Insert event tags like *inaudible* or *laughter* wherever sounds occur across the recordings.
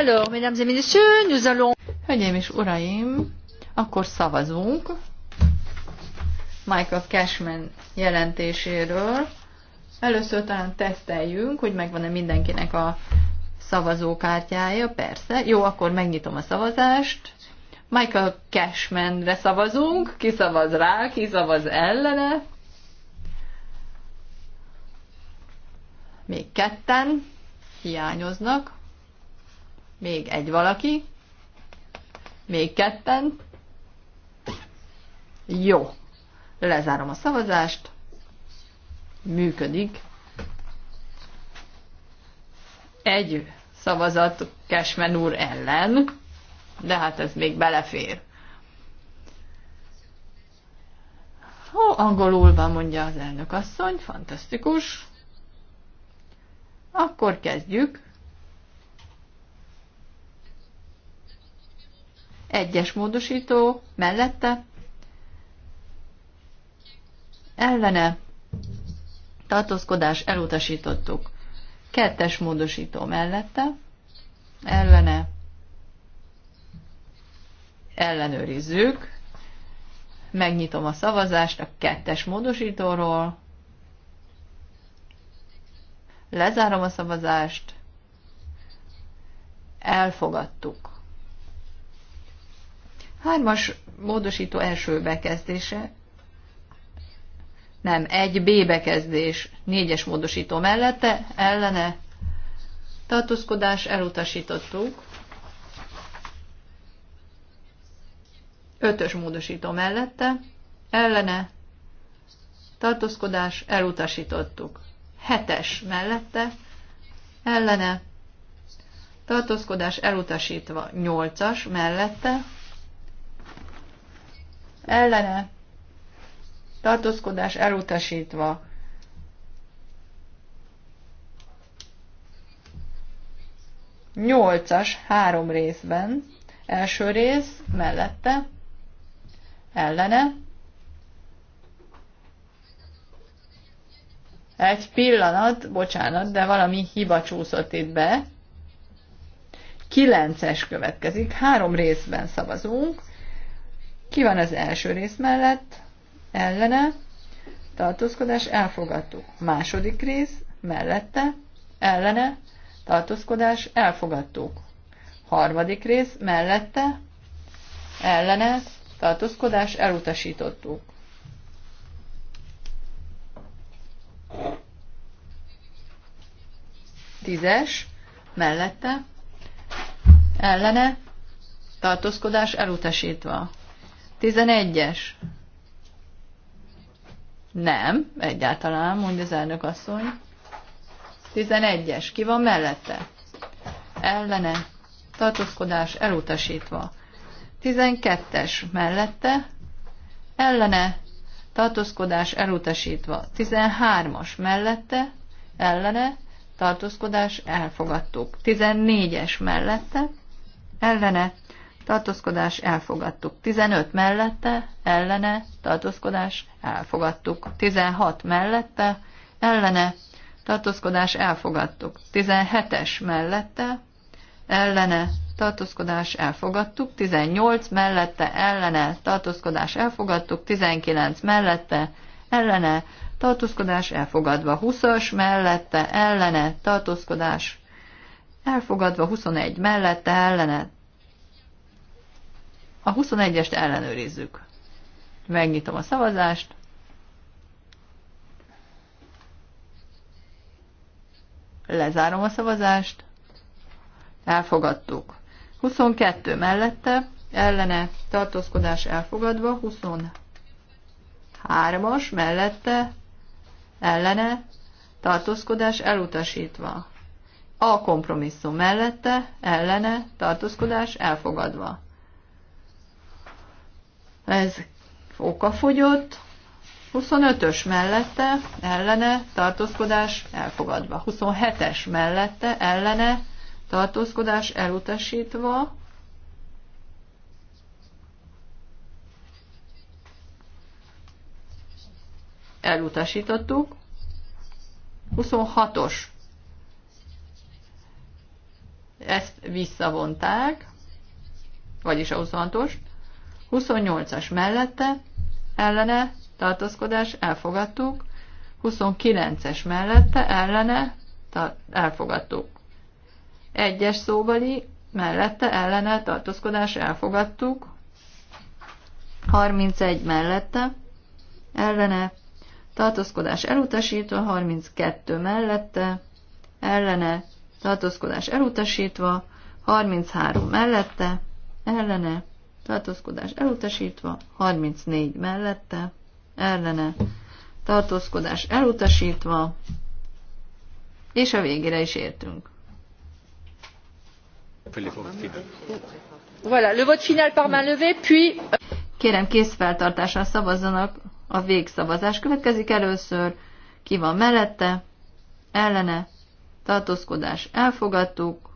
Alors, mesdames et messieurs, nous allons... Hölgyeim és uraim, akkor szavazunk Michael Cashman jelentéséről. Először talán teszteljünk, hogy megvan-e mindenkinek a szavazókártyája, persze. Jó, akkor megnyitom a szavazást. Michael Cashmanre szavazunk, ki szavaz rá, ki szavaz ellene. Még ketten hiányoznak. Még egy valaki. Még ketten. Jó. Lezárom a szavazást. Működik. Egy szavazat Kesmen úr ellen, de hát ez még belefér. Ó, angolul van, mondja az elnök asszony, fantasztikus. Akkor kezdjük. Egyes módosító mellette ellene tartózkodás elutasítottuk. Kettes módosító mellette ellene ellenőrizzük. Megnyitom a szavazást a kettes módosítóról. Lezárom a szavazást. Elfogadtuk. Hármas módosító első bekezdése, nem, egy B bekezdés négyes módosító mellette, ellene tartózkodás elutasítottuk. Ötös módosító mellette, ellene tartózkodás elutasítottuk. Hetes mellette, ellene tartózkodás elutasítva. Nyolcas mellette, ellene tartózkodás elutasítva. Nyolcas három részben, első rész mellette, ellene, Egy pillanat, bocsánat, de valami hiba csúszott itt be. Kilences következik, három részben szavazunk. Ki van az első rész mellett? Ellene. Tartózkodás elfogadtuk. Második rész mellette. Ellene. Tartózkodás elfogadtuk. Harmadik rész mellette. Ellene. Tartózkodás elutasítottuk. Tízes, mellette, ellene, tartózkodás elutasítva. 11-es. Nem, egyáltalán, mondja az elnök asszony. 11-es. Ki van mellette? Ellene. Tartózkodás elutasítva. 12-es mellette. Ellene. Tartózkodás elutasítva. 13-as mellette. Ellene. Tartózkodás elfogadtuk. 14-es mellette. Ellene tartózkodás elfogadtuk. 15 mellette, ellene, tartózkodás elfogadtuk. 16 mellette, ellene, tartózkodás elfogadtuk. 17-es mellette, ellene, tartózkodás elfogadtuk. 18 mellette, ellene, tartózkodás elfogadtuk. 19 mellette, ellene, tartózkodás elfogadva. 20-as mellette, ellene, tartózkodás elfogadva. 21 mellette, ellene, a 21-est ellenőrizzük. Megnyitom a szavazást. Lezárom a szavazást. Elfogadtuk. 22 mellette, ellene tartózkodás elfogadva, 23-as mellette, ellene tartózkodás elutasítva. A kompromisszum mellette, ellene tartózkodás elfogadva. Ez okafogyott. 25-ös mellette, ellene, tartózkodás elfogadva. 27-es mellette, ellene, tartózkodás elutasítva. Elutasítottuk. 26-os. Ezt visszavonták, vagyis a 26-ost. 28-as mellette, ellene, tartózkodás, elfogadtuk. 29-es mellette, ellene, elfogadtuk. Egyes szóvali mellette, ellene, tartózkodás, elfogadtuk. 31 mellette, ellene, tartózkodás elutasítva, 32 mellette, ellene, tartózkodás elutasítva, 33 mellette, ellene, tartózkodás elutasítva, 34 mellette, ellene, tartózkodás elutasítva, és a végére is értünk. Voilà, le vote final par main levée, puis... Kérem készfeltartással szavazzanak, a végszavazás következik először, ki van mellette, ellene, tartózkodás elfogadtuk,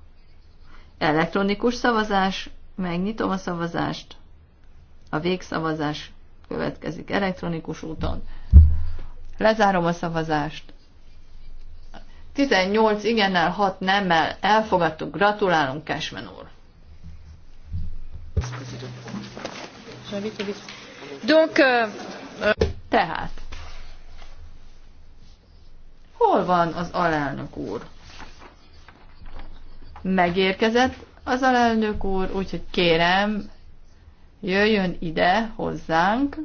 elektronikus szavazás, Megnyitom a szavazást. A végszavazás következik elektronikus úton. Lezárom a szavazást. 18 igennel, 6 nemmel elfogadtuk. Gratulálunk, Kesmen úr. Donc, euh, tehát, hol van az alelnök úr? Megérkezett, az alelnök úr, úgyhogy kérem, jöjjön ide hozzánk,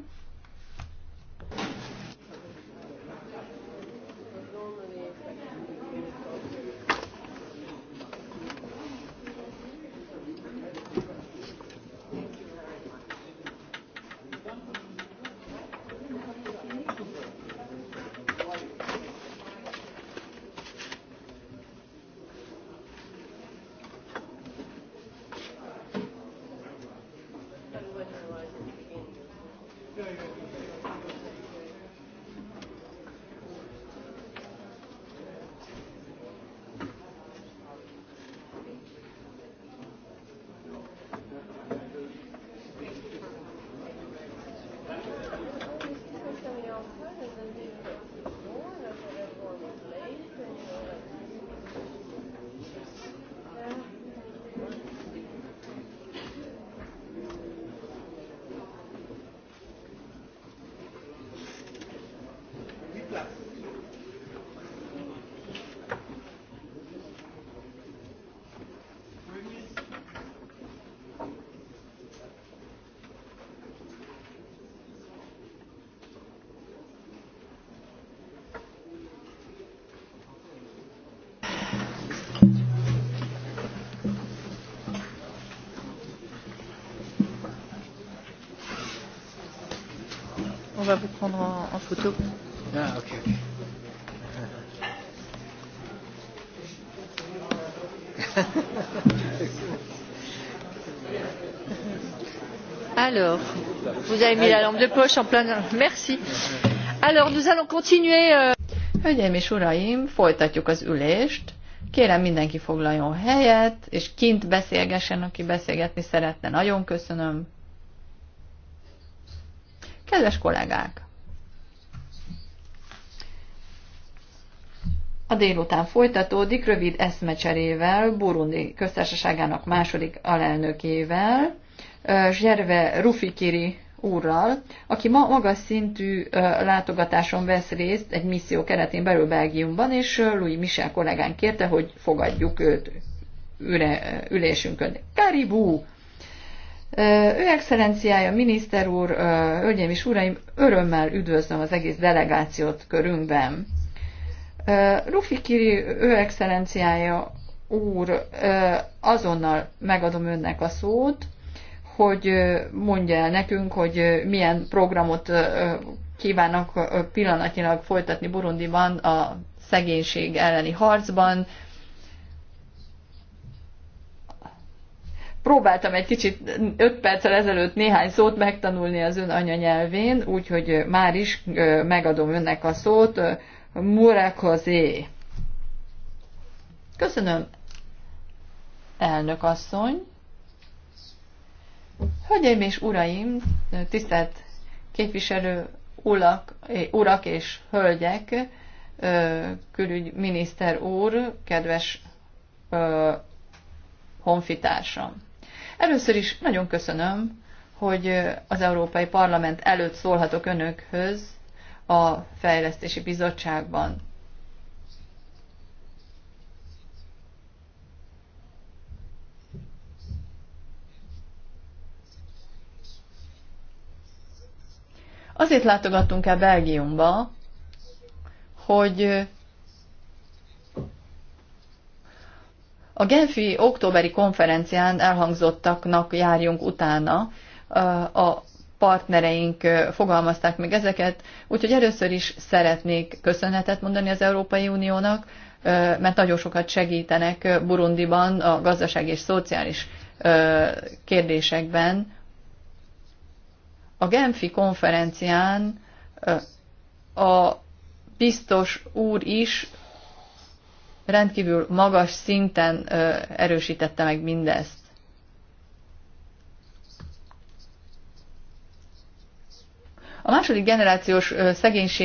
prendre en, en photo. Ah, ok, ok. *laughs* Alors, vous avez mis la lampe de poche en plein. Merci. Alors, nous allons continuer. Euh. Hölgyeim és uraim, folytatjuk az ülést. Kérem mindenki foglaljon helyet, és kint beszélgessen, aki beszélgetni szeretne. Nagyon köszönöm. Kedves kollégák! délután folytatódik rövid eszmecserével Burundi köztársaságának második alelnökével, Zserve Rufikiri úrral, aki ma magas szintű látogatáson vesz részt egy misszió keretén belül Belgiumban, és Louis Michel kollégán kérte, hogy fogadjuk őt üre, ülésünkön. Karibú! Ő excellenciája, miniszter úr, hölgyeim és uraim, örömmel üdvözlöm az egész delegációt körünkben. Rufi Kiri, ő excellenciája úr, azonnal megadom önnek a szót, hogy mondja el nekünk, hogy milyen programot kívánnak pillanatnyilag folytatni Burundiban a szegénység elleni harcban. Próbáltam egy kicsit 5 perccel ezelőtt néhány szót megtanulni az ön anyanyelvén, úgyhogy már is megadom önnek a szót, Murakozé. Köszönöm, elnök asszony. Hölgyeim és uraim, tisztelt képviselő ulak, urak és hölgyek, külügyminiszter úr, kedves honfitársam. Először is nagyon köszönöm, hogy az Európai Parlament előtt szólhatok önökhöz, a Fejlesztési Bizottságban. Azért látogattunk el Belgiumba, hogy a Genfi októberi konferencián elhangzottaknak járjunk utána a partnereink fogalmazták meg ezeket, úgyhogy először is szeretnék köszönetet mondani az Európai Uniónak, mert nagyon sokat segítenek Burundiban a gazdaság és szociális kérdésekben. A Genfi konferencián a biztos úr is rendkívül magas szinten erősítette meg mindezt. A második generációs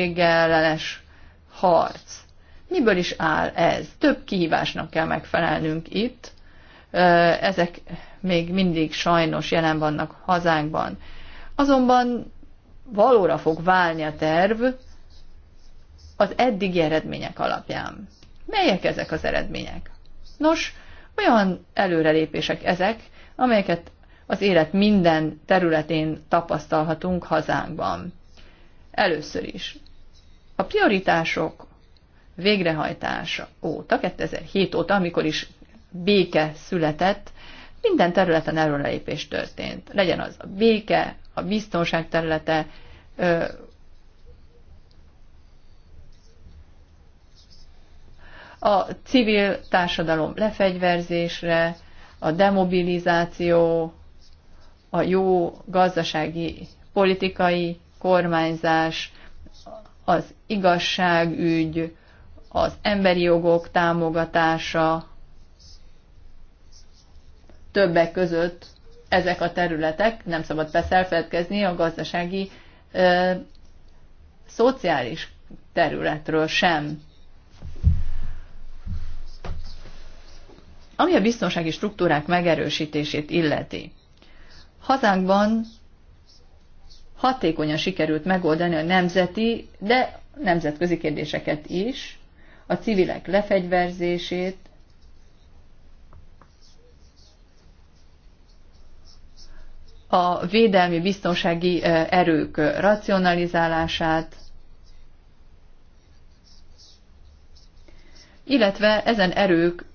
ellenes harc. Miből is áll ez? Több kihívásnak kell megfelelnünk itt. Ezek még mindig sajnos jelen vannak hazánkban. Azonban valóra fog válni a terv az eddigi eredmények alapján. Melyek ezek az eredmények? Nos, olyan előrelépések ezek, amelyeket az élet minden területén tapasztalhatunk hazánkban. Először is. A prioritások végrehajtása óta, 2007 óta, amikor is béke született, minden területen előrelépés történt. Legyen az a béke, a biztonság területe, a civil társadalom lefegyverzésre, a demobilizáció, a jó gazdasági, politikai kormányzás, az igazságügy, az emberi jogok támogatása, többek között ezek a területek, nem szabad persze a gazdasági, ö, szociális területről sem. Ami a biztonsági struktúrák megerősítését illeti. Hazánkban hatékonyan sikerült megoldani a nemzeti, de nemzetközi kérdéseket is, a civilek lefegyverzését, a védelmi biztonsági erők racionalizálását, illetve ezen erők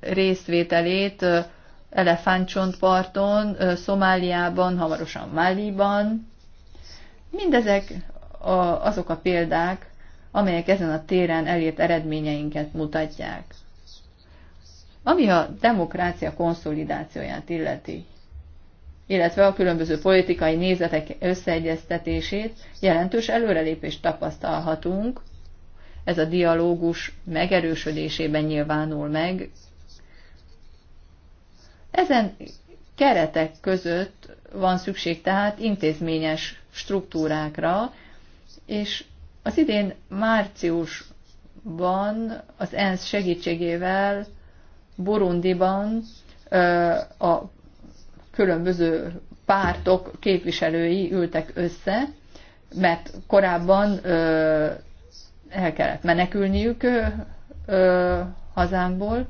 részvételét Elefántcsontparton, Szomáliában, hamarosan Máliban. Mindezek a, azok a példák, amelyek ezen a téren elért eredményeinket mutatják. Ami a demokrácia konszolidációját illeti, illetve a különböző politikai nézetek összeegyeztetését, jelentős előrelépést tapasztalhatunk. Ez a dialógus megerősödésében nyilvánul meg ezen keretek között van szükség tehát intézményes struktúrákra, és az idén márciusban az ENSZ segítségével Burundiban a különböző pártok képviselői ültek össze, mert korábban el kellett menekülniük hazánkból.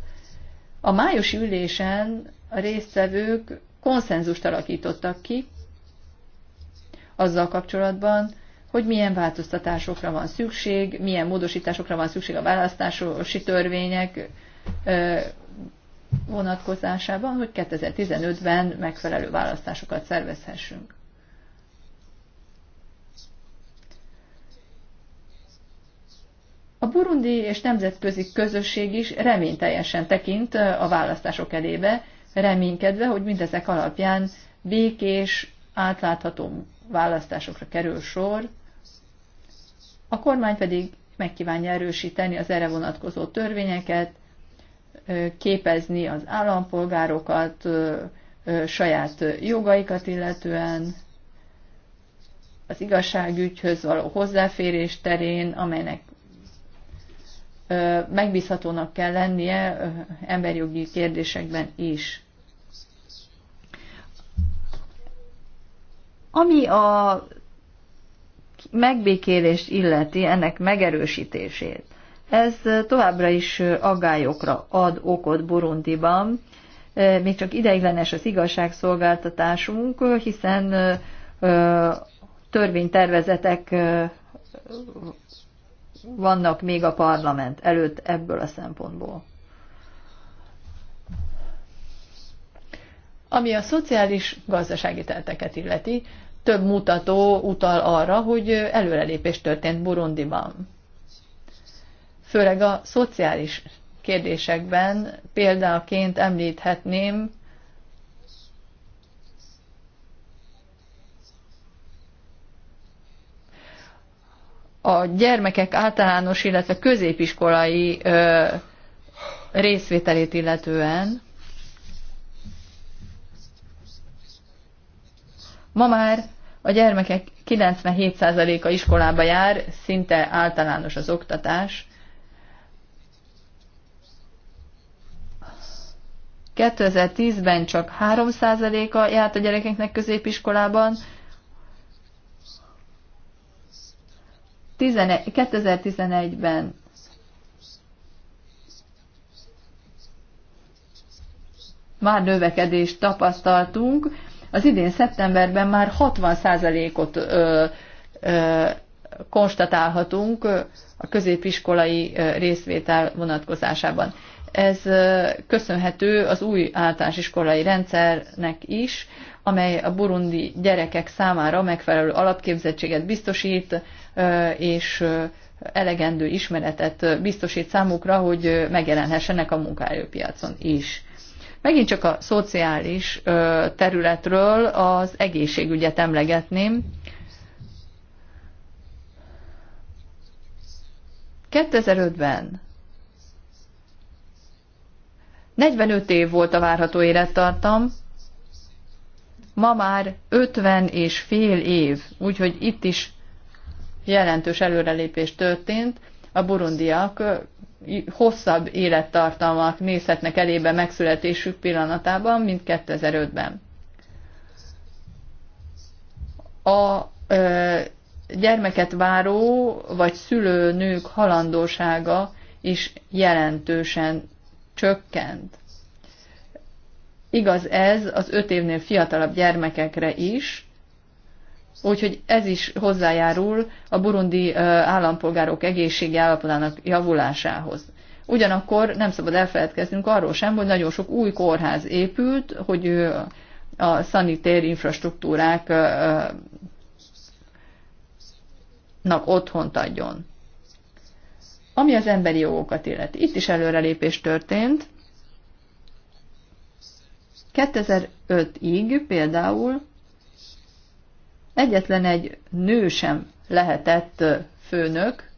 A májusi ülésen a résztvevők konszenzust alakítottak ki azzal kapcsolatban, hogy milyen változtatásokra van szükség, milyen módosításokra van szükség a választási törvények vonatkozásában, hogy 2015-ben megfelelő választásokat szervezhessünk. A burundi és nemzetközi közösség is reményteljesen tekint a választások elébe, reménykedve, hogy mindezek alapján békés, átlátható választásokra kerül sor, a kormány pedig megkívánja erősíteni az erre vonatkozó törvényeket, képezni az állampolgárokat, saját jogaikat illetően, az igazságügyhöz való hozzáférés terén, amelynek megbízhatónak kell lennie emberjogi kérdésekben is. Ami a megbékélést illeti, ennek megerősítését, ez továbbra is aggályokra ad okot Burundiban, e, még csak ideiglenes az igazságszolgáltatásunk, hiszen e, e, törvénytervezetek vannak még a parlament előtt ebből a szempontból. Ami a szociális gazdasági telteket illeti, több mutató utal arra, hogy előrelépés történt Burundiban. Főleg a szociális kérdésekben példaként említhetném a gyermekek általános, illetve középiskolai ö, részvételét illetően. Ma már a gyermekek 97%-a iskolába jár, szinte általános az oktatás. 2010-ben csak 3%-a járt a gyerekeknek középiskolában, 2011-ben már növekedést tapasztaltunk, az idén szeptemberben már 60%-ot konstatálhatunk a középiskolai részvétel vonatkozásában. Ez köszönhető az új általános iskolai rendszernek is, amely a burundi gyerekek számára megfelelő alapképzettséget biztosít, és elegendő ismeretet biztosít számukra, hogy megjelenhessenek a munkaerőpiacon is. Megint csak a szociális területről az egészségügyet emlegetném. 2005-ben 45 év volt a várható élettartam, ma már 50 és fél év, úgyhogy itt is jelentős előrelépés történt. A burundiak hosszabb élettartalmak nézhetnek elébe megszületésük pillanatában, mint 2005-ben. A ö, gyermeket váró vagy szülőnők halandósága is jelentősen csökkent. Igaz ez az öt évnél fiatalabb gyermekekre is, Úgyhogy ez is hozzájárul a burundi állampolgárok egészségi állapotának javulásához. Ugyanakkor nem szabad elfeledkeznünk arról sem, hogy nagyon sok új kórház épült, hogy a szanitér infrastruktúráknak otthont adjon. Ami az emberi jogokat illeti. Itt is előrelépés történt. 2005-ig például egyetlen egy nő sem lehetett főnök,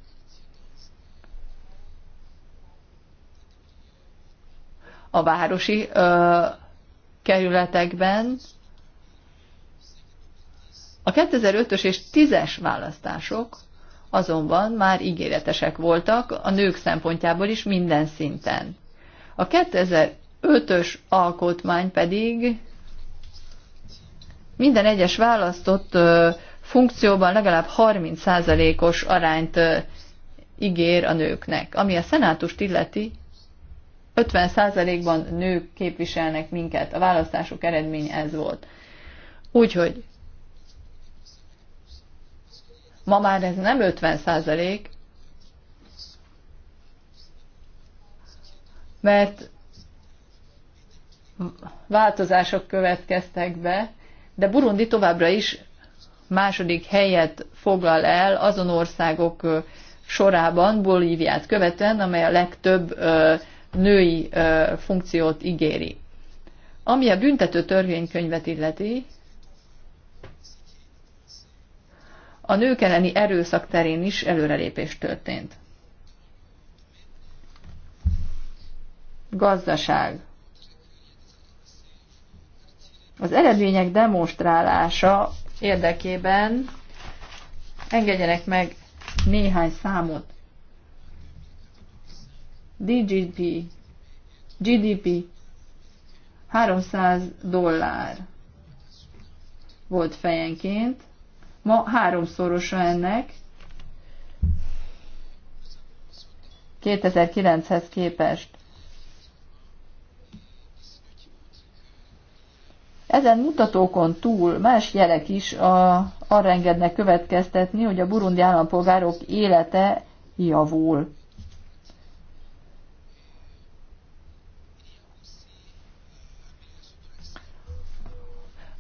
a városi ö, kerületekben. A 2005-ös és 10-es választások azonban már ígéretesek voltak a nők szempontjából is minden szinten. A 2005-ös alkotmány pedig minden egyes választott funkcióban legalább 30%-os arányt ígér a nőknek. Ami a szenátust illeti, 50%-ban nők képviselnek minket. A választások eredménye ez volt. Úgyhogy ma már ez nem 50%, mert változások következtek be, de Burundi továbbra is második helyet foglal el azon országok sorában, Bolíviát követően, amely a legtöbb női funkciót ígéri. Ami a büntető törvénykönyvet illeti, a nők elleni erőszak terén is előrelépés történt. Gazdaság. Az eredmények demonstrálása érdekében engedjenek meg néhány számot. DGP, GDP 300 dollár volt fejenként, ma háromszorosa ennek, 2009-hez képest. Ezen mutatókon túl más jelek is a, arra engednek következtetni, hogy a burundi állampolgárok élete javul.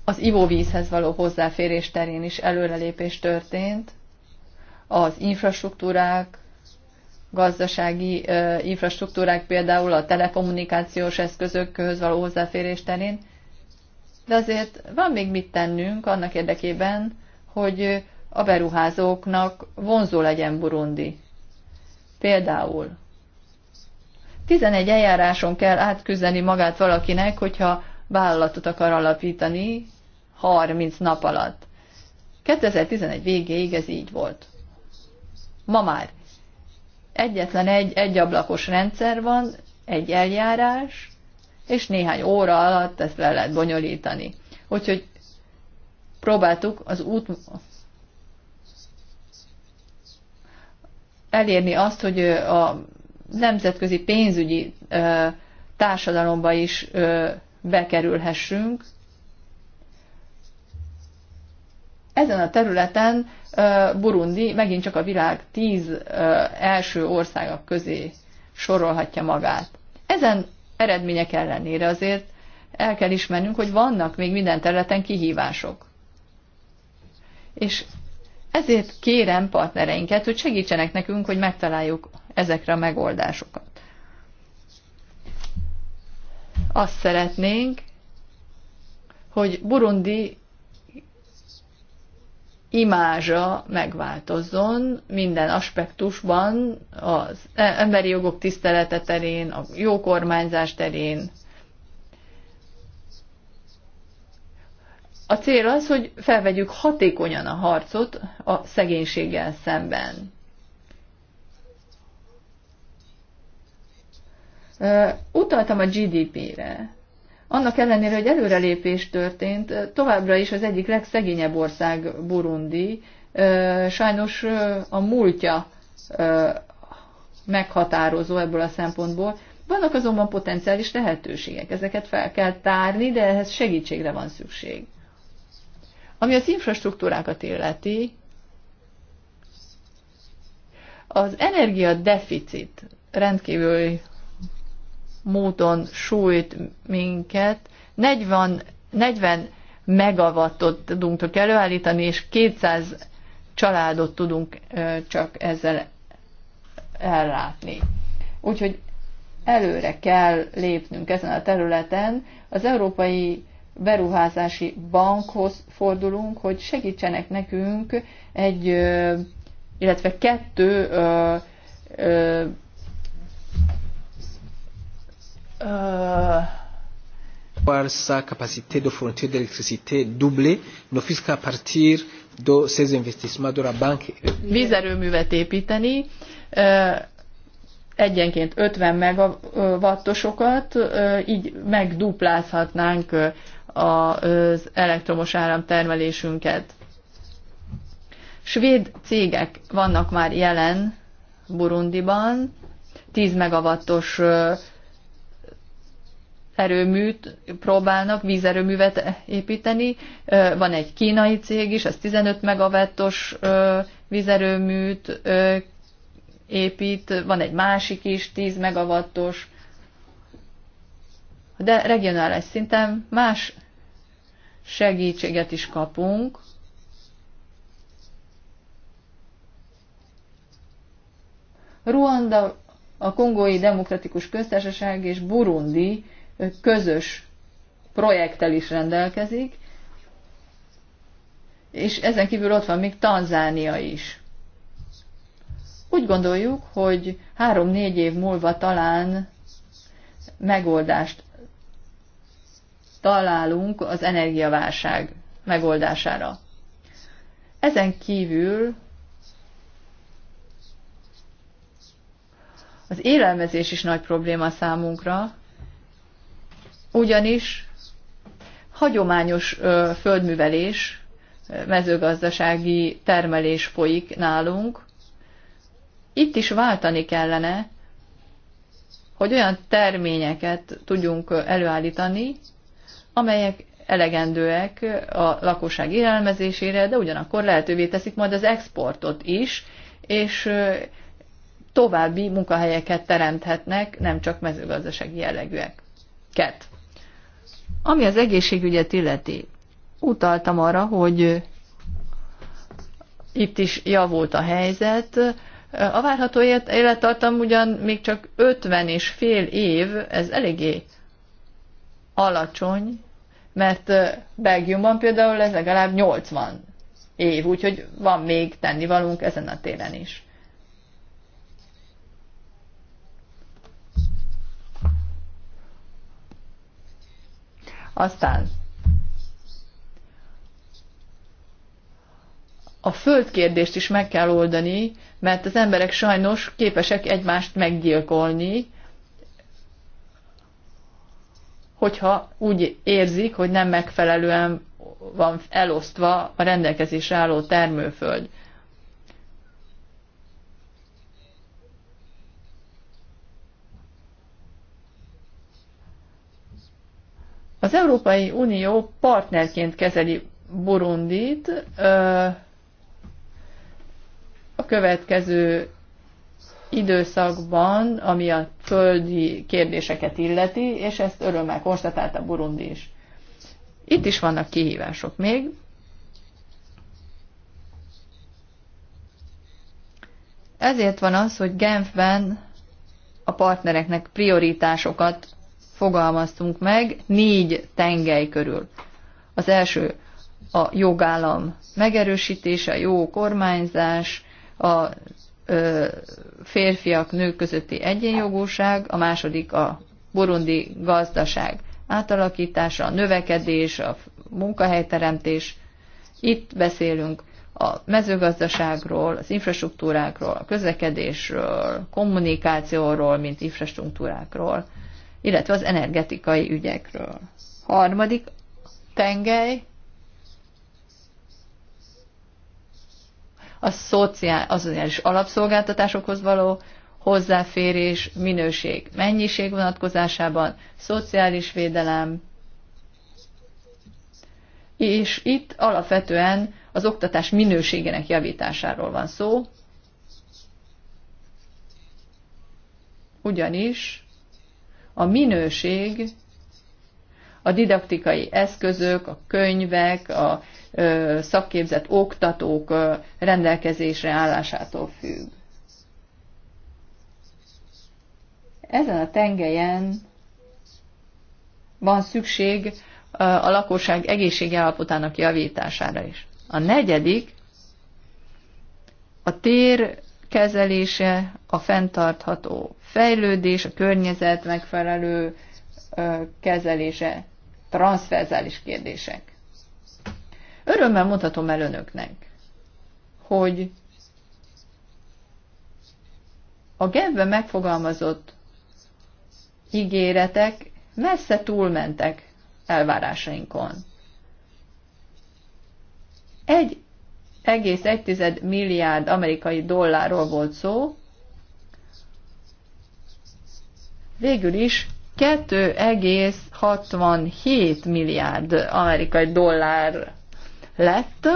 Az ivóvízhez való hozzáférés terén is előrelépés történt. Az infrastruktúrák, gazdasági infrastruktúrák például a telekommunikációs eszközökhöz való hozzáférés terén, de azért van még mit tennünk annak érdekében, hogy a beruházóknak vonzó legyen Burundi. Például 11 eljáráson kell átküzdeni magát valakinek, hogyha vállalatot akar alapítani 30 nap alatt. 2011 végéig ez így volt. Ma már egyetlen egy egyablakos rendszer van, egy eljárás, és néhány óra alatt ezt le lehet bonyolítani. Úgyhogy próbáltuk az út elérni azt, hogy a nemzetközi pénzügyi társadalomba is bekerülhessünk. Ezen a területen Burundi megint csak a világ tíz első országok közé sorolhatja magát. Ezen eredmények ellenére azért el kell ismernünk, hogy vannak még minden területen kihívások. És ezért kérem partnereinket, hogy segítsenek nekünk, hogy megtaláljuk ezekre a megoldásokat. Azt szeretnénk, hogy Burundi imázsa megváltozzon minden aspektusban, az emberi jogok tisztelete terén, a jó kormányzás terén. A cél az, hogy felvegyük hatékonyan a harcot a szegénységgel szemben. Utaltam a GDP-re. Annak ellenére, hogy előrelépés történt, továbbra is az egyik legszegényebb ország Burundi, sajnos a múltja meghatározó ebből a szempontból. Vannak azonban potenciális lehetőségek, ezeket fel kell tárni, de ehhez segítségre van szükség. Ami az infrastruktúrákat illeti, az energia-deficit rendkívül módon sújt minket. 40, 40 megawattot tudunk előállítani, és 200 családot tudunk csak ezzel ellátni. Úgyhogy előre kell lépnünk ezen a területen. Az Európai Beruházási Bankhoz fordulunk, hogy segítsenek nekünk egy, illetve kettő Euh, voir sa capacité de fourniture d'électricité doublée ne n'offusque qu'à partir de ces investissements de la banque. Vízerőművet építeni, euh, egyenként 50 megawattosokat, euh, így megduplázhatnánk az elektromos áramtermelésünket. Svéd cégek vannak már jelen Burundiban, 10 megawattos erőműt próbálnak, vízerőművet építeni. Van egy kínai cég is, az 15 megavettos vízerőműt épít, van egy másik is, 10 megavattos, de regionális szinten más segítséget is kapunk. Ruanda, a Kongói Demokratikus Köztársaság és Burundi közös projekttel is rendelkezik, és ezen kívül ott van még Tanzánia is. Úgy gondoljuk, hogy három-négy év múlva talán megoldást találunk az energiaválság megoldására. Ezen kívül az élelmezés is nagy probléma számunkra, ugyanis hagyományos földművelés, mezőgazdasági termelés folyik nálunk. Itt is váltani kellene, hogy olyan terményeket tudjunk előállítani, amelyek elegendőek a lakosság élelmezésére, de ugyanakkor lehetővé teszik majd az exportot is, és további munkahelyeket teremthetnek, nem csak mezőgazdasági jellegűeket. Ami az egészségügyet illeti, utaltam arra, hogy itt is javult a helyzet. A várható élettartam ugyan még csak 50 és fél év, ez eléggé alacsony, mert Belgiumban például ez legalább 80 év, úgyhogy van még tennivalunk ezen a téren is. Aztán a földkérdést is meg kell oldani, mert az emberek sajnos képesek egymást meggyilkolni, hogyha úgy érzik, hogy nem megfelelően van elosztva a rendelkezésre álló termőföld. Az Európai Unió partnerként kezeli Burundit a következő időszakban, ami a földi kérdéseket illeti, és ezt örömmel konstatálta Burundi is. Itt is vannak kihívások még. Ezért van az, hogy Genfben a partnereknek prioritásokat fogalmaztunk meg négy tengely körül. Az első a jogállam megerősítése, a jó kormányzás, a ö, férfiak, nők közötti egyenjogúság, a második a burundi gazdaság átalakítása, a növekedés, a munkahelyteremtés. Itt beszélünk a mezőgazdaságról, az infrastruktúrákról, a közlekedésről, kommunikációról, mint infrastruktúrákról illetve az energetikai ügyekről. Harmadik tengely a szociál, azonás alapszolgáltatásokhoz való hozzáférés, minőség, mennyiség vonatkozásában, szociális védelem, és itt alapvetően az oktatás minőségének javításáról van szó, ugyanis a minőség, a didaktikai eszközök, a könyvek, a szakképzett oktatók rendelkezésre állásától függ. Ezen a tengelyen van szükség a lakosság egészségi állapotának javítására is. A negyedik a tér kezelése, a fenntartható fejlődés, a környezet megfelelő kezelése, transzverzális kérdések. Örömmel mutatom el önöknek, hogy a Genfben megfogalmazott ígéretek messze túlmentek elvárásainkon. Egy 1,1 milliárd amerikai dollárról volt szó, végül is 2,67 milliárd amerikai dollár lett.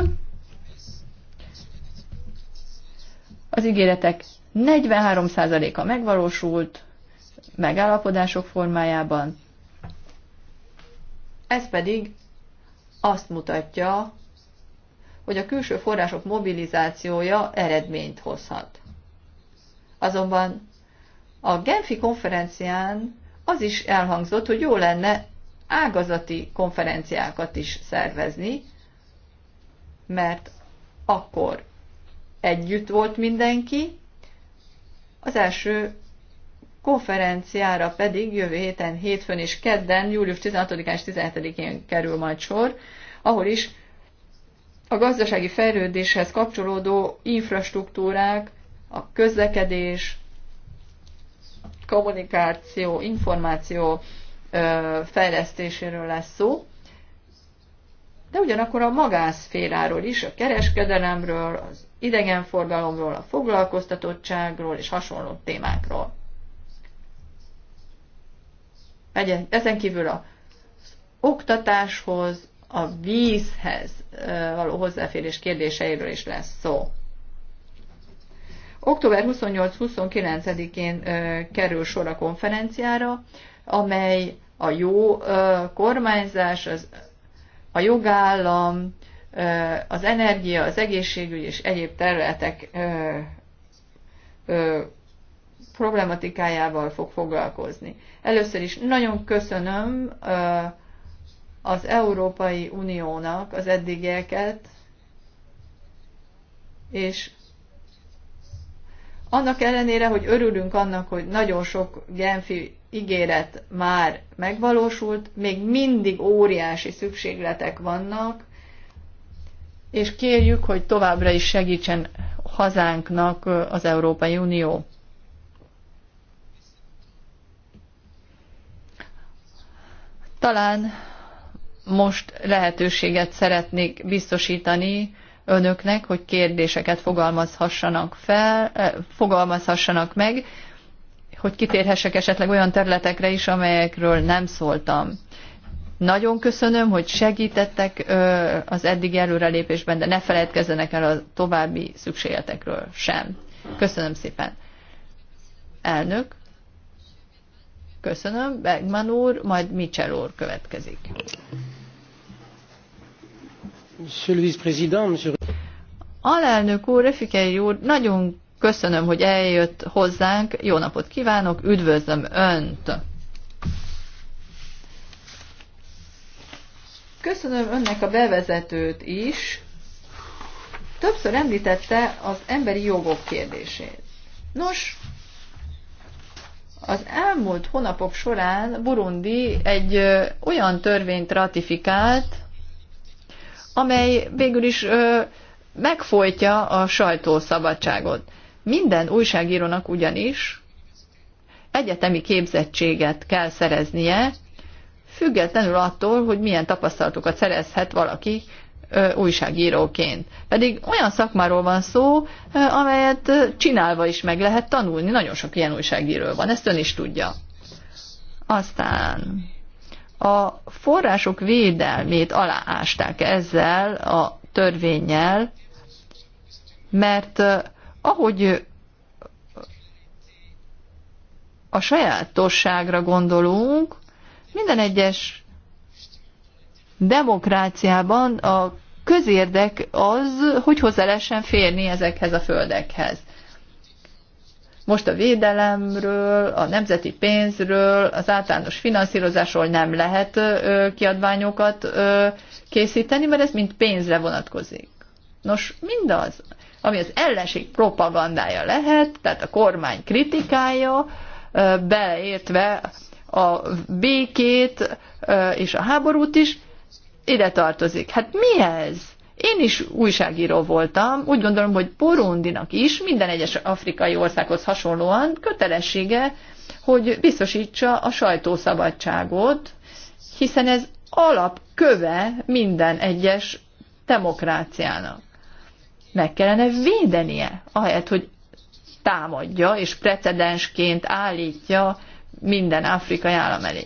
Az ígéretek 43%-a megvalósult megállapodások formájában. Ez pedig azt mutatja, hogy a külső források mobilizációja eredményt hozhat. Azonban a Genfi konferencián az is elhangzott, hogy jó lenne ágazati konferenciákat is szervezni, mert akkor együtt volt mindenki, az első konferenciára pedig jövő héten, hétfőn és kedden, július 16-án és 17-én kerül majd sor, ahol is a gazdasági fejlődéshez kapcsolódó infrastruktúrák, a közlekedés, kommunikáció, információ fejlesztéséről lesz szó, de ugyanakkor a magászféráról is, a kereskedelemről, az idegenforgalomról, a foglalkoztatottságról és hasonló témákról. Ezen kívül az oktatáshoz, a vízhez való hozzáférés kérdéseiről is lesz szó. Október 28-29-én kerül sor a konferenciára, amely a jó kormányzás, az, a jogállam, az energia, az egészségügy és egyéb területek problematikájával fog foglalkozni. Először is nagyon köszönöm az Európai Uniónak az eddigieket, és annak ellenére, hogy örülünk annak, hogy nagyon sok genfi ígéret már megvalósult, még mindig óriási szükségletek vannak, és kérjük, hogy továbbra is segítsen hazánknak az Európai Unió. Talán most lehetőséget szeretnék biztosítani önöknek, hogy kérdéseket fogalmazhassanak, fel, eh, fogalmazhassanak meg, hogy kitérhessek esetleg olyan területekre is, amelyekről nem szóltam. Nagyon köszönöm, hogy segítettek az eddig előrelépésben, de ne feledkezzenek el a további szükségletekről sem. Köszönöm szépen. Elnök, köszönöm, Bergman úr, majd Mitchell úr következik. Alelnök úr, Refikei úr, nagyon köszönöm, hogy eljött hozzánk. Jó napot kívánok, üdvözlöm Önt! Köszönöm Önnek a bevezetőt is. Többször említette az emberi jogok kérdését. Nos, az elmúlt hónapok során Burundi egy olyan törvényt ratifikált, amely végül is ö, megfolytja a sajtószabadságot. Minden újságírónak ugyanis egyetemi képzettséget kell szereznie, függetlenül attól, hogy milyen tapasztalatokat szerezhet valaki ö, újságíróként. Pedig olyan szakmáról van szó, ö, amelyet csinálva is meg lehet tanulni. Nagyon sok ilyen újságíró van, ezt ön is tudja. Aztán a források védelmét aláásták ezzel a törvényel, mert ahogy a sajátosságra gondolunk, minden egyes demokráciában a közérdek az, hogy hozzá lehessen férni ezekhez a földekhez. Most a védelemről, a nemzeti pénzről, az általános finanszírozásról nem lehet kiadványokat készíteni, mert ez mind pénzre vonatkozik. Nos, mindaz, ami az ellenség propagandája lehet, tehát a kormány kritikája, beleértve a békét és a háborút is, ide tartozik. Hát mi ez? Én is újságíró voltam, úgy gondolom, hogy Burundinak is minden egyes afrikai országhoz hasonlóan kötelessége, hogy biztosítsa a sajtószabadságot, hiszen ez alapköve minden egyes demokráciának. Meg kellene védenie, ahelyett, hogy támadja és precedensként állítja minden afrikai állam elé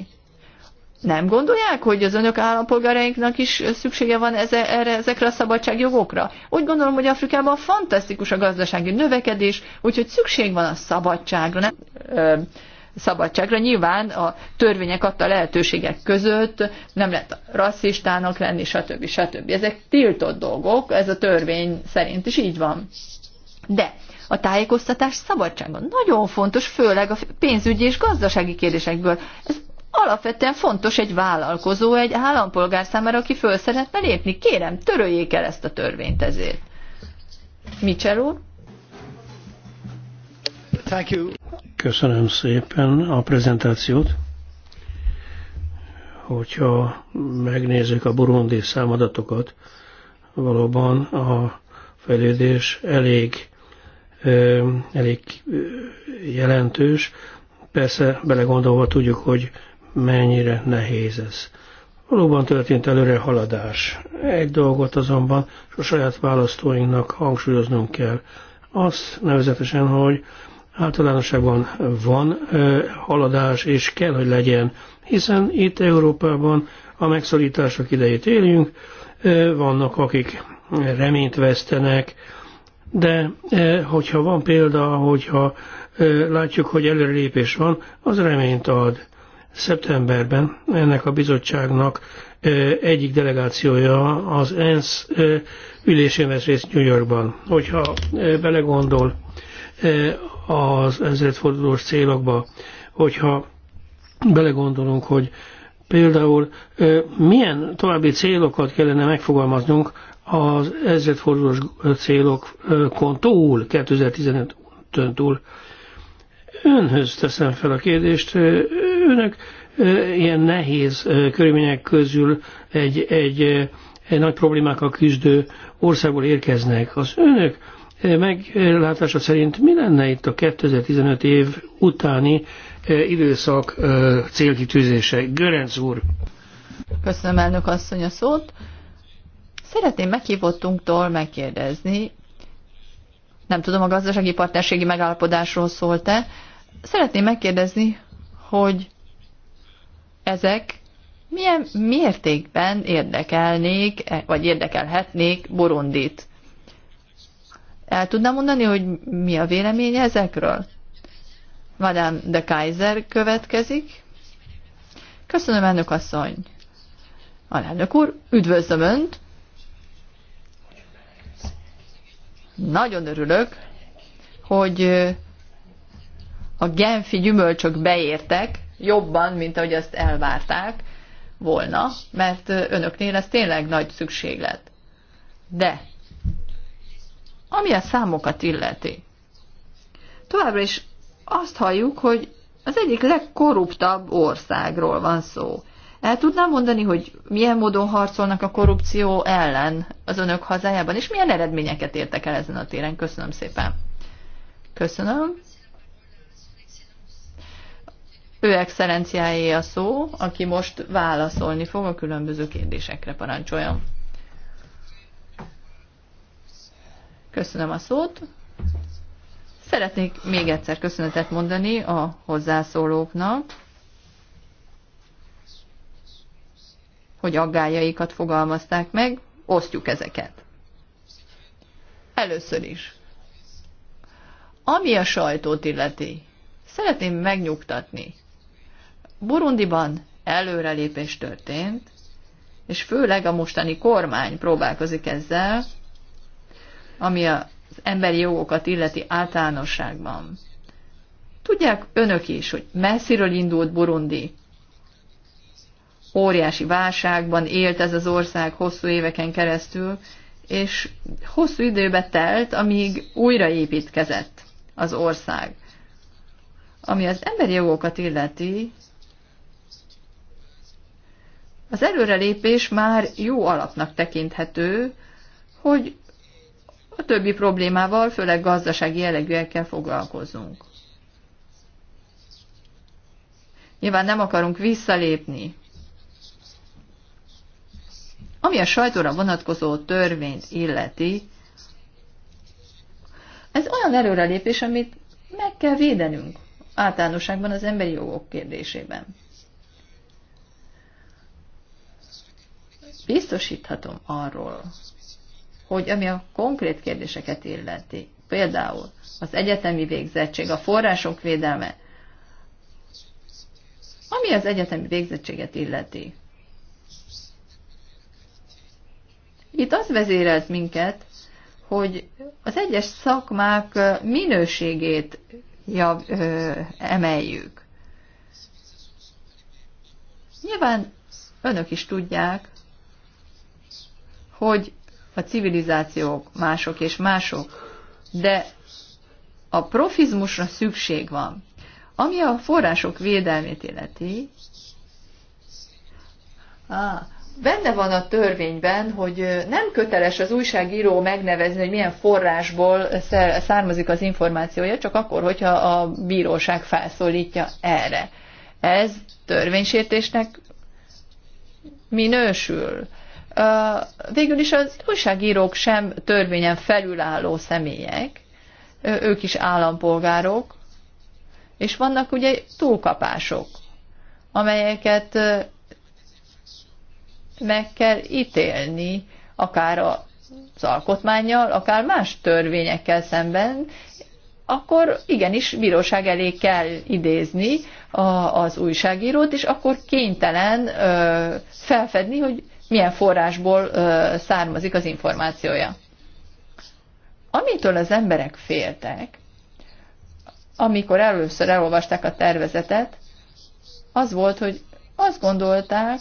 nem gondolják, hogy az önök állampolgárainknak is szüksége van eze, erre, ezekre a szabadságjogokra? Úgy gondolom, hogy Afrikában fantasztikus a gazdasági növekedés, úgyhogy szükség van a szabadságra. Nem? Ö, szabadságra. Nyilván a törvények adta lehetőségek között nem lehet rasszistának lenni, stb. stb. Ezek tiltott dolgok, ez a törvény szerint is így van. De a tájékoztatás szabadsága nagyon fontos, főleg a pénzügyi és gazdasági kérdésekből. Ez alapvetően fontos egy vállalkozó, egy állampolgár számára, aki föl szeretne lépni. Kérem, töröljék el ezt a törvényt ezért. Mitchell úr? Thank you. Köszönöm szépen a prezentációt. Hogyha megnézzük a burundi számadatokat, valóban a fejlődés elég, elég jelentős. Persze belegondolva tudjuk, hogy mennyire nehéz ez. Valóban történt előre haladás. Egy dolgot azonban a saját választóinknak hangsúlyoznunk kell. Az nevezetesen, hogy általánosságban van ö, haladás, és kell, hogy legyen, hiszen itt Európában a megszorítások idejét éljünk, ö, vannak, akik reményt vesztenek, de ö, hogyha van példa, hogyha ö, látjuk, hogy előrelépés van, az reményt ad. Szeptemberben ennek a bizottságnak egyik delegációja az ENSZ ülésén vesz részt New Yorkban. Hogyha belegondol az ezredfordulós célokba, hogyha belegondolunk, hogy például milyen további célokat kellene megfogalmaznunk az ezredfordulós célokon túl, 2015 túl. Önhöz teszem fel a kérdést, önök ilyen nehéz körülmények közül egy, egy, egy nagy problémákkal küzdő országból érkeznek. Az önök meglátása szerint mi lenne itt a 2015 év utáni időszak célkitűzése? Görenc úr! Köszönöm elnök asszony a szót. Szeretném meghívottunktól megkérdezni, nem tudom, a gazdasági partnerségi megállapodásról szólt-e, szeretném megkérdezni, hogy ezek milyen mértékben érdekelnék, vagy érdekelhetnék Burundit. El tudnám mondani, hogy mi a véleménye ezekről? Madame de Kaiser következik. Köszönöm, elnök asszony. elnök úr, üdvözlöm Önt. Nagyon örülök, hogy a genfi gyümölcsök beértek, jobban, mint ahogy azt elvárták volna, mert önöknél ez tényleg nagy szükséglet. De, ami a számokat illeti, továbbra is azt halljuk, hogy az egyik legkorruptabb országról van szó. El tudnám mondani, hogy milyen módon harcolnak a korrupció ellen az önök hazájában, és milyen eredményeket értek el ezen a téren? Köszönöm szépen. Köszönöm ő excellenciájé a szó, aki most válaszolni fog a különböző kérdésekre. Parancsoljon! Köszönöm a szót. Szeretnék még egyszer köszönetet mondani a hozzászólóknak, hogy aggájaikat fogalmazták meg, osztjuk ezeket. Először is. Ami a sajtót illeti, szeretném megnyugtatni. Burundiban előrelépés történt, és főleg a mostani kormány próbálkozik ezzel, ami az emberi jogokat illeti általánosságban. Tudják önök is, hogy messziről indult Burundi. Óriási válságban élt ez az ország hosszú éveken keresztül, és hosszú időbe telt, amíg újraépítkezett az ország. Ami az emberi jogokat illeti, az előrelépés már jó alapnak tekinthető, hogy a többi problémával, főleg gazdasági jellegűekkel foglalkozunk. Nyilván nem akarunk visszalépni. Ami a sajtóra vonatkozó törvényt illeti, ez olyan előrelépés, amit meg kell védenünk általánosságban az emberi jogok kérdésében. biztosíthatom arról, hogy ami a konkrét kérdéseket illeti, például az egyetemi végzettség, a források védelme, ami az egyetemi végzettséget illeti. Itt az vezérelt minket, hogy az egyes szakmák minőségét jav, ö, emeljük. Nyilván önök is tudják, hogy a civilizációk mások és mások, de a profizmusra szükség van. Ami a források védelmét illeti, ah, benne van a törvényben, hogy nem köteles az újságíró megnevezni, hogy milyen forrásból származik az információja, csak akkor, hogyha a bíróság felszólítja erre. Ez törvénysértésnek minősül végül is az újságírók sem törvényen felülálló személyek, ők is állampolgárok, és vannak ugye túlkapások, amelyeket meg kell ítélni, akár az alkotmányjal, akár más törvényekkel szemben, akkor igenis bíróság elé kell idézni az újságírót, és akkor kénytelen felfedni, hogy milyen forrásból származik az információja. Amitől az emberek féltek, amikor először elolvasták a tervezetet, az volt, hogy azt gondolták,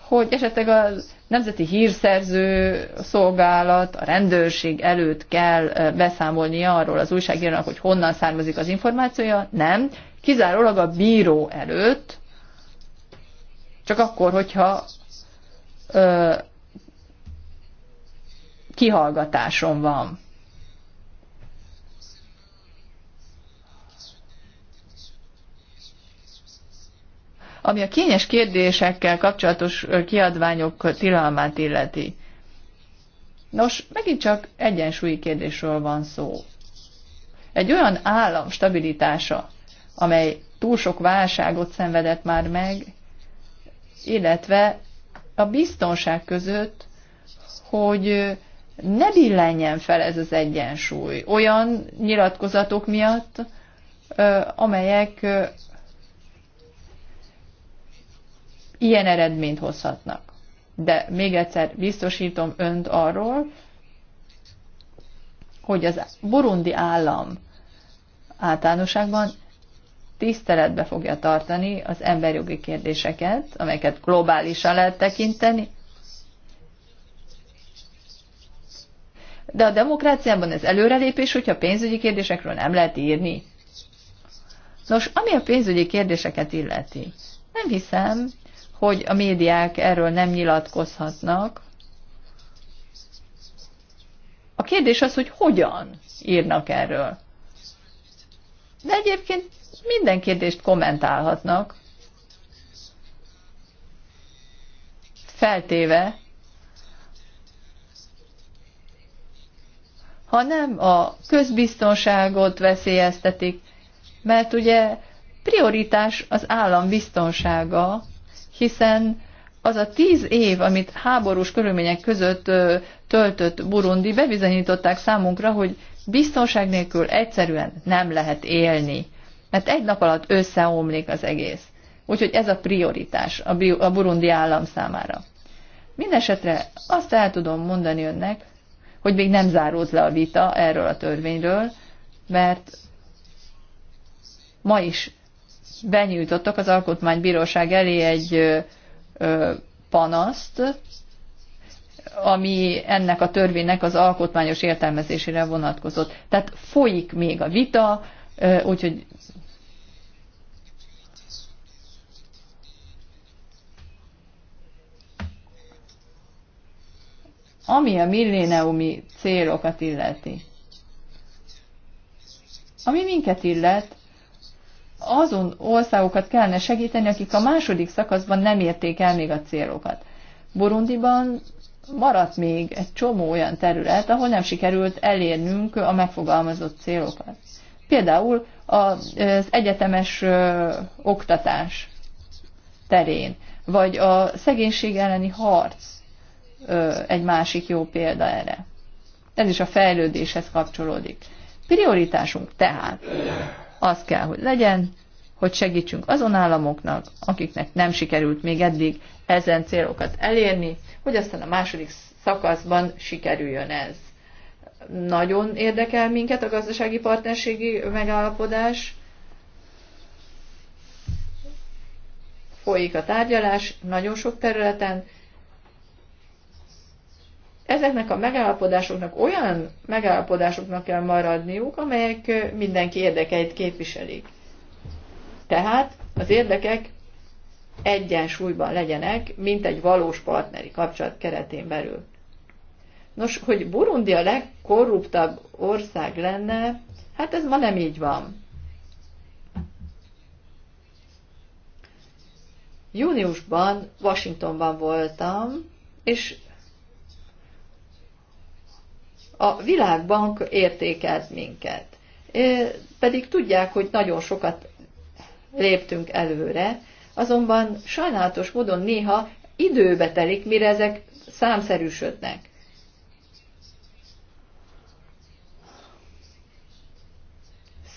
hogy esetleg a Nemzeti Hírszerző Szolgálat, a rendőrség előtt kell beszámolnia arról az újságírónak, hogy honnan származik az információja. Nem, kizárólag a bíró előtt, csak akkor, hogyha ö, kihallgatáson van. Ami a kényes kérdésekkel kapcsolatos kiadványok tilalmát illeti. Nos, megint csak egyensúlyi kérdésről van szó. Egy olyan állam stabilitása, amely túl sok válságot szenvedett már meg, illetve a biztonság között, hogy ne billenjen fel ez az egyensúly olyan nyilatkozatok miatt, amelyek ilyen eredményt hozhatnak. De még egyszer biztosítom önt arról, hogy az burundi állam általánosságban tiszteletbe fogja tartani az emberjogi kérdéseket, amelyeket globálisan lehet tekinteni, De a demokráciában ez előrelépés, hogyha pénzügyi kérdésekről nem lehet írni. Nos, ami a pénzügyi kérdéseket illeti, nem hiszem, hogy a médiák erről nem nyilatkozhatnak. A kérdés az, hogy hogyan írnak erről. De egyébként minden kérdést kommentálhatnak, feltéve, ha nem a közbiztonságot veszélyeztetik, mert ugye prioritás az állam biztonsága, hiszen az a tíz év, amit háborús körülmények között töltött Burundi, bebizonyították számunkra, hogy biztonság nélkül egyszerűen nem lehet élni mert egy nap alatt összeomlik az egész. Úgyhogy ez a prioritás a burundi állam számára. Mindenesetre azt el tudom mondani önnek, hogy még nem zárult le a vita erről a törvényről, mert ma is benyújtottak az Alkotmánybíróság elé egy ö, ö, panaszt, ami ennek a törvénynek az alkotmányos értelmezésére vonatkozott. Tehát folyik még a vita, Úgyhogy ami a milléneumi célokat illeti. Ami minket illet, azon országokat kellene segíteni, akik a második szakaszban nem érték el még a célokat. Burundiban maradt még egy csomó olyan terület, ahol nem sikerült elérnünk a megfogalmazott célokat például az egyetemes oktatás terén, vagy a szegénység elleni harc egy másik jó példa erre. Ez is a fejlődéshez kapcsolódik. Prioritásunk tehát az kell, hogy legyen, hogy segítsünk azon államoknak, akiknek nem sikerült még eddig ezen célokat elérni, hogy aztán a második szakaszban sikerüljön ez nagyon érdekel minket a gazdasági partnerségi megállapodás. Folyik a tárgyalás nagyon sok területen. Ezeknek a megállapodásoknak olyan megállapodásoknak kell maradniuk, amelyek mindenki érdekeit képviselik. Tehát az érdekek egyensúlyban legyenek, mint egy valós partneri kapcsolat keretén belül. Nos, hogy Burundi a legkorruptabb ország lenne, hát ez ma nem így van. Júniusban Washingtonban voltam, és a világbank értékelt minket. Pedig tudják, hogy nagyon sokat léptünk előre, azonban sajnálatos módon néha időbe telik, mire ezek számszerűsödnek.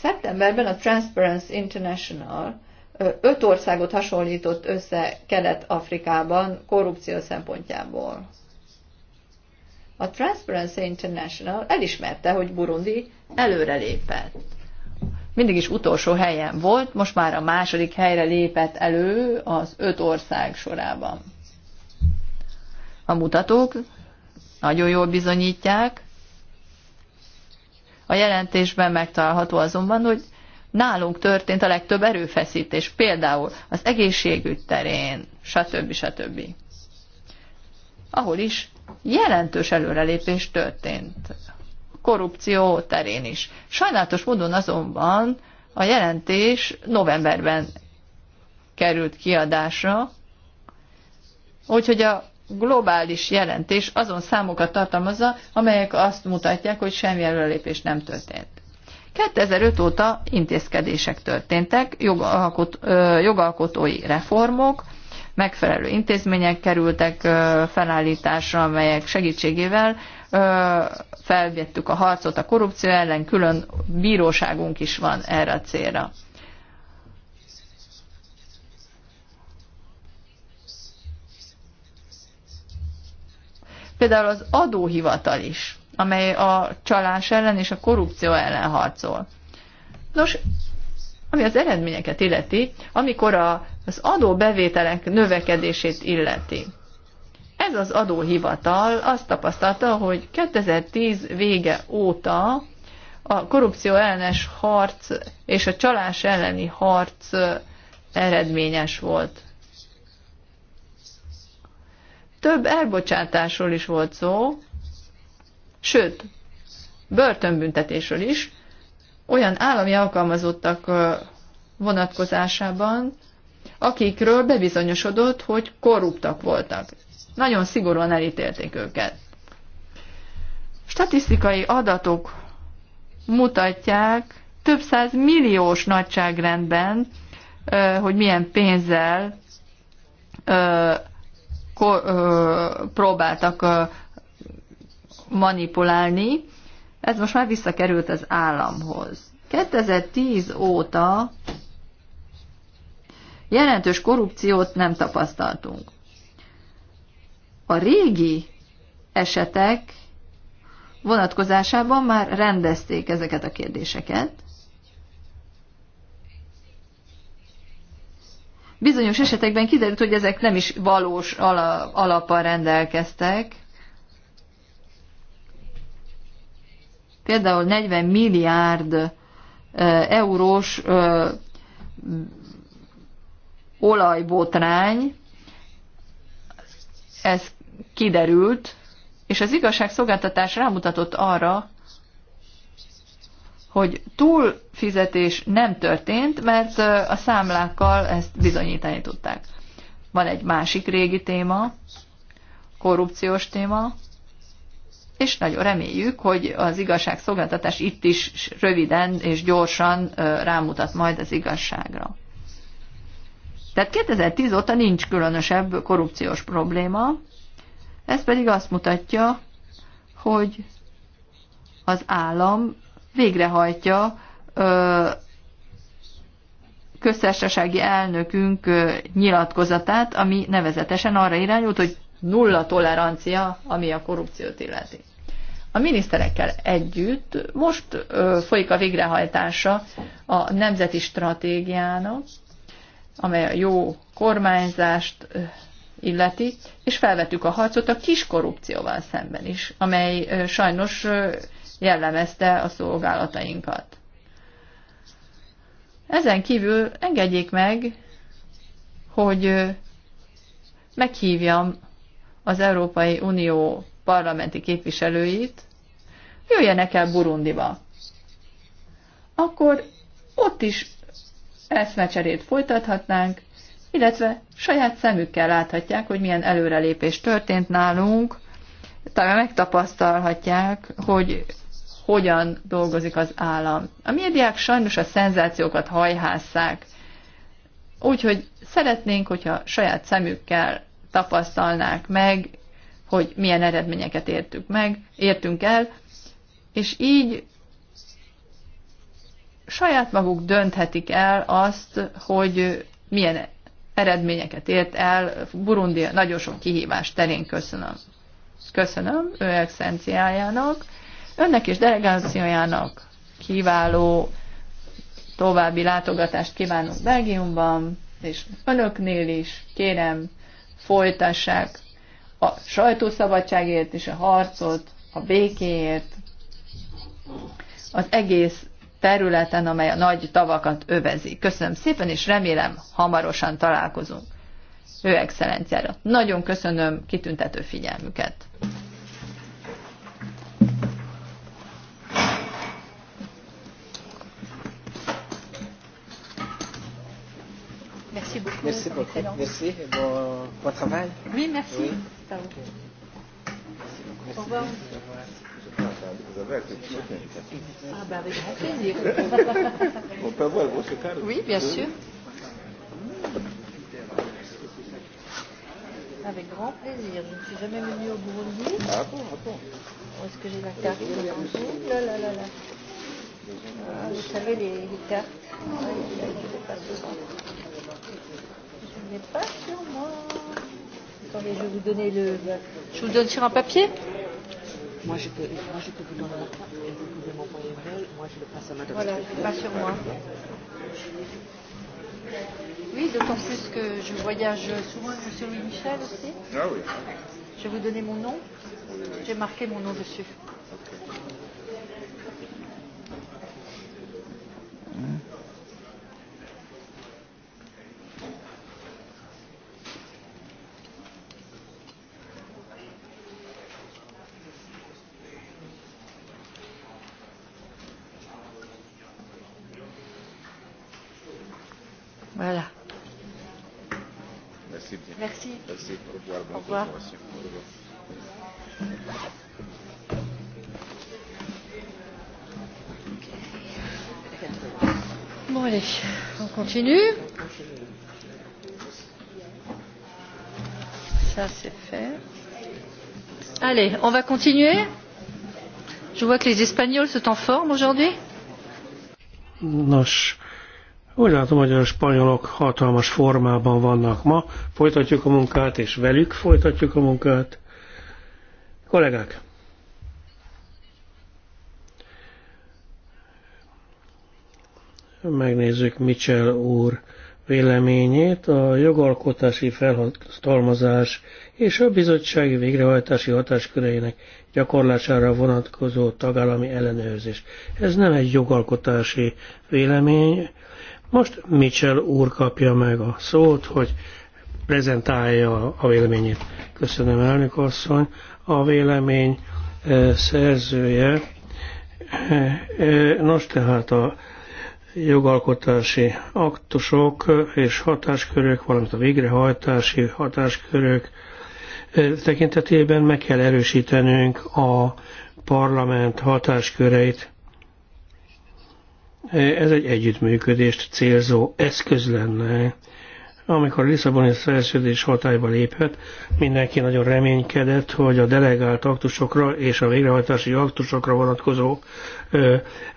Szeptemberben a Transparency International öt országot hasonlított össze Kelet-Afrikában korrupció szempontjából. A Transparency International elismerte, hogy Burundi előrelépett. Mindig is utolsó helyen volt, most már a második helyre lépett elő az öt ország sorában. A mutatók nagyon jól bizonyítják, a jelentésben megtalálható azonban, hogy nálunk történt a legtöbb erőfeszítés, például az egészségügy terén, stb. stb. Ahol is jelentős előrelépés történt. Korrupció terén is. Sajnálatos módon azonban a jelentés novemberben került kiadásra, úgyhogy a globális jelentés azon számokat tartalmazza, amelyek azt mutatják, hogy semmi előrelépés nem történt. 2005 óta intézkedések történtek, jogalkot, jogalkotói reformok, megfelelő intézmények kerültek felállításra, amelyek segítségével felvettük a harcot a korrupció ellen, külön bíróságunk is van erre a célra. Például az adóhivatal is, amely a csalás ellen és a korrupció ellen harcol. Nos, ami az eredményeket illeti, amikor a, az adóbevételek növekedését illeti. Ez az adóhivatal azt tapasztalta, hogy 2010 vége óta a korrupció ellenes harc és a csalás elleni harc eredményes volt több elbocsátásról is volt szó, sőt, börtönbüntetésről is, olyan állami alkalmazottak vonatkozásában, akikről bebizonyosodott, hogy korruptak voltak. Nagyon szigorúan elítélték őket. Statisztikai adatok mutatják több száz milliós nagyságrendben, hogy milyen pénzzel próbáltak manipulálni, ez most már visszakerült az államhoz. 2010 óta jelentős korrupciót nem tapasztaltunk. A régi esetek vonatkozásában már rendezték ezeket a kérdéseket, Bizonyos esetekben kiderült, hogy ezek nem is valós alappal rendelkeztek. Például 40 milliárd eurós olajbotrány, ez kiderült, és az igazságszolgáltatás rámutatott arra, hogy túl fizetés nem történt, mert a számlákkal ezt bizonyítani tudták. Van egy másik régi téma, korrupciós téma, és nagyon reméljük, hogy az igazságszolgáltatás itt is röviden és gyorsan rámutat majd az igazságra. Tehát 2010 óta nincs különösebb korrupciós probléma, ez pedig azt mutatja, hogy az állam végrehajtja köztársasági elnökünk nyilatkozatát, ami nevezetesen arra irányult, hogy nulla tolerancia, ami a korrupciót illeti. A miniszterekkel együtt most ö, folyik a végrehajtása a nemzeti stratégiának, amely a jó kormányzást ö, illeti, és felvettük a harcot a kis korrupcióval szemben is, amely ö, sajnos ö, jellemezte a szolgálatainkat. Ezen kívül engedjék meg, hogy meghívjam az Európai Unió parlamenti képviselőit, jöjjenek el Burundiba. Akkor ott is eszmecserét folytathatnánk, illetve saját szemükkel láthatják, hogy milyen előrelépés történt nálunk, talán megtapasztalhatják, hogy hogyan dolgozik az állam. A médiák sajnos a szenzációkat hajhásszák, úgyhogy szeretnénk, hogyha saját szemükkel tapasztalnák meg, hogy milyen eredményeket értük meg, értünk el, és így saját maguk dönthetik el azt, hogy milyen eredményeket ért el. Burundi nagyon sok kihívás terén köszönöm. Köszönöm ő excenciájának. Önnek és delegációjának kiváló további látogatást kívánok Belgiumban, és önöknél is kérem, folytassák a sajtószabadságért és a harcot, a békéért, az egész területen, amely a nagy tavakat övezi. Köszönöm szépen, és remélem hamarosan találkozunk. Ő excellenciára. Nagyon köszönöm kitüntető figyelmüket. Merci beaucoup. Merci beaucoup. Excellent. Merci bon, bon travail. Oui, merci. Oui. Merci vous. Merci beaucoup. Au revoir. Vous avez accepté notre invitation. Ah, bah, avec grand plaisir. *laughs* On Oui, bien sûr. Avec grand plaisir. Je ne suis jamais venue au Burundi. Ah bon, ah bon. Où est-ce que j'ai la carte Oh là là là là. Ah, vous savez, les, les cartes. Ouais, je pas n'ai pas sur moi. Attendez, je vais vous donner le. Je vous donne sur un papier Moi, je peux, moi, je peux vous donner la et vous pouvez m'envoyer un mail. Moi, je le passe à madame. Voilà, pas sur moi. Oui, d'autant plus que je voyage souvent avec monsieur Louis Michel aussi. Ah oui. Je vais vous donner mon nom. J'ai marqué mon nom dessus. Okay. Mm. continue. Ça, c'est fait. Allez, on va continuer. Je vois que les Espagnols sont en forme aujourd'hui. Nos, úgy látom, hogy a spanyolok hatalmas formában vannak ma. Folytatjuk a munkát, és velük folytatjuk a munkát. Kollégák! megnézzük Mitchell úr véleményét, a jogalkotási felhatalmazás és a bizottsági végrehajtási hatásköreinek gyakorlására vonatkozó tagállami ellenőrzés. Ez nem egy jogalkotási vélemény. Most Mitchell úr kapja meg a szót, hogy prezentálja a véleményét. Köszönöm, elnök asszony. A vélemény eh, szerzője. Eh, eh, nos, tehát a jogalkotási aktusok és hatáskörök, valamint a végrehajtási hatáskörök tekintetében meg kell erősítenünk a parlament hatásköreit. Ez egy együttműködést célzó eszköz lenne amikor a Lisszaboni szerződés hatályba léphet, mindenki nagyon reménykedett, hogy a delegált aktusokra és a végrehajtási aktusokra vonatkozó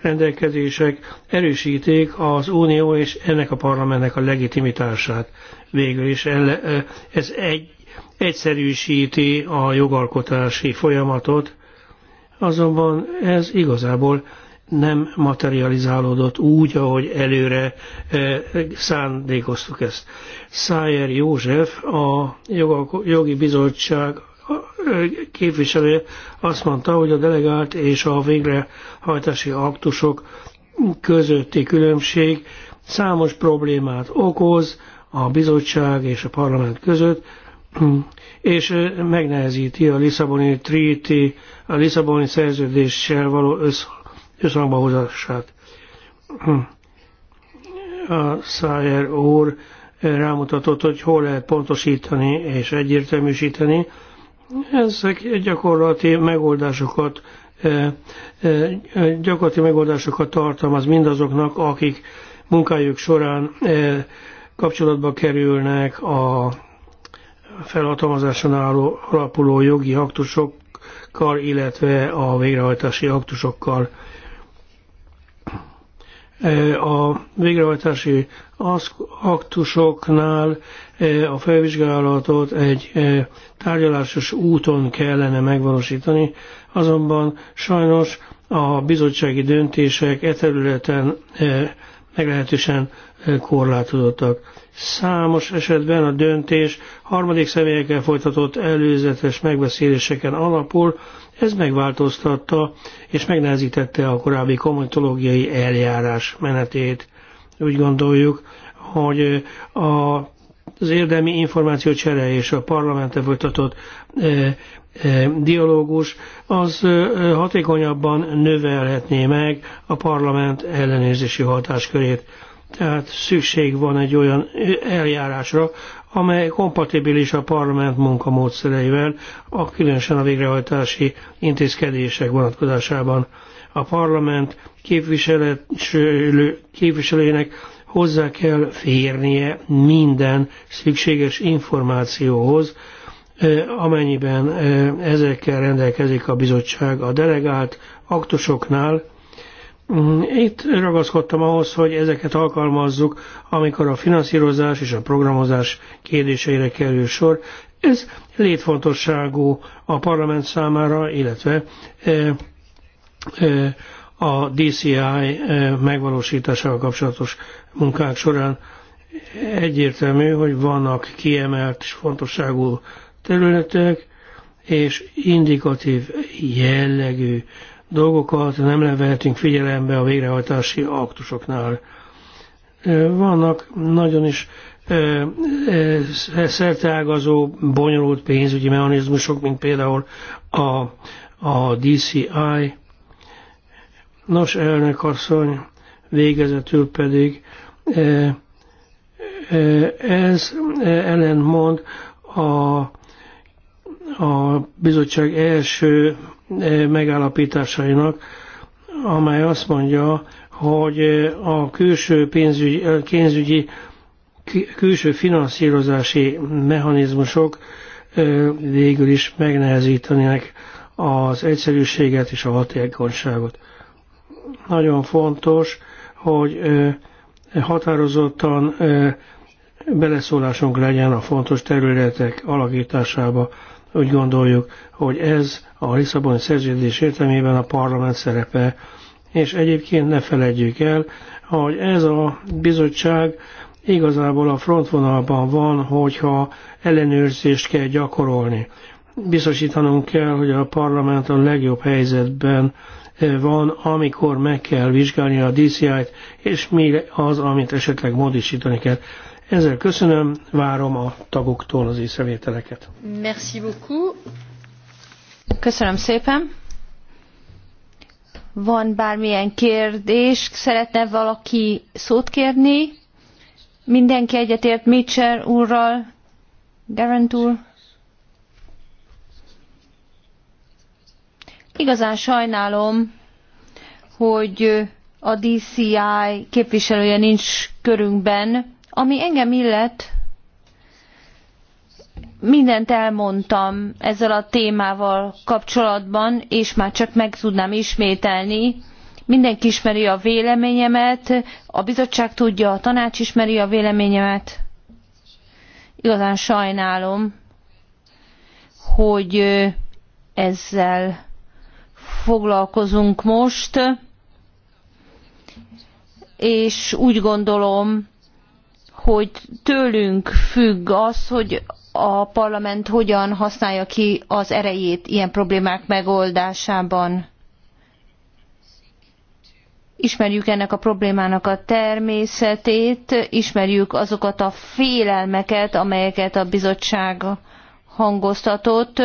rendelkezések erősíték az Unió és ennek a parlamentnek a legitimitását. Végül is ez egy, egyszerűsíti a jogalkotási folyamatot, azonban ez igazából nem materializálódott úgy, ahogy előre eh, szándékoztuk ezt. Szájer József, a jogi bizottság képviselője azt mondta, hogy a delegált és a végrehajtási aktusok közötti különbség számos problémát okoz a bizottság és a parlament között, és eh, megnehezíti a Lisszaboni Treaty, a Lisszaboni szerződéssel való össze összhangba hozását. A Szájer úr rámutatott, hogy hol lehet pontosítani és egyértelműsíteni. Ezek gyakorlati megoldásokat e, e, gyakorlati megoldásokat tartalmaz mindazoknak, akik munkájuk során e, kapcsolatba kerülnek a felhatalmazáson álló alapuló jogi aktusokkal, illetve a végrehajtási aktusokkal. E, a végrehajtási aktusoknál e, a felvizsgálatot egy e, tárgyalásos úton kellene megvalósítani, azonban sajnos a bizottsági döntések e területen meglehetősen korlátozottak. Számos esetben a döntés harmadik személyekkel folytatott előzetes megbeszéléseken alapul, ez megváltoztatta és megnehezítette a korábbi komitológiai eljárás menetét. Úgy gondoljuk, hogy a az érdemi információcsere és a parlamente folytatott e, e, dialógus, az hatékonyabban növelhetné meg a parlament ellenőrzési hatáskörét. Tehát szükség van egy olyan eljárásra, amely kompatibilis a parlament munkamódszereivel, a különösen a végrehajtási intézkedések vonatkozásában. A parlament képviselőjének hozzá kell férnie minden szükséges információhoz, amennyiben ezekkel rendelkezik a bizottság a delegált aktusoknál, Mm, itt ragaszkodtam ahhoz, hogy ezeket alkalmazzuk, amikor a finanszírozás és a programozás kérdéseire kerül sor. Ez létfontosságú a parlament számára, illetve e, e, a DCI e, megvalósításával kapcsolatos munkák során egyértelmű, hogy vannak kiemelt és fontosságú területek, és indikatív jellegű dolgokat nem levehetünk figyelembe a végrehajtási aktusoknál. Vannak nagyon is szerteágazó, bonyolult pénzügyi mechanizmusok, mint például a, a DCI. Nos, elnök asszony, végezetül pedig ez ellentmond a, a bizottság első megállapításainak, amely azt mondja, hogy a külső pénzügyi, pénzügyi külső finanszírozási mechanizmusok végül is megnehezítenek az egyszerűséget és a hatékonyságot. Nagyon fontos, hogy határozottan beleszólásunk legyen a fontos területek alakításába. Úgy gondoljuk, hogy ez a Lisszaboni szerződés értelmében a parlament szerepe. És egyébként ne feledjük el, hogy ez a bizottság igazából a frontvonalban van, hogyha ellenőrzést kell gyakorolni. Biztosítanunk kell, hogy a parlament a legjobb helyzetben eh, van, amikor meg kell vizsgálni a DCI-t, és mi az, amit esetleg módosítani kell. Ezzel köszönöm, várom a tagoktól az észrevételeket. Merci beaucoup. Köszönöm szépen. Van bármilyen kérdés? Szeretne valaki szót kérni? Mindenki egyetért Mitchell úrral, Garant úr? Igazán sajnálom, hogy a DCI képviselője nincs körünkben, ami engem illet, mindent elmondtam ezzel a témával kapcsolatban, és már csak meg tudnám ismételni. Mindenki ismeri a véleményemet, a bizottság tudja, a tanács ismeri a véleményemet. Igazán sajnálom, hogy ezzel foglalkozunk most, és úgy gondolom, hogy tőlünk függ az, hogy a parlament hogyan használja ki az erejét ilyen problémák megoldásában. Ismerjük ennek a problémának a természetét, ismerjük azokat a félelmeket, amelyeket a bizottság hangoztatott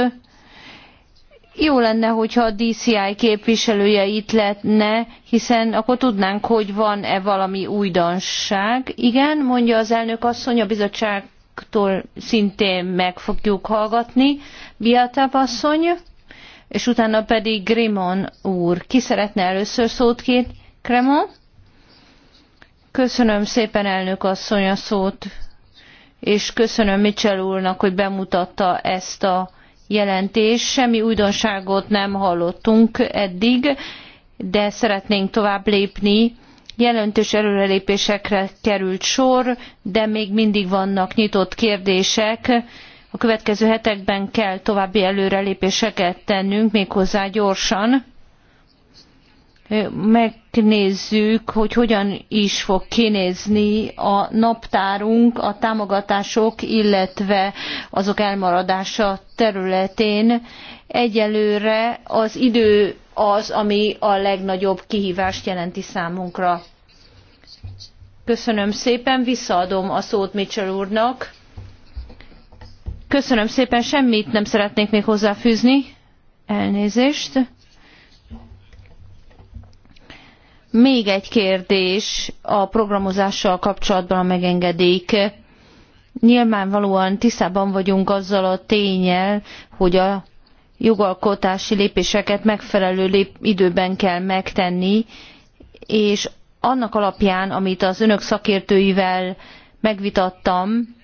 jó lenne, hogyha a DCI képviselője itt lenne, hiszen akkor tudnánk, hogy van-e valami újdonság. Igen, mondja az elnök asszony, a bizottságtól szintén meg fogjuk hallgatni. Biatább asszony, és utána pedig Grimon úr. Ki szeretne először szót két? Kremon? Köszönöm szépen elnök asszony a szót, és köszönöm Mitchell úrnak, hogy bemutatta ezt a jelentés. Semmi újdonságot nem hallottunk eddig, de szeretnénk tovább lépni. Jelentős előrelépésekre került sor, de még mindig vannak nyitott kérdések. A következő hetekben kell további előrelépéseket tennünk, méghozzá gyorsan megnézzük, hogy hogyan is fog kinézni a naptárunk a támogatások, illetve azok elmaradása területén. Egyelőre az idő az, ami a legnagyobb kihívást jelenti számunkra. Köszönöm szépen, visszaadom a szót Mitchell úrnak. Köszönöm szépen, semmit nem szeretnék még hozzáfűzni. Elnézést. Még egy kérdés a programozással kapcsolatban, ha megengedik. Nyilvánvalóan tisztában vagyunk azzal a tényel, hogy a jogalkotási lépéseket megfelelő lép időben kell megtenni, és annak alapján, amit az önök szakértőivel megvitattam,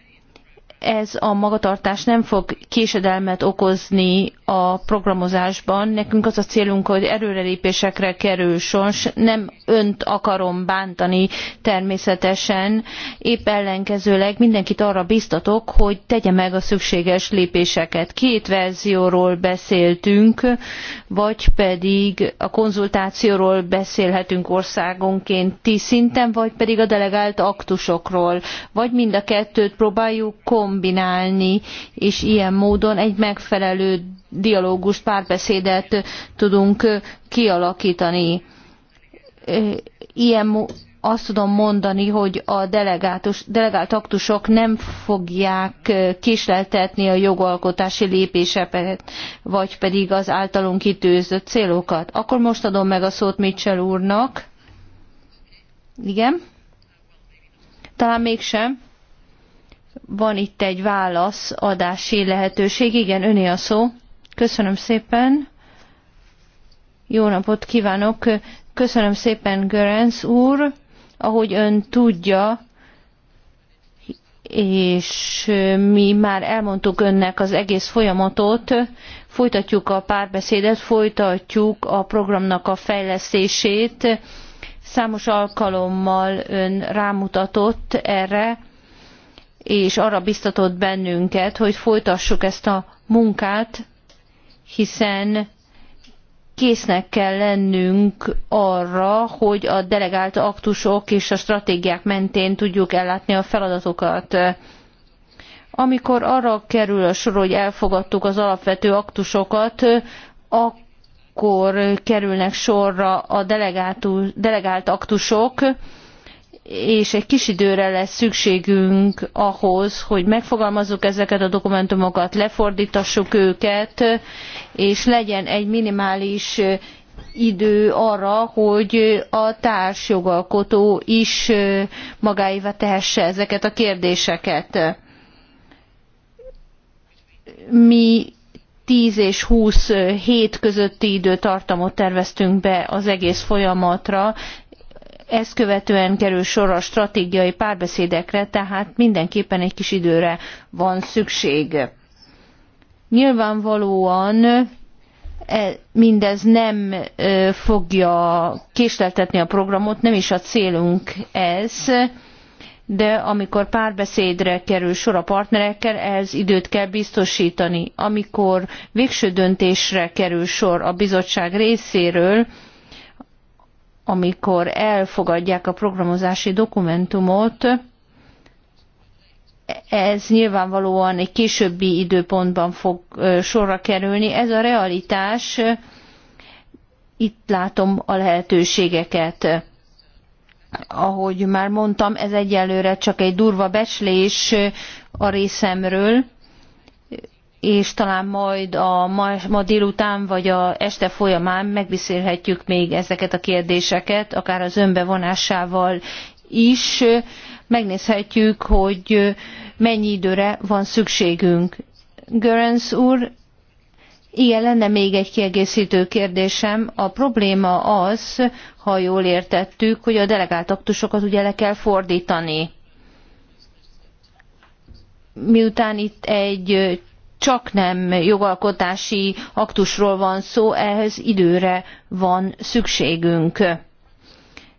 ez a magatartás nem fog késedelmet okozni a programozásban. Nekünk az a célunk, hogy erőrelépésekre kerül sors. Nem önt akarom bántani természetesen, épp ellenkezőleg mindenkit arra biztatok, hogy tegye meg a szükséges lépéseket. Két verzióról beszéltünk, vagy pedig a konzultációról beszélhetünk ti szinten, vagy pedig a delegált aktusokról. Vagy mind a kettőt próbáljuk kom kombinálni, és ilyen módon egy megfelelő dialógust, párbeszédet tudunk kialakítani. Ilyen azt tudom mondani, hogy a delegált aktusok nem fogják kisleltetni a jogalkotási lépéseket, vagy pedig az általunk kitűzött célokat. Akkor most adom meg a szót Mitchell úrnak. Igen? Talán mégsem van itt egy válasz adási lehetőség. Igen, öné a szó. Köszönöm szépen. Jó napot kívánok. Köszönöm szépen, Görenc úr. Ahogy ön tudja, és mi már elmondtuk önnek az egész folyamatot, folytatjuk a párbeszédet, folytatjuk a programnak a fejlesztését. Számos alkalommal ön rámutatott erre, és arra biztatott bennünket, hogy folytassuk ezt a munkát, hiszen késznek kell lennünk arra, hogy a delegált aktusok és a stratégiák mentén tudjuk ellátni a feladatokat. Amikor arra kerül a sor, hogy elfogadtuk az alapvető aktusokat, akkor kerülnek sorra a delegált aktusok, és egy kis időre lesz szükségünk ahhoz, hogy megfogalmazzuk ezeket a dokumentumokat, lefordítassuk őket, és legyen egy minimális idő arra, hogy a társjogalkotó is magáévá tehesse ezeket a kérdéseket. Mi 10 és 20 hét közötti időtartamot terveztünk be az egész folyamatra, ezt követően kerül sor a stratégiai párbeszédekre, tehát mindenképpen egy kis időre van szükség. Nyilvánvalóan e, mindez nem fogja késleltetni a programot, nem is a célunk ez, de amikor párbeszédre kerül sor a partnerekkel, ehhez időt kell biztosítani. Amikor végső döntésre kerül sor a bizottság részéről, amikor elfogadják a programozási dokumentumot, ez nyilvánvalóan egy későbbi időpontban fog sorra kerülni. Ez a realitás, itt látom a lehetőségeket. Ahogy már mondtam, ez egyelőre csak egy durva becslés a részemről, és talán majd a ma, ma délután vagy a este folyamán megbeszélhetjük még ezeket a kérdéseket, akár az önbevonásával is. Megnézhetjük, hogy mennyi időre van szükségünk. Görens úr, igen, lenne még egy kiegészítő kérdésem. A probléma az, ha jól értettük, hogy a delegált aktusokat ugye le kell fordítani. Miután itt egy csak nem jogalkotási aktusról van szó, ehhez időre van szükségünk.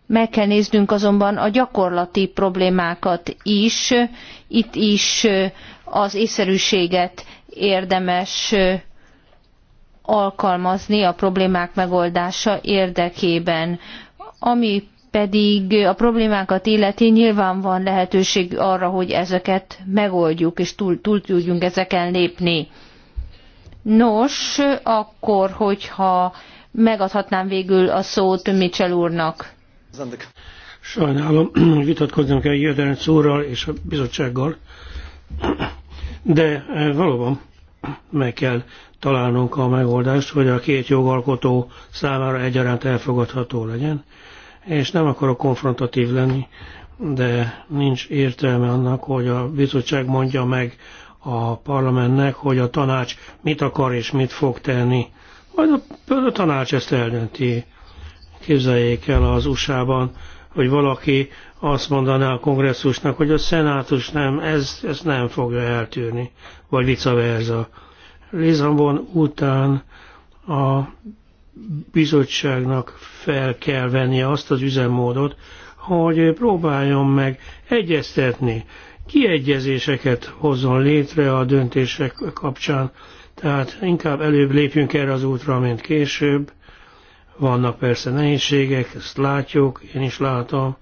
Meg kell néznünk azonban a gyakorlati problémákat is, itt is az észszerűséget érdemes alkalmazni a problémák megoldása érdekében. Ami pedig a problémákat illeti nyilván van lehetőség arra, hogy ezeket megoldjuk, és túl, túl tudjunk ezeken lépni. Nos, akkor, hogyha megadhatnám végül a szót Mitchell úrnak. Sajnálom, *clears throat* vitatkoznom kell Jöderenc úrral és a bizottsággal, *clears throat* de eh, valóban meg kell találnunk a megoldást, hogy a két jogalkotó számára egyaránt elfogadható legyen és nem akarok konfrontatív lenni, de nincs értelme annak, hogy a bizottság mondja meg a parlamentnek, hogy a tanács mit akar és mit fog tenni. Majd a, a tanács ezt eldönti. Képzeljék el az USA-ban, hogy valaki azt mondaná a kongresszusnak, hogy a szenátus nem, ez, ez nem fogja eltűrni, vagy vice versa. Lizambon után a bizottságnak fel kell vennie azt az üzemmódot, hogy próbáljon meg egyeztetni, kiegyezéseket hozzon létre a döntések kapcsán, tehát inkább előbb lépjünk erre az útra, mint később. Vannak persze nehézségek, ezt látjuk, én is látom,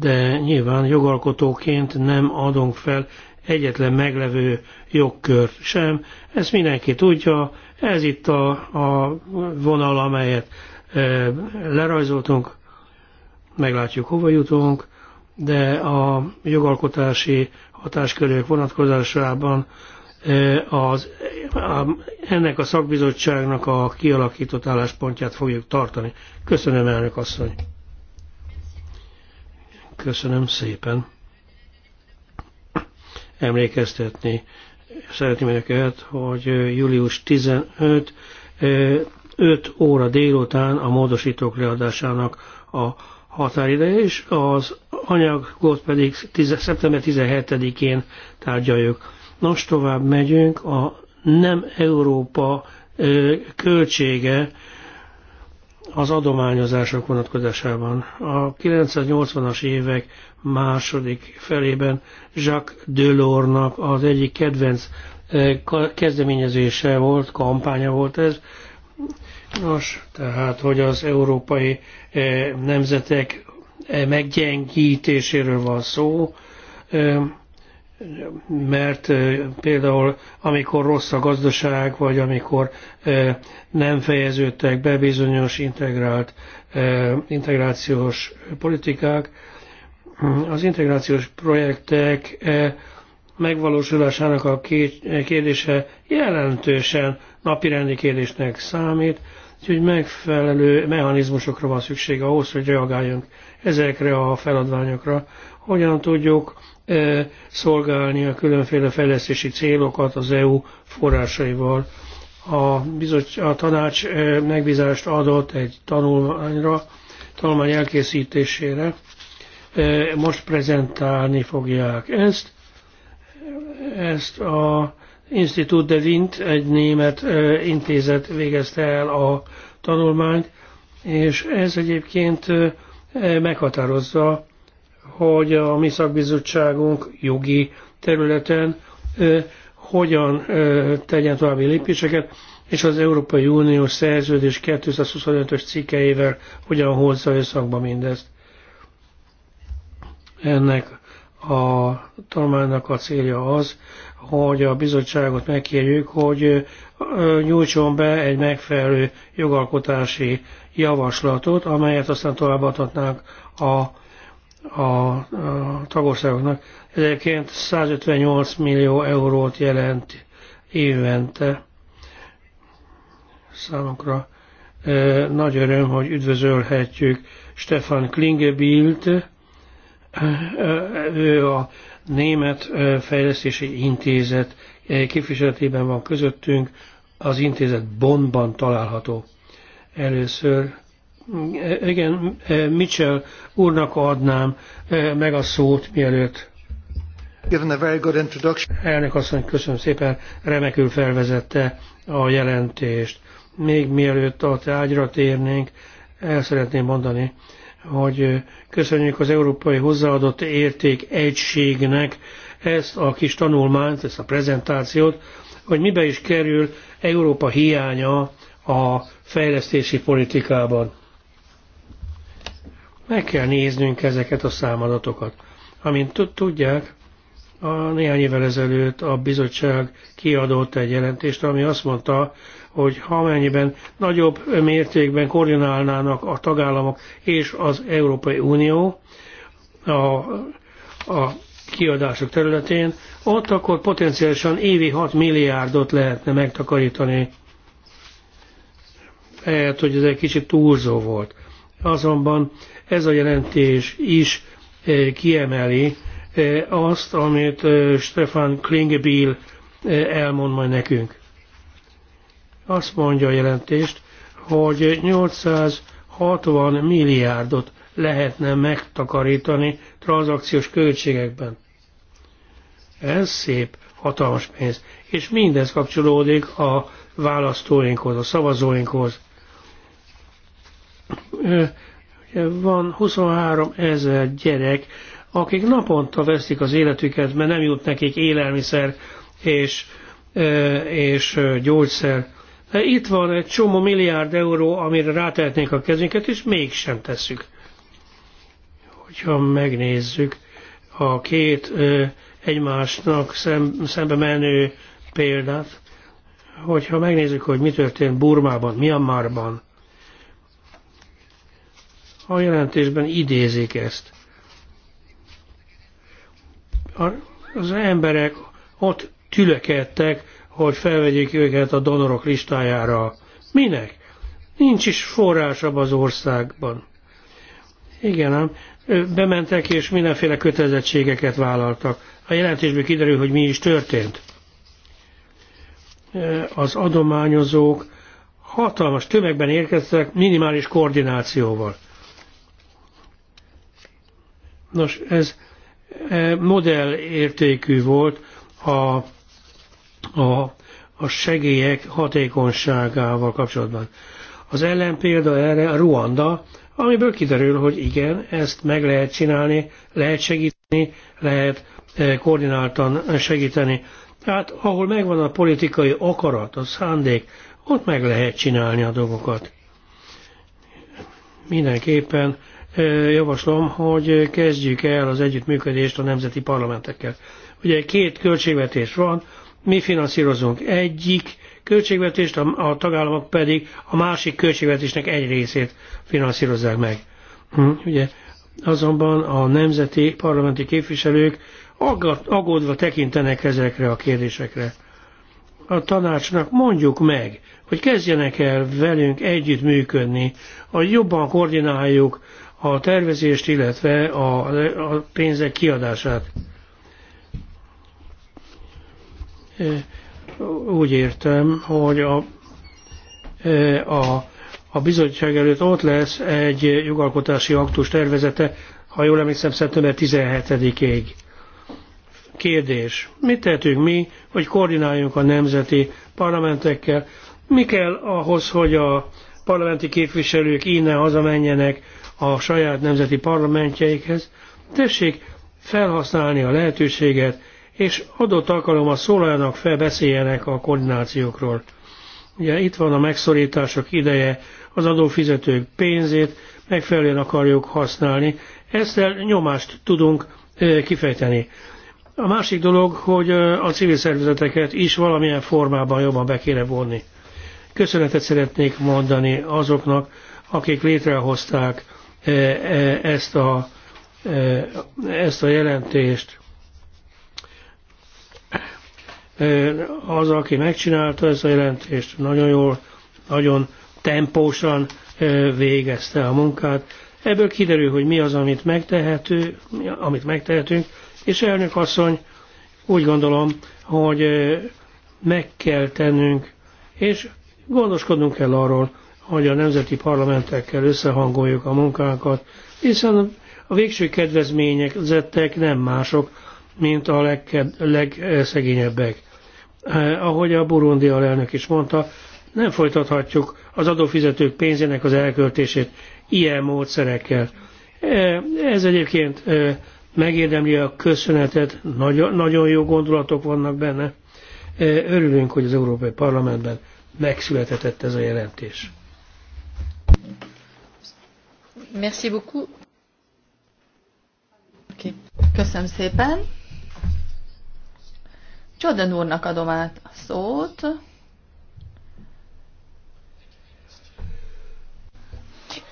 de nyilván jogalkotóként nem adunk fel egyetlen meglevő jogkört sem. Ezt mindenki tudja, ez itt a, a vonal, amelyet lerajzoltunk, meglátjuk, hova jutunk, de a jogalkotási hatáskörök vonatkozásában az, ennek a szakbizottságnak a kialakított álláspontját fogjuk tartani. Köszönöm, elnök asszony! Köszönöm szépen! Emlékeztetni szeretném önöket, hogy július 15 5 óra délután a módosítók leadásának a határideje, és az anyagot pedig 10, szeptember 17-én tárgyaljuk. Nos, tovább megyünk, a nem Európa költsége az adományozások vonatkozásában. A 1980-as évek második felében Jacques Delornak az egyik kedvenc eh, kezdeményezése volt, kampánya volt ez. Nos, tehát, hogy az európai eh, nemzetek eh, meggyengítéséről van szó, mert például amikor rossz a gazdaság, vagy amikor nem fejeződtek be bizonyos integrált, integrációs politikák, az integrációs projektek megvalósulásának a kérdése jelentősen napirendi kérdésnek számít, úgyhogy megfelelő mechanizmusokra van szükség ahhoz, hogy reagáljunk ezekre a feladványokra. Hogyan tudjuk szolgálni a különféle fejlesztési célokat az EU forrásaival. A, bizot, a tanács megbízást adott egy tanulmányra, tanulmány elkészítésére. Most prezentálni fogják ezt. Ezt a Institut de Wint, egy német intézet végezte el a tanulmányt, és ez egyébként meghatározza hogy a mi szakbizottságunk jogi területen hogyan tegyen további lépéseket, és az Európai Uniós Szerződés 225-ös cikkeivel hogyan hozza összhangba mindezt. Ennek a tanulmánynak a célja az, hogy a bizottságot megkérjük, hogy nyújtson be egy megfelelő jogalkotási javaslatot, amelyet aztán továbbadhatnánk a a, a tagországoknak. egyébként 158 millió eurót jelent évente számunkra. Nagy öröm, hogy üdvözölhetjük Stefan Klingebilt, ő a Német Fejlesztési Intézet képviseletében van közöttünk, az intézet Bonnban található. Először igen, Mitchell úrnak adnám meg a szót mielőtt. Given a very good introduction. Elnök asszony, köszönöm szépen, remekül felvezette a jelentést. Még mielőtt a tárgyra térnénk, el szeretném mondani, hogy köszönjük az Európai Hozzáadott Érték Egységnek ezt a kis tanulmányt, ezt a prezentációt, hogy mibe is kerül Európa hiánya a fejlesztési politikában. Meg kell néznünk ezeket a számadatokat. Amint tudják, a néhány évvel ezelőtt a bizottság kiadott egy jelentést, ami azt mondta, hogy ha amennyiben nagyobb mértékben koordinálnának a tagállamok és az Európai Unió a, a kiadások területén, ott akkor potenciálisan évi 6 milliárdot lehetne megtakarítani. Lehet, hogy ez egy kicsit túlzó volt. Azonban ez a jelentés is eh, kiemeli eh, azt, amit eh, Stefan Klingebiel elmond majd nekünk. Azt mondja a jelentést, hogy 860 milliárdot lehetne megtakarítani tranzakciós költségekben. Ez szép, hatalmas pénz. És mindez kapcsolódik a választóinkhoz, a szavazóinkhoz van 23 ezer gyerek, akik naponta veszik az életüket, mert nem jut nekik élelmiszer és, és gyógyszer. Itt van egy csomó milliárd euró, amire rátehetnénk a kezünket, és mégsem tesszük. Hogyha megnézzük a két egymásnak szembe menő példát, hogyha megnézzük, hogy mi történt Burmában, Myanmarban, a jelentésben idézik ezt. Az emberek ott tülekedtek, hogy felvegyék őket a donorok listájára. Minek? Nincs is forrásabb az országban. Igen, nem. Bementek és mindenféle kötelezettségeket vállaltak. A jelentésből kiderül, hogy mi is történt. Az adományozók hatalmas tömegben érkeztek minimális koordinációval. Nos, ez e, modellértékű volt a, a, a segélyek hatékonyságával kapcsolatban. Az ellenpélda erre a Ruanda, amiből kiderül, hogy igen, ezt meg lehet csinálni, lehet segíteni, lehet e, koordináltan segíteni. Tehát ahol megvan a politikai akarat, a szándék, ott meg lehet csinálni a dolgokat. Mindenképpen javaslom, hogy kezdjük el az együttműködést a nemzeti parlamentekkel. Ugye két költségvetés van, mi finanszírozunk egyik költségvetést, a tagállamok pedig a másik költségvetésnek egy részét finanszírozzák meg. Hm, ugye azonban a nemzeti parlamenti képviselők aggódva tekintenek ezekre a kérdésekre. A tanácsnak mondjuk meg, hogy kezdjenek el velünk együttműködni, hogy jobban koordináljuk a tervezést, illetve a, a pénzek kiadását. E, úgy értem, hogy a, e, a, a bizottság előtt ott lesz egy jogalkotási aktus tervezete, ha jól emlékszem, szeptember 17-ig. Kérdés. Mit tehetünk mi, hogy koordináljunk a nemzeti parlamentekkel? Mi kell ahhoz, hogy a parlamenti képviselők innen hazamenjenek, a saját nemzeti parlamentjeikhez, tessék felhasználni a lehetőséget, és adott alkalommal szólaljanak fel, beszéljenek a koordinációkról. Ugye itt van a megszorítások ideje, az adófizetők pénzét megfelelően akarjuk használni, ezzel nyomást tudunk kifejteni. A másik dolog, hogy a civil szervezeteket is valamilyen formában jobban be kéne vonni. Köszönetet szeretnék mondani azoknak, akik létrehozták E, e, ezt a, e, ezt a jelentést. Az, aki megcsinálta ezt a jelentést, nagyon jól, nagyon tempósan végezte a munkát. Ebből kiderül, hogy mi az, amit, megtehető, amit megtehetünk, és elnök asszony, úgy gondolom, hogy meg kell tennünk, és gondoskodnunk kell arról, hogy a nemzeti parlamentekkel összehangoljuk a munkánkat, hiszen a végső kedvezményezettek nem mások, mint a legked, legszegényebbek. Eh, ahogy a burundi alelnök is mondta, nem folytathatjuk az adófizetők pénzének az elköltését ilyen módszerekkel. Eh, ez egyébként eh, megérdemli a köszönetet, nagyon, nagyon jó gondolatok vannak benne. Örülünk, hogy az Európai Parlamentben megszületett ez a jelentés. Merci beaucoup. Okay. Köszönöm szépen. Csodan úrnak adom át a szót.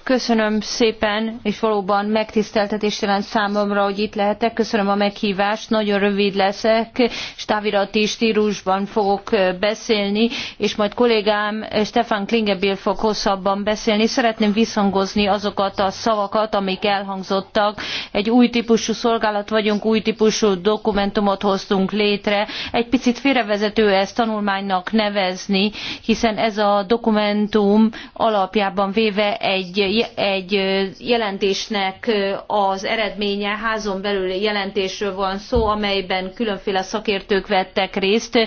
Köszönöm szépen, és valóban megtiszteltetés jelent számomra, hogy itt lehetek. Köszönöm a meghívást, nagyon rövid leszek, és távirati stílusban fogok beszélni, és majd kollégám Stefan Klingebil fog hosszabban beszélni. Szeretném visszhangozni azokat a szavakat, amik elhangzottak. Egy új típusú szolgálat vagyunk, új típusú dokumentumot hoztunk létre. Egy picit félrevezető ezt tanulmánynak nevezni, hiszen ez a dokumentum alapjában véve egy egy jelentésnek az eredménye, házon belüli jelentésről van szó, amelyben különféle szakértők vettek részt.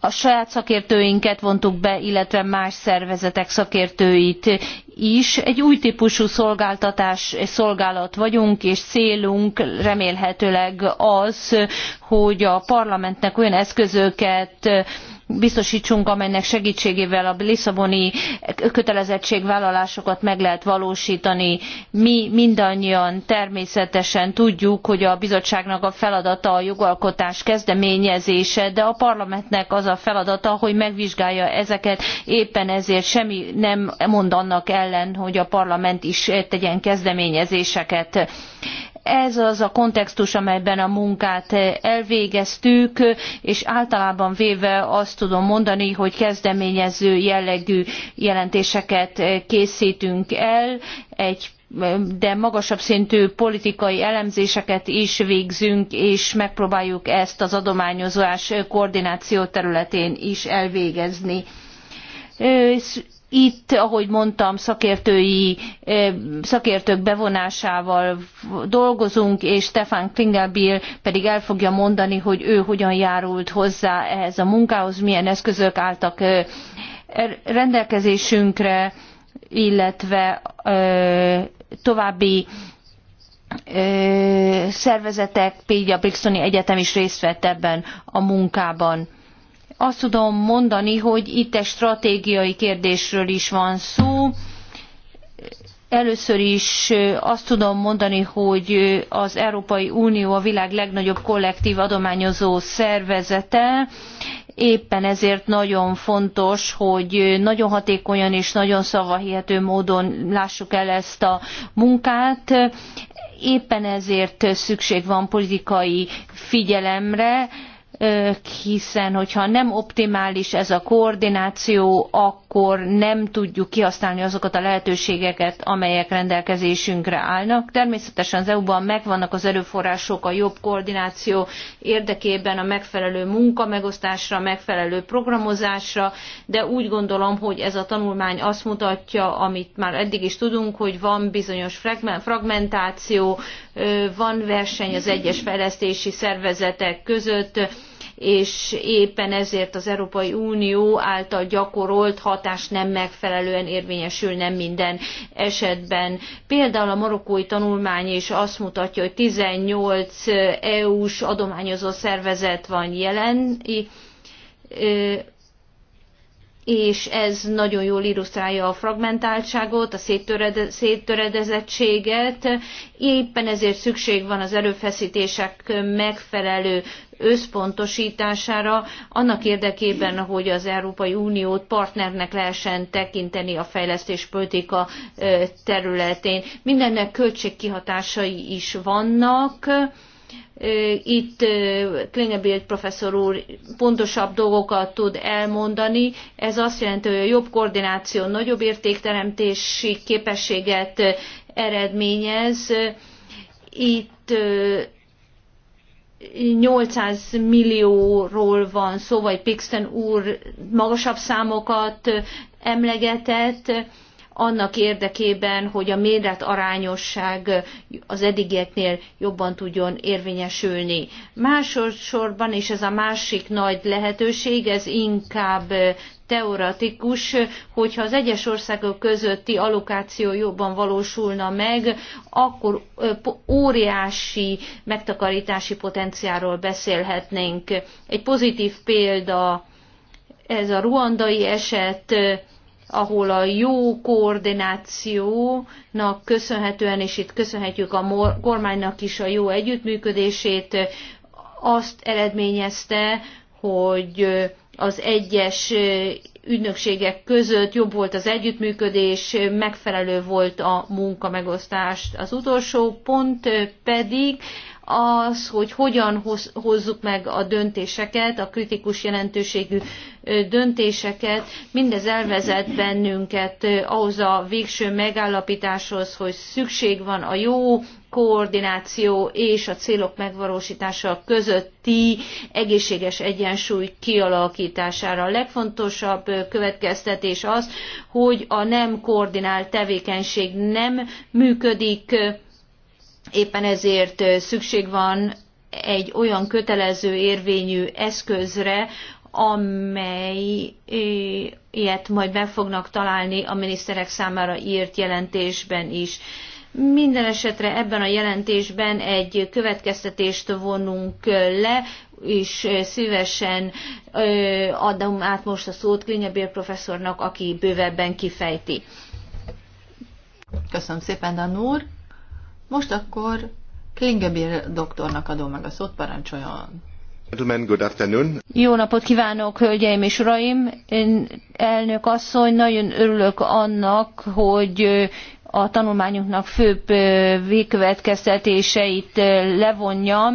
A saját szakértőinket vontuk be, illetve más szervezetek szakértőit is. Egy új típusú szolgáltatás, szolgálat vagyunk, és célunk remélhetőleg az, hogy a parlamentnek olyan eszközöket biztostsunk amelynek segítségével a Lisszaboni kötelezettségvállalásokat meg lehet valósítani. Mi mindannyian természetesen tudjuk, hogy a bizottságnak a feladata a jogalkotás kezdeményezése, de a parlamentnek az a feladata, hogy megvizsgálja ezeket, éppen ezért semmi nem mond annak ellen, hogy a parlament is tegyen kezdeményezéseket ez az a kontextus, amelyben a munkát elvégeztük, és általában véve azt tudom mondani, hogy kezdeményező jellegű jelentéseket készítünk el, egy de magasabb szintű politikai elemzéseket is végzünk, és megpróbáljuk ezt az adományozás koordináció területén is elvégezni itt, ahogy mondtam, szakértői, eh, szakértők bevonásával dolgozunk, és Stefan Klingelbill pedig el fogja mondani, hogy ő hogyan járult hozzá ehhez a munkához, milyen eszközök álltak eh, rendelkezésünkre, illetve eh, további szervezetek, például a Brixtoni Egyetem is részt vett ebben a munkában azt tudom mondani, hogy itt egy stratégiai kérdésről is van szó. Először is azt tudom mondani, hogy az Európai Unió a világ legnagyobb kollektív adományozó szervezete, éppen ezért nagyon fontos, hogy nagyon hatékonyan és nagyon szavahihető módon lássuk el ezt a munkát. Éppen ezért szükség van politikai figyelemre, hiszen hogyha nem optimális ez a koordináció, akkor nem tudjuk kihasználni azokat a lehetőségeket, amelyek rendelkezésünkre állnak. Természetesen az EU-ban megvannak az erőforrások a jobb koordináció érdekében a megfelelő munkamegosztásra, megfelelő programozásra, de úgy gondolom, hogy ez a tanulmány azt mutatja, amit már eddig is tudunk, hogy van bizonyos fragmentáció, van verseny az egyes fejlesztési szervezetek között, és éppen ezért az Európai Unió által gyakorolt hatás nem megfelelően érvényesül, nem minden esetben. Például a marokkói tanulmány is azt mutatja, hogy 18 EU-s adományozó szervezet van jelen, és ez nagyon jól illusztrálja a fragmentáltságot, a széttörede, széttöredezettséget. Éppen ezért szükség van az erőfeszítések megfelelő összpontosítására, annak érdekében, hogy az Európai Uniót partnernek lehessen tekinteni a fejlesztés politika területén. Mindennek költségkihatásai is vannak, itt Klingebild professzor úr pontosabb dolgokat tud elmondani. Ez azt jelenti, hogy a jobb koordináció nagyobb értékteremtési képességet eredményez. Itt 800 millióról van szó, vagy Pixton úr magasabb számokat emlegetett annak érdekében, hogy a méret arányosság az eddigieknél jobban tudjon érvényesülni. Másodszorban, és ez a másik nagy lehetőség, ez inkább teoretikus, hogyha az egyes országok közötti allokáció jobban valósulna meg, akkor óriási megtakarítási potenciáról beszélhetnénk. Egy pozitív példa ez a ruandai eset, ahol a jó koordinációnak köszönhetően, és itt köszönhetjük a kormánynak is a jó együttműködését, azt eredményezte, hogy az egyes ügynökségek között jobb volt az együttműködés, megfelelő volt a munkamegosztást. Az utolsó pont pedig az, hogy hogyan hozzuk meg a döntéseket, a kritikus jelentőségű döntéseket, mindez elvezet bennünket ahhoz a végső megállapításhoz, hogy szükség van a jó koordináció és a célok megvalósítása közötti egészséges egyensúly kialakítására. A legfontosabb következtetés az, hogy a nem koordinált tevékenység nem működik Éppen ezért szükség van egy olyan kötelező érvényű eszközre, amelyet majd meg fognak találni a miniszterek számára írt jelentésben is. Minden esetre ebben a jelentésben egy következtetést vonunk le, és szívesen adom át most a szót Klinyabér professzornak, aki bővebben kifejti. Köszönöm szépen, Danúr. Most akkor Klingebér doktornak adom meg a szót, parancsoljon. Jó napot kívánok, hölgyeim és uraim! Én elnök asszony, nagyon örülök annak, hogy a tanulmányunknak főbb végkövetkeztetéseit levonjam.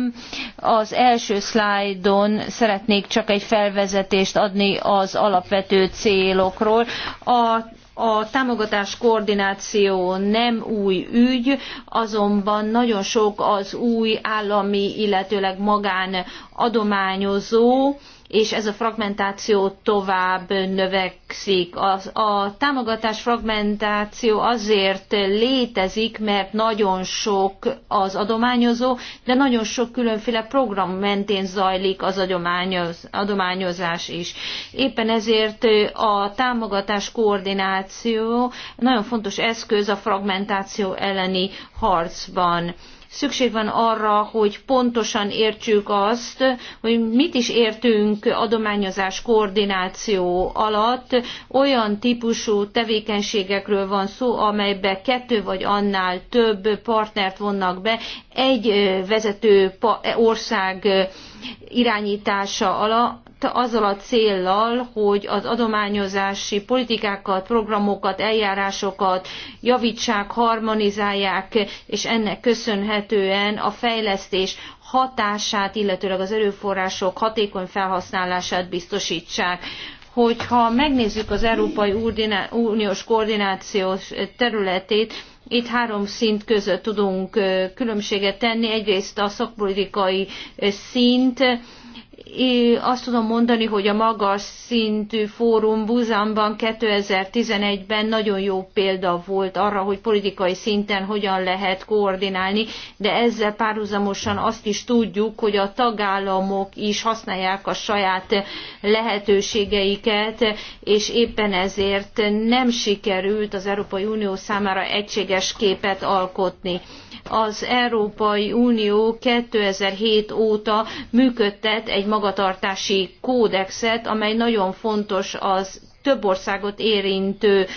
Az első szlájdon szeretnék csak egy felvezetést adni az alapvető célokról. A a támogatás koordináció nem új ügy, azonban nagyon sok az új állami, illetőleg magán adományozó, és ez a fragmentáció tovább növekszik. A, a támogatás fragmentáció azért létezik, mert nagyon sok az adományozó, de nagyon sok különféle program mentén zajlik az adományoz, adományozás is. Éppen ezért a támogatás koordináció nagyon fontos eszköz a fragmentáció elleni harcban. Szükség van arra, hogy pontosan értsük azt, hogy mit is értünk adományozás koordináció alatt. Olyan típusú tevékenységekről van szó, amelybe kettő vagy annál több partnert vonnak be egy vezető ország irányítása alá, itt azzal a céllal, hogy az adományozási politikákat, programokat, eljárásokat javítsák, harmonizálják, és ennek köszönhetően a fejlesztés hatását, illetőleg az erőforrások hatékony felhasználását biztosítsák hogyha megnézzük az Európai Uniós koordinációs területét, itt három szint között tudunk különbséget tenni. Egyrészt a szakpolitikai szint, azt tudom mondani, hogy a magas szintű fórum Buzanban 2011-ben nagyon jó példa volt arra, hogy politikai szinten hogyan lehet koordinálni, de ezzel párhuzamosan azt is tudjuk, hogy a tagállamok is használják a saját lehetőségeiket, és éppen ezért nem sikerült az Európai Unió számára egységes képet alkotni az Európai Unió 2007 óta működtet egy magatartási kódexet, amely nagyon fontos az több országot érintő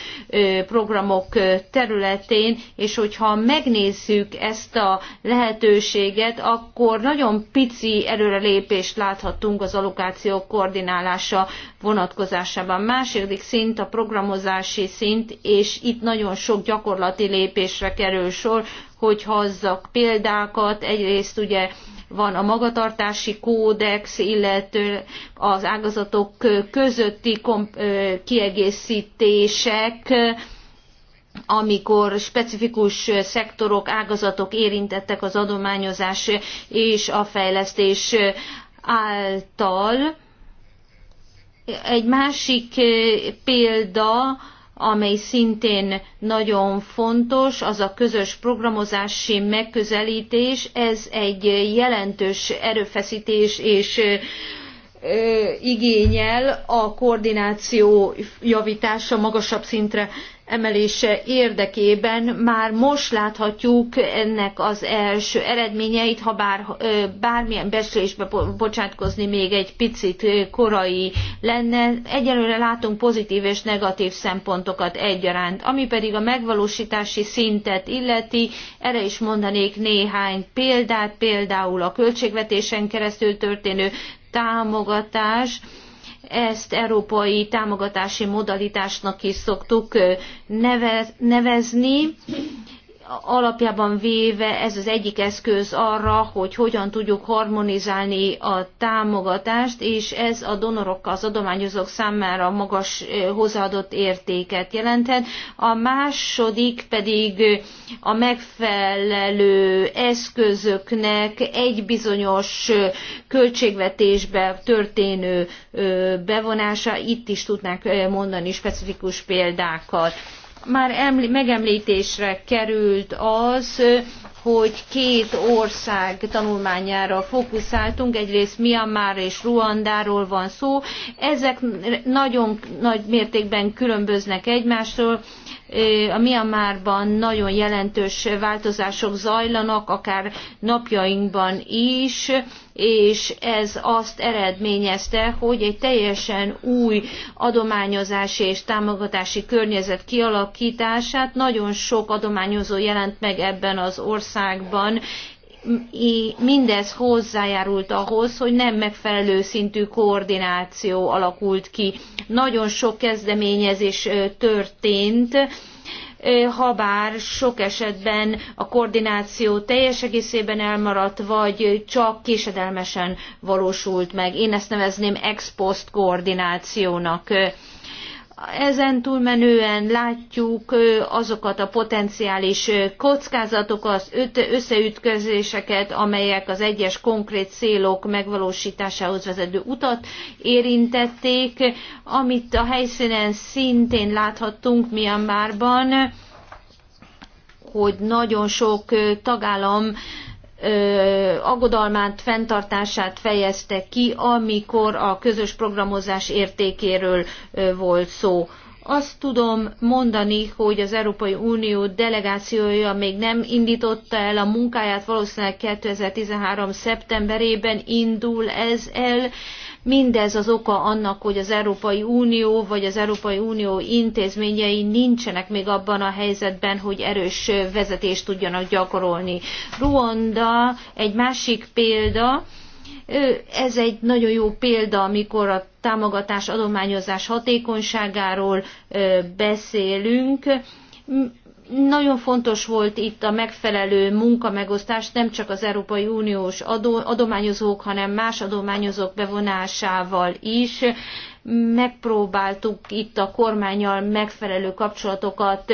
programok területén, és hogyha megnézzük ezt a lehetőséget, akkor nagyon pici előrelépést láthatunk az allokáció koordinálása vonatkozásában. Második szint a programozási szint, és itt nagyon sok gyakorlati lépésre kerül sor, hogy hozzak példákat, egyrészt ugye van a magatartási kódex, illetve az ágazatok közötti kiegészítések, amikor specifikus szektorok, ágazatok érintettek az adományozás és a fejlesztés által. Egy másik példa amely szintén nagyon fontos, az a közös programozási megközelítés, ez egy jelentős erőfeszítés és igényel a koordináció javítása magasabb szintre emelése érdekében már most láthatjuk ennek az első eredményeit, ha bár bármilyen beszélésbe bocsátkozni még egy picit korai lenne. Egyelőre látunk pozitív és negatív szempontokat egyaránt. Ami pedig a megvalósítási szintet illeti, erre is mondanék néhány példát, például a költségvetésen keresztül történő támogatás, ezt európai támogatási modalitásnak is szoktuk nevezni, alapjában véve ez az egyik eszköz arra, hogy hogyan tudjuk harmonizálni a támogatást, és ez a donorokkal, az adományozók számára magas hozzáadott értéket jelenthet. A második pedig a megfelelő eszközöknek egy bizonyos költségvetésbe történő bevonása, itt is tudnánk mondani specifikus példákat. Már eml- megemlítésre került az, hogy két ország tanulmányára fókuszáltunk, egyrészt Myanmar és Ruandáról van szó. Ezek nagyon nagy mértékben különböznek egymástól, a Myanmarban nagyon jelentős változások zajlanak, akár napjainkban is, és ez azt eredményezte, hogy egy teljesen új adományozási és támogatási környezet kialakítását nagyon sok adományozó jelent meg ebben az országban, mindez hozzájárult ahhoz, hogy nem megfelelő szintű koordináció alakult ki. Nagyon sok kezdeményezés történt, habár sok esetben a koordináció teljes egészében elmaradt, vagy csak késedelmesen valósult meg. Én ezt nevezném ex post koordinációnak ezen túlmenően látjuk azokat a potenciális kockázatokat, összeütközéseket, amelyek az egyes konkrét célok megvalósításához vezető utat érintették, amit a helyszínen szintén láthattunk Myanmarban, hogy nagyon sok tagállam aggodalmát, fenntartását fejezte ki, amikor a közös programozás értékéről volt szó. Azt tudom mondani, hogy az Európai Unió delegációja még nem indította el a munkáját, valószínűleg 2013. szeptemberében indul ez el, Mindez az oka annak, hogy az Európai Unió vagy az Európai Unió intézményei nincsenek még abban a helyzetben, hogy erős vezetést tudjanak gyakorolni. Ruanda egy másik példa, ez egy nagyon jó példa, amikor a támogatás adományozás hatékonyságáról beszélünk nagyon fontos volt itt a megfelelő munkamegosztás, nem csak az Európai Uniós adó, adományozók, hanem más adományozók bevonásával is. Megpróbáltuk itt a kormányal megfelelő kapcsolatokat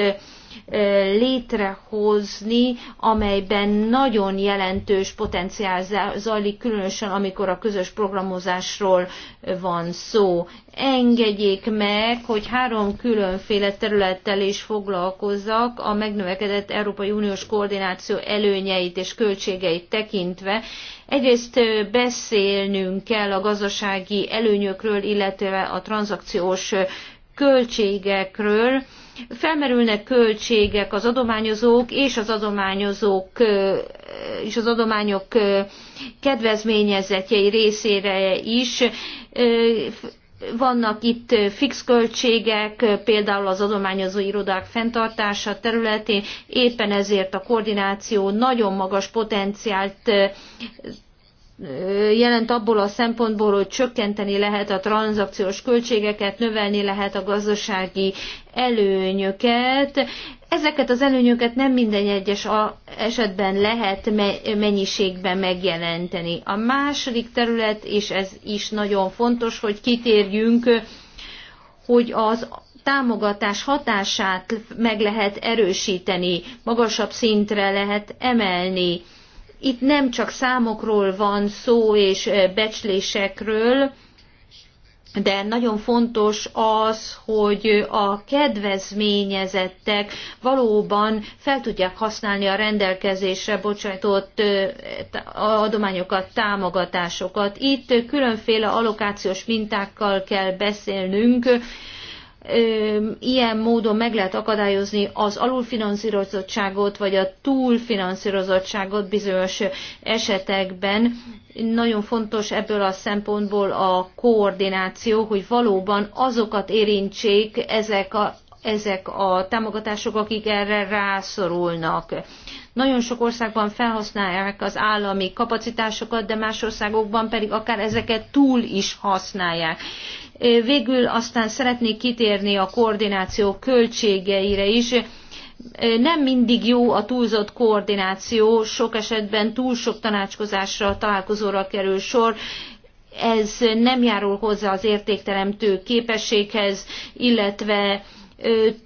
létrehozni, amelyben nagyon jelentős potenciál zajlik, különösen amikor a közös programozásról van szó. Engedjék meg, hogy három különféle területtel is foglalkozzak a megnövekedett Európai Uniós koordináció előnyeit és költségeit tekintve, Egyrészt beszélnünk kell a gazdasági előnyökről, illetve a tranzakciós költségekről, Felmerülnek költségek az adományozók és az adományozók és az adományok kedvezményezetjei részére is. Vannak itt fix költségek, például az adományozó irodák fenntartása területén, éppen ezért a koordináció nagyon magas potenciált jelent abból a szempontból, hogy csökkenteni lehet a tranzakciós költségeket, növelni lehet a gazdasági előnyöket. Ezeket az előnyöket nem minden egyes esetben lehet mennyiségben megjelenteni. A második terület, és ez is nagyon fontos, hogy kitérjünk, hogy az támogatás hatását meg lehet erősíteni, magasabb szintre lehet emelni itt nem csak számokról van szó és becslésekről, de nagyon fontos az, hogy a kedvezményezettek valóban fel tudják használni a rendelkezésre bocsájtott adományokat, támogatásokat. Itt különféle allokációs mintákkal kell beszélnünk, ilyen módon meg lehet akadályozni az alulfinanszírozottságot, vagy a túlfinanszírozottságot bizonyos esetekben. Nagyon fontos ebből a szempontból a koordináció, hogy valóban azokat érintsék ezek a ezek a támogatások, akik erre rászorulnak. Nagyon sok országban felhasználják az állami kapacitásokat, de más országokban pedig akár ezeket túl is használják. Végül aztán szeretnék kitérni a koordináció költségeire is nem mindig jó a túlzott koordináció, sok esetben túl sok tanácskozásra, találkozóra kerül sor, ez nem járul hozzá az értékteremtő képességhez, illetve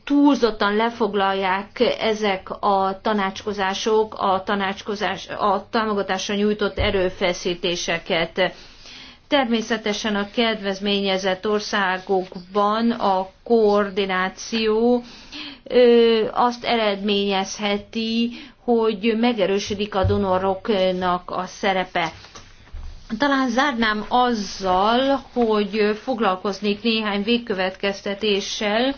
túlzottan lefoglalják ezek a tanácskozások, a, tanácskozás, a támogatásra nyújtott erőfeszítéseket. Természetesen a kedvezményezett országokban a koordináció azt eredményezheti, hogy megerősödik a donoroknak a szerepe. Talán zárnám azzal, hogy foglalkoznék néhány végkövetkeztetéssel,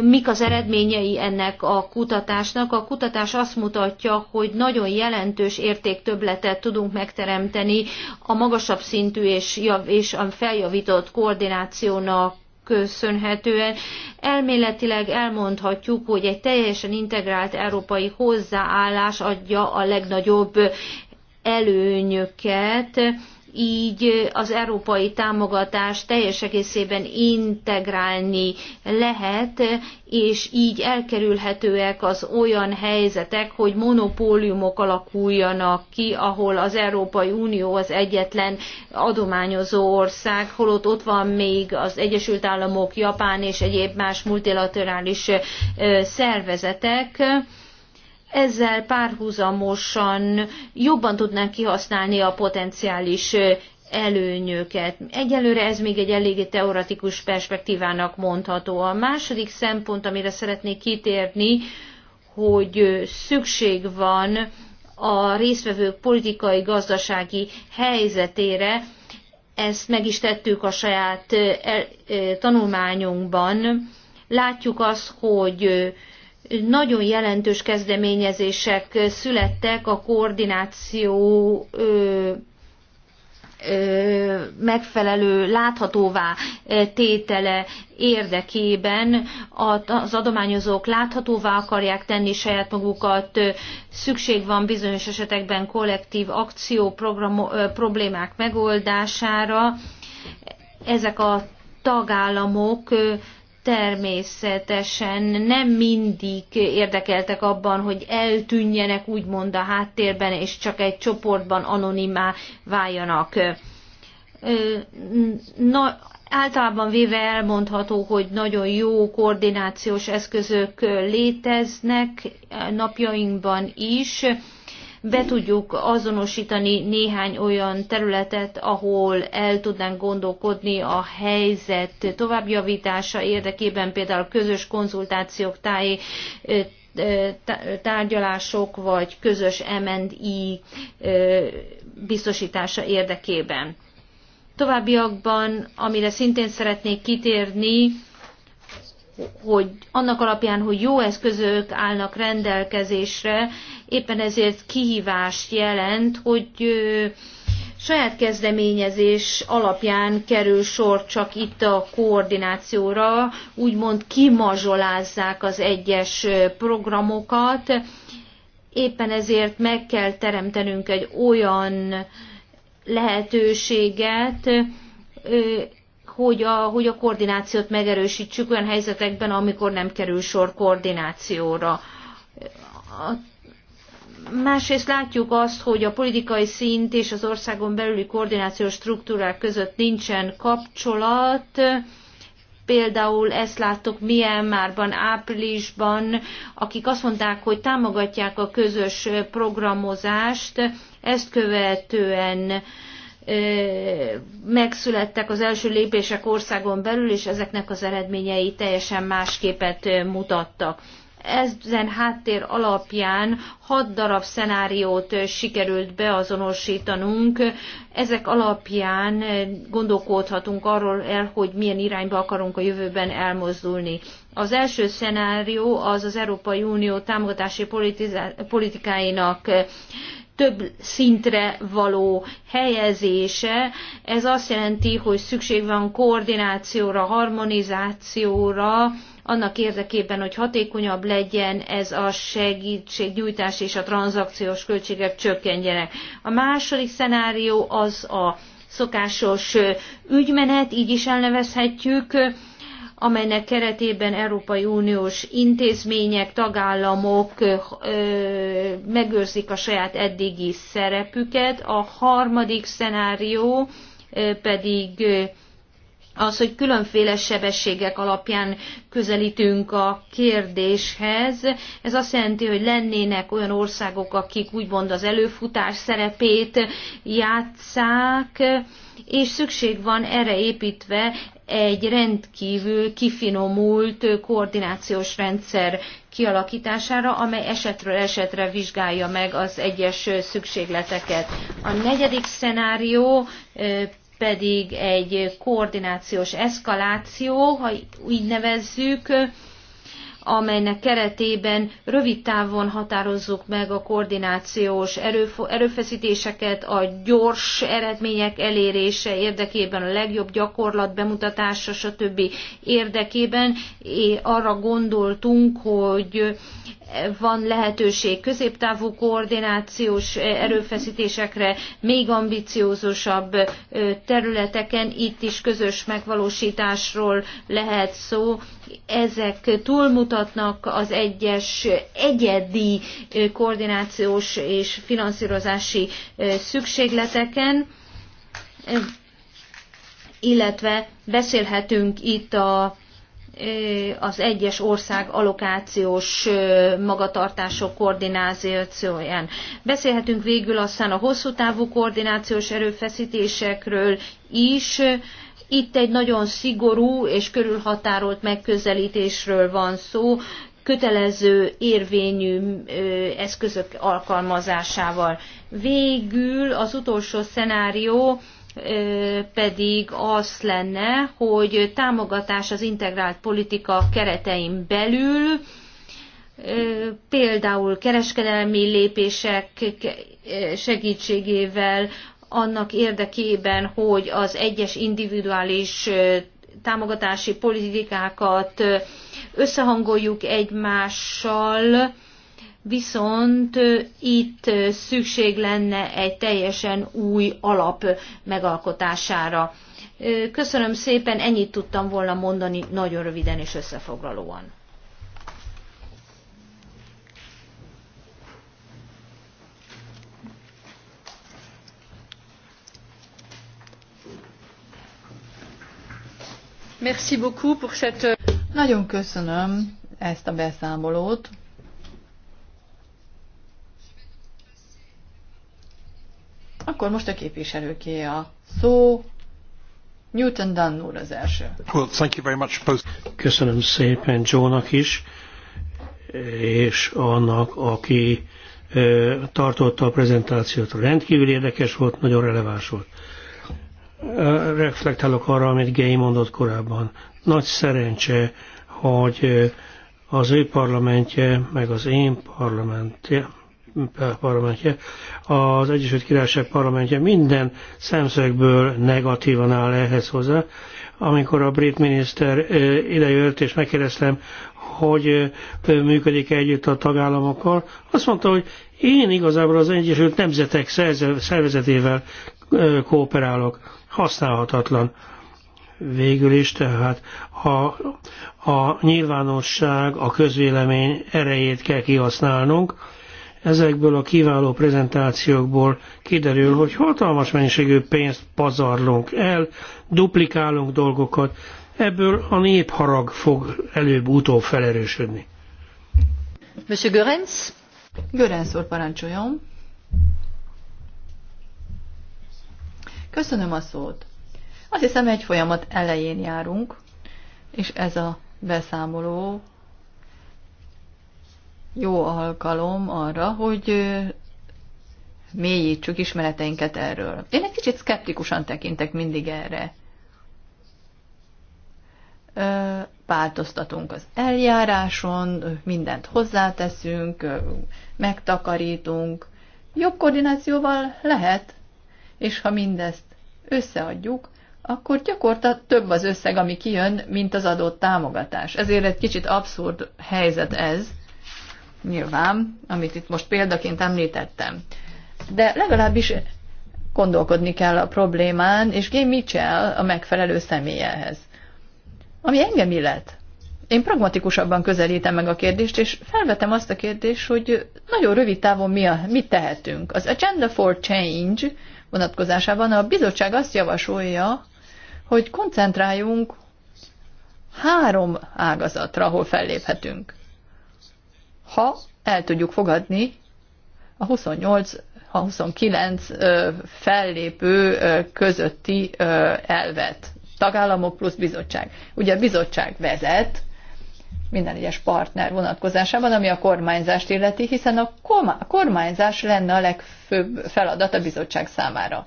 mik az eredményei ennek a kutatásnak. A kutatás azt mutatja, hogy nagyon jelentős értéktöbletet tudunk megteremteni a magasabb szintű és, jav és a feljavított koordinációnak köszönhetően elméletileg elmondhatjuk, hogy egy teljesen integrált európai hozzáállás adja a legnagyobb előnyöket így az európai támogatást teljes egészében integrálni lehet, és így elkerülhetőek az olyan helyzetek, hogy monopóliumok alakuljanak ki, ahol az Európai Unió az egyetlen adományozó ország, holott ott van még az Egyesült Államok, Japán és egyéb más multilaterális szervezetek, ezzel párhuzamosan jobban tudnánk kihasználni a potenciális előnyöket. Egyelőre ez még egy eléggé teoretikus perspektívának mondható. A második szempont, amire szeretnék kitérni, hogy szükség van a résztvevők politikai-gazdasági helyzetére. Ezt meg is tettük a saját tanulmányunkban. Látjuk azt, hogy nagyon jelentős kezdeményezések születtek a koordináció megfelelő láthatóvá tétele érdekében az adományozók láthatóvá akarják tenni saját magukat, szükség van bizonyos esetekben kollektív akció problémák megoldására. Ezek a tagállamok természetesen nem mindig érdekeltek abban, hogy eltűnjenek úgymond a háttérben, és csak egy csoportban anonimá váljanak. Na, általában véve elmondható, hogy nagyon jó koordinációs eszközök léteznek napjainkban is, be tudjuk azonosítani néhány olyan területet, ahol el tudnánk gondolkodni a helyzet továbbjavítása érdekében, például közös konzultációk táj tárgyalások vagy közös MNI e, biztosítása érdekében. Továbbiakban, amire szintén szeretnék kitérni, hogy annak alapján, hogy jó eszközök állnak rendelkezésre, éppen ezért kihívást jelent, hogy saját kezdeményezés alapján kerül sor csak itt a koordinációra, úgymond kimazsolázzák az egyes programokat, éppen ezért meg kell teremtenünk egy olyan lehetőséget, hogy a, hogy a koordinációt megerősítsük olyan helyzetekben, amikor nem kerül sor koordinációra. A Másrészt látjuk azt, hogy a politikai szint és az országon belüli koordinációs struktúrák között nincsen kapcsolat. Például ezt láttuk Myanmarban, áprilisban, akik azt mondták, hogy támogatják a közös programozást, ezt követően megszülettek az első lépések országon belül, és ezeknek az eredményei teljesen másképet mutattak. Ezen háttér alapján hat darab szenáriót sikerült beazonosítanunk. Ezek alapján gondolkodhatunk arról el, hogy milyen irányba akarunk a jövőben elmozdulni. Az első szenárió az az Európai Unió támogatási politikáinak több szintre való helyezése. Ez azt jelenti, hogy szükség van koordinációra, harmonizációra, annak érdekében, hogy hatékonyabb legyen ez a segítségnyújtás és a tranzakciós költségek csökkenjenek. A második szenárió az a szokásos ügymenet, így is elnevezhetjük, amelynek keretében Európai Uniós intézmények, tagállamok megőrzik a saját eddigi szerepüket. A harmadik szenárió pedig az, hogy különféle sebességek alapján közelítünk a kérdéshez. Ez azt jelenti, hogy lennének olyan országok, akik úgymond az előfutás szerepét játszák, és szükség van erre építve egy rendkívül kifinomult koordinációs rendszer kialakítására, amely esetről esetre vizsgálja meg az egyes szükségleteket. A negyedik szenárió eh, pedig egy koordinációs eszkaláció, ha így nevezzük, amelynek keretében rövid távon határozzuk meg a koordinációs erőfeszítéseket a gyors eredmények elérése érdekében, a legjobb gyakorlat bemutatása, stb. érdekében. Arra gondoltunk, hogy van lehetőség középtávú koordinációs erőfeszítésekre, még ambiciózusabb területeken, itt is közös megvalósításról lehet szó. Ezek túlmutatnak az egyes egyedi koordinációs és finanszírozási szükségleteken illetve beszélhetünk itt a az egyes ország alokációs magatartások koordinációján. Beszélhetünk végül aztán a hosszú távú koordinációs erőfeszítésekről is. Itt egy nagyon szigorú és körülhatárolt megközelítésről van szó, kötelező érvényű eszközök alkalmazásával. Végül az utolsó szenárió pedig az lenne, hogy támogatás az integrált politika keretein belül, például kereskedelmi lépések segítségével, annak érdekében, hogy az egyes individuális támogatási politikákat összehangoljuk egymással, viszont itt szükség lenne egy teljesen új alap megalkotására. Köszönöm szépen, ennyit tudtam volna mondani nagyon röviden és összefoglalóan. Merci beaucoup pour cette... Nagyon köszönöm ezt a beszámolót. Akkor most a képviselőké a szó. Newton Dunn úr az első. Well, thank you very much. Köszönöm szépen joe is, és annak, aki tartotta a prezentációt. Rendkívül érdekes volt, nagyon releváns volt. Reflektálok arra, amit Gay mondott korábban. Nagy szerencse, hogy az ő parlamentje, meg az én parlamentje, parlamentje, az Egyesült Királyság parlamentje minden szemszögből negatívan áll ehhez hozzá. Amikor a brit miniszter idejött, és megkérdeztem, hogy működik -e együtt a tagállamokkal, azt mondta, hogy én igazából az Egyesült Nemzetek szervezetével kooperálok. Használhatatlan végül is, tehát ha a nyilvánosság, a közvélemény erejét kell kihasználnunk, Ezekből a kiváló prezentációkból kiderül, hogy hatalmas mennyiségű pénzt pazarlunk el, duplikálunk dolgokat, ebből a népharag fog előbb-utóbb felerősödni. Monsieur Görenc? Görenc úr, parancsoljon. Köszönöm a szót. Azt hiszem, egy folyamat elején járunk, és ez a beszámoló jó alkalom arra, hogy mélyítsük ismereteinket erről. Én egy kicsit szkeptikusan tekintek mindig erre. Változtatunk az eljáráson, mindent hozzáteszünk, megtakarítunk. Jobb koordinációval lehet, és ha mindezt összeadjuk, akkor gyakorta több az összeg, ami kijön, mint az adott támogatás. Ezért egy kicsit abszurd helyzet ez, nyilván, amit itt most példaként említettem. De legalábbis gondolkodni kell a problémán, és Gay Mitchell a megfelelő személyehez. Ami engem illet. Én pragmatikusabban közelítem meg a kérdést, és felvetem azt a kérdést, hogy nagyon rövid távon mi a, mit tehetünk. Az Agenda for Change vonatkozásában a bizottság azt javasolja, hogy koncentráljunk három ágazatra, ahol felléphetünk ha el tudjuk fogadni a 28 a 29 fellépő közötti elvet. Tagállamok plusz bizottság. Ugye a bizottság vezet minden egyes partner vonatkozásában, ami a kormányzást illeti, hiszen a kormányzás lenne a legfőbb feladat a bizottság számára.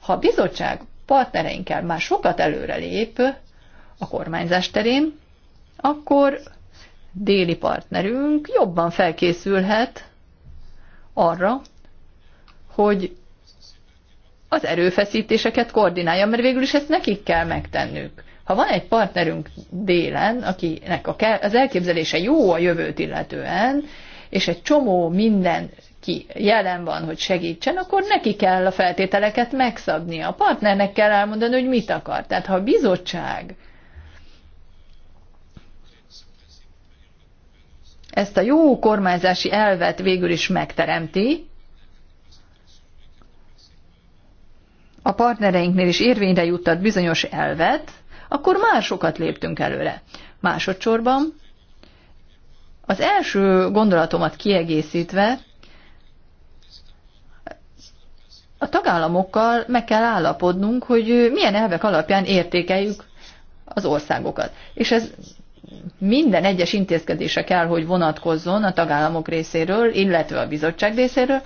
Ha a bizottság partnereinkkel már sokat előrelép a kormányzás terén, akkor déli partnerünk jobban felkészülhet arra, hogy az erőfeszítéseket koordinálja, mert végül is ezt nekik kell megtennünk. Ha van egy partnerünk délen, akinek a az elképzelése jó a jövőt illetően, és egy csomó minden ki jelen van, hogy segítsen, akkor neki kell a feltételeket megszabnia. A partnernek kell elmondani, hogy mit akar. Tehát ha a bizottság ezt a jó kormányzási elvet végül is megteremti, a partnereinknél is érvényre juttat bizonyos elvet, akkor már sokat léptünk előre. Másodszorban az első gondolatomat kiegészítve, a tagállamokkal meg kell állapodnunk, hogy milyen elvek alapján értékeljük az országokat. És ez minden egyes intézkedése kell, hogy vonatkozzon a tagállamok részéről, illetve a bizottság részéről,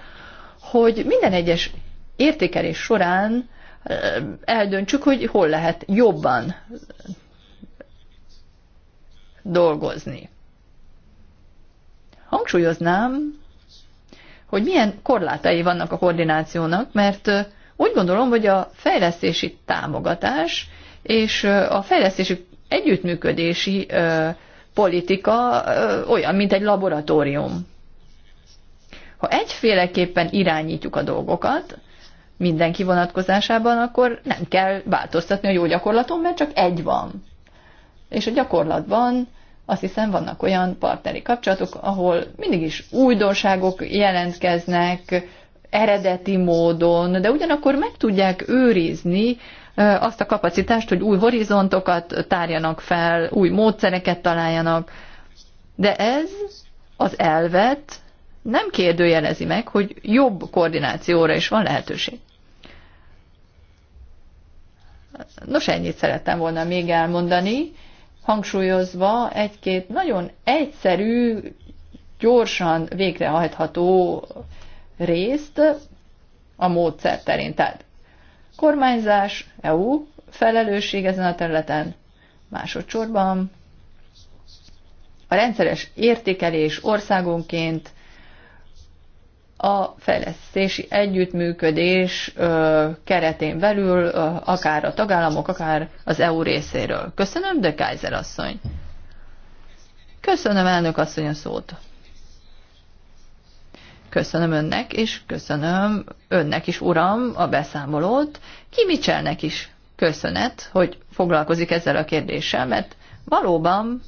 hogy minden egyes értékelés során eldöntsük, hogy hol lehet jobban dolgozni. Hangsúlyoznám, hogy milyen korlátai vannak a koordinációnak, mert úgy gondolom, hogy a fejlesztési támogatás és a fejlesztési együttműködési politika olyan, mint egy laboratórium. Ha egyféleképpen irányítjuk a dolgokat, mindenki vonatkozásában, akkor nem kell változtatni a jó gyakorlaton, mert csak egy van. És a gyakorlatban azt hiszem vannak olyan partneri kapcsolatok, ahol mindig is újdonságok jelentkeznek eredeti módon, de ugyanakkor meg tudják őrizni azt a kapacitást, hogy új horizontokat tárjanak fel, új módszereket találjanak. De ez az elvet nem kérdőjelezi meg, hogy jobb koordinációra is van lehetőség. Nos, ennyit szerettem volna még elmondani, hangsúlyozva egy-két nagyon egyszerű, gyorsan végrehajtható részt a módszer terén. Tehát kormányzás, EU felelősség ezen a területen, másodszorban a rendszeres értékelés országonként a fejlesztési együttműködés keretén belül, akár a tagállamok, akár az EU részéről. Köszönöm, de Kaiser asszony. Köszönöm, elnök asszony a szót. Köszönöm önnek, és köszönöm önnek is, uram, a beszámolót. Ki Micselnek is köszönet, hogy foglalkozik ezzel a kérdéssel, mert valóban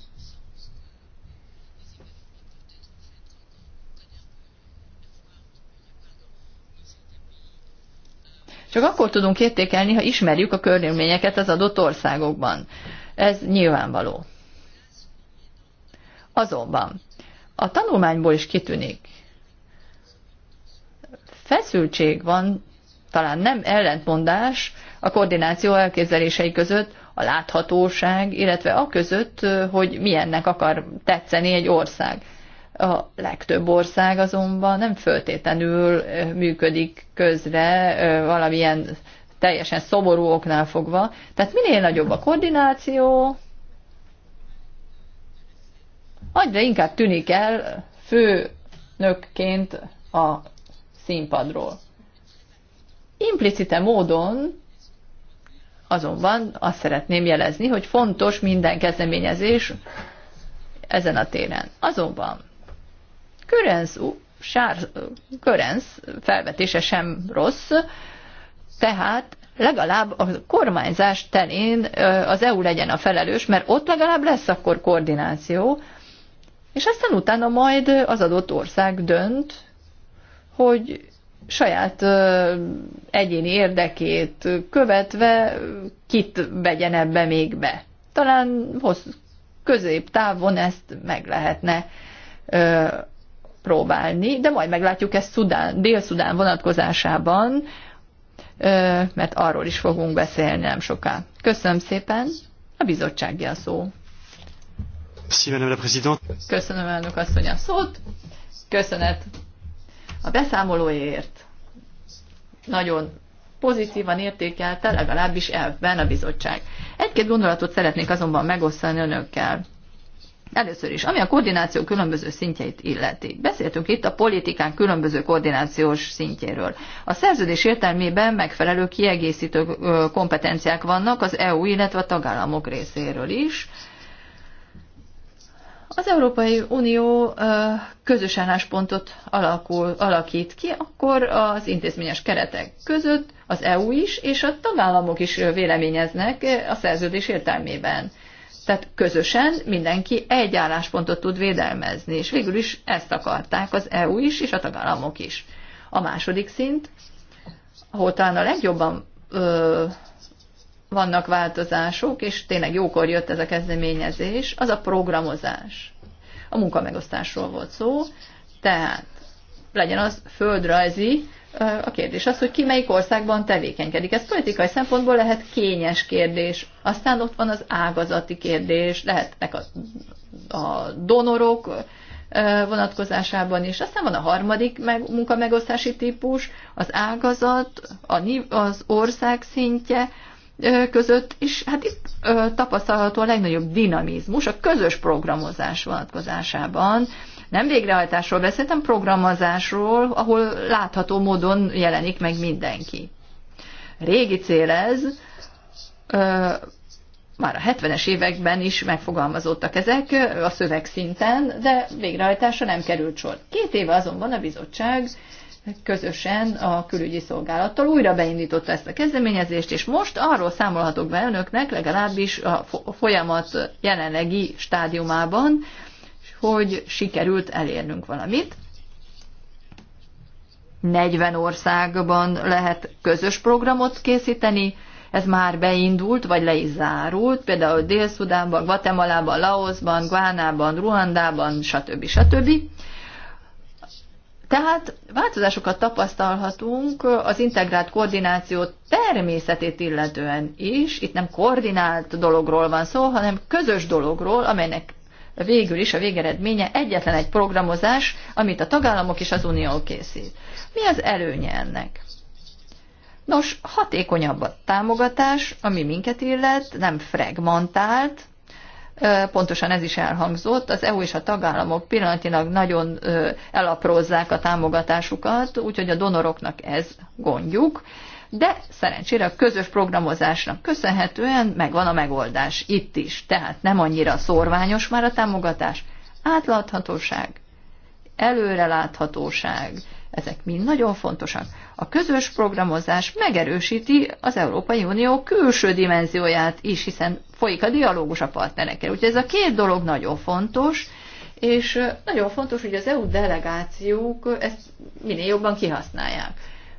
Csak akkor tudunk értékelni, ha ismerjük a körülményeket az adott országokban. Ez nyilvánvaló. Azonban a tanulmányból is kitűnik, feszültség van, talán nem ellentmondás a koordináció elképzelései között, a láthatóság, illetve a között, hogy milyennek akar tetszeni egy ország. A legtöbb ország azonban nem föltétlenül működik közre valamilyen teljesen szomorú oknál fogva. Tehát minél nagyobb a koordináció, Agyra inkább tűnik el főnökként a színpadról. Implicite módon azonban azt szeretném jelezni, hogy fontos minden kezdeményezés ezen a téren. Azonban Körenz, Sár, Körenz felvetése sem rossz, tehát legalább a kormányzás terén az EU legyen a felelős, mert ott legalább lesz akkor koordináció, és aztán utána majd az adott ország dönt, hogy saját egyéni érdekét követve kit vegyen ebbe még be. Talán hossz, középtávon ezt meg lehetne ö, próbálni, de majd meglátjuk ezt Szudán, Dél-Szudán vonatkozásában, ö, mert arról is fogunk beszélni nem soká. Köszönöm szépen, a bizottsági a szó. Köszönöm elnök asszony a szót, köszönet a beszámolóért nagyon pozitívan értékelte, legalábbis elvben a bizottság. Egy-két gondolatot szeretnék azonban megosztani önökkel. Először is, ami a koordináció különböző szintjeit illeti. Beszéltünk itt a politikán különböző koordinációs szintjéről. A szerződés értelmében megfelelő kiegészítő kompetenciák vannak az EU, illetve a tagállamok részéről is, az Európai Unió közös álláspontot alakul, alakít ki, akkor az intézményes keretek között az EU is, és a tagállamok is véleményeznek a szerződés értelmében. Tehát közösen mindenki egy álláspontot tud védelmezni, és végül is ezt akarták az EU is, és a tagállamok is. A második szint, ahol talán a legjobban ö, vannak változások, és tényleg jókor jött ez a kezdeményezés, az a programozás. A munkamegosztásról volt szó, tehát legyen az földrajzi, a kérdés az, hogy ki melyik országban tevékenykedik. Ez politikai szempontból lehet kényes kérdés. Aztán ott van az ágazati kérdés, lehetnek a, a donorok vonatkozásában is. Aztán van a harmadik meg, munkamegosztási típus, az ágazat, a, az ország szintje, között, és hát itt tapasztalható a legnagyobb dinamizmus a közös programozás vonatkozásában. Nem végrehajtásról beszéltem, programozásról, ahol látható módon jelenik meg mindenki. Régi cél ez, már a 70-es években is megfogalmazottak ezek a szövegszinten, de végrehajtásra nem került sor. Két éve azonban a bizottság közösen a külügyi szolgálattal újra beindította ezt a kezdeményezést, és most arról számolhatok be önöknek, legalábbis a folyamat jelenlegi stádiumában, hogy sikerült elérnünk valamit. 40 országban lehet közös programot készíteni, ez már beindult, vagy le is zárult, például Dél-Szudánban, Guatemalában, Laosban, Guánában, Ruandában, stb. stb. stb. Tehát változásokat tapasztalhatunk az integrált koordináció természetét illetően is. Itt nem koordinált dologról van szó, hanem közös dologról, amelynek végül is a végeredménye egyetlen egy programozás, amit a tagállamok és az Unió készít. Mi az előnye ennek? Nos, hatékonyabb a támogatás, ami minket illet, nem fragmentált, pontosan ez is elhangzott, az EU és a tagállamok pillanatilag nagyon elaprózzák a támogatásukat, úgyhogy a donoroknak ez gondjuk, de szerencsére a közös programozásnak köszönhetően megvan a megoldás itt is, tehát nem annyira szorványos már a támogatás, átláthatóság, előreláthatóság, ezek mind nagyon fontosak. A közös programozás megerősíti az Európai Unió külső dimenzióját is, hiszen folyik a dialógus a partnerekkel. Úgyhogy ez a két dolog nagyon fontos, és nagyon fontos, hogy az EU delegációk ezt minél jobban kihasználják.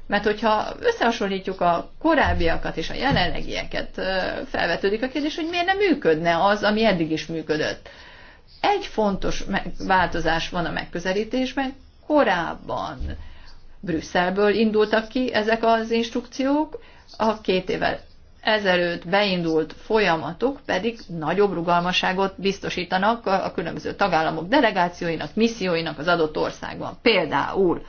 Mert hogyha összehasonlítjuk a korábbiakat és a jelenlegieket, felvetődik a kérdés, hogy miért nem működne az, ami eddig is működött. Egy fontos változás van a megközelítésben, korábban Brüsszelből indultak ki ezek az instrukciók, a két évvel ezelőtt beindult folyamatok pedig nagyobb rugalmaságot biztosítanak a különböző tagállamok delegációinak, misszióinak az adott országban. Például,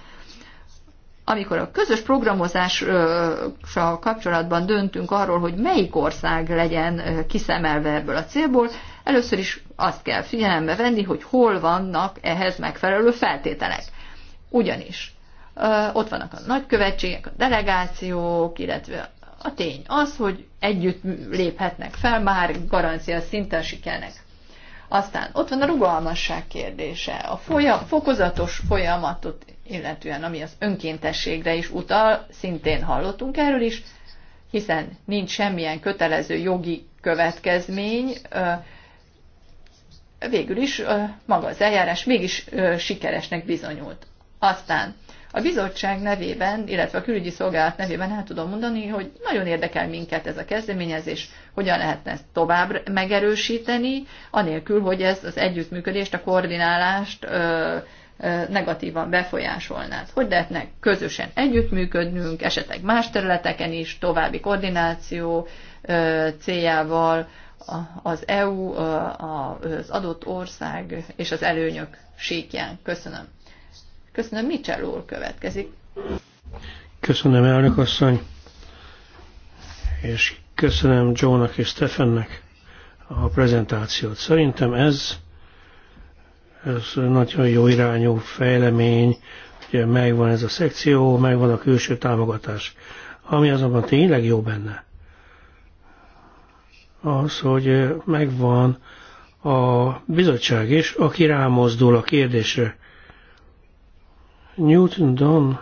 amikor a közös programozással kapcsolatban döntünk arról, hogy melyik ország legyen kiszemelve ebből a célból, először is azt kell figyelembe venni, hogy hol vannak ehhez megfelelő feltételek. Ugyanis ott vannak a nagykövetségek, a delegációk, illetve a tény az, hogy együtt léphetnek fel, már garancia szinten sikernek. Aztán ott van a rugalmasság kérdése, a folyam, fokozatos folyamatot, illetően ami az önkéntességre is utal, szintén hallottunk erről is, hiszen nincs semmilyen kötelező jogi következmény, végül is maga az eljárás mégis sikeresnek bizonyult. Aztán a bizottság nevében, illetve a külügyi szolgálat nevében el tudom mondani, hogy nagyon érdekel minket ez a kezdeményezés, hogyan lehetne ezt tovább megerősíteni, anélkül, hogy ez az együttműködést, a koordinálást ö, ö, negatívan befolyásolná. Hogy lehetne közösen együttműködnünk, esetleg más területeken is, további koordináció ö, céljával az EU, az adott ország és az előnyök síkján. Köszönöm. Köszönöm, Mitchell úr következik. Köszönöm, elnök asszony, és köszönöm Johnnak és Stefannek a prezentációt. Szerintem ez, ez nagyon jó irányú fejlemény, hogy megvan ez a szekció, megvan a külső támogatás. Ami azonban tényleg jó benne, az, hogy megvan a bizottság is, aki rámozdul a kérdésre. Newton Don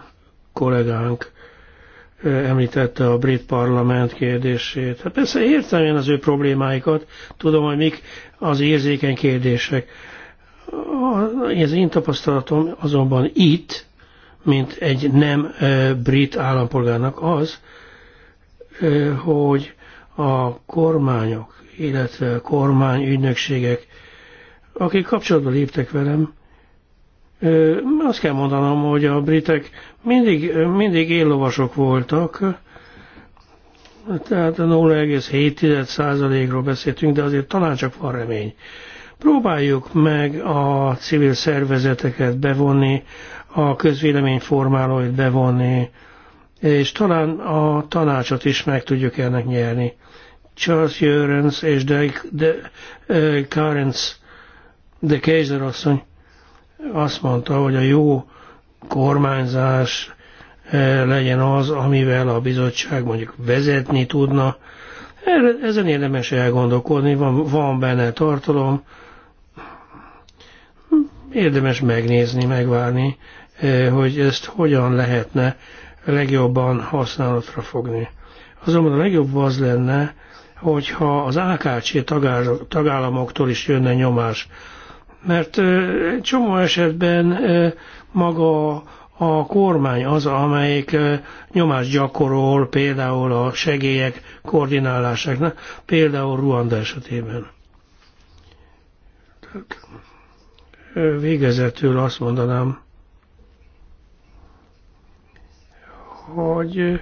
kollégánk említette a brit parlament kérdését. Hát persze értem én az ő problémáikat, tudom, hogy mik az érzékeny kérdések. Az én tapasztalatom azonban itt, mint egy nem brit állampolgárnak az, hogy a kormányok, illetve kormányügynökségek, akik kapcsolatba léptek velem, azt kell mondanom, hogy a britek mindig, mindig éllovasok voltak, tehát 0,7%-ról beszéltünk, de azért talán csak van remény. Próbáljuk meg a civil szervezeteket bevonni, a közvélemény formálóit bevonni, és talán a tanácsot is meg tudjuk ennek nyerni. Charles Jörens és de, de, de, Karens, de Kaiser asszony azt mondta, hogy a jó kormányzás eh, legyen az, amivel a bizottság mondjuk vezetni tudna. Ezen érdemes elgondolkodni, van, van benne tartalom, érdemes megnézni, megvárni, eh, hogy ezt hogyan lehetne legjobban használatra fogni. Azonban a legjobb az lenne, hogyha az AKC tagállamoktól is jönne nyomás mert egy csomó esetben maga a kormány az, amelyik nyomást gyakorol például a segélyek koordinálásáknak, például Ruanda esetében. Végezetül azt mondanám, hogy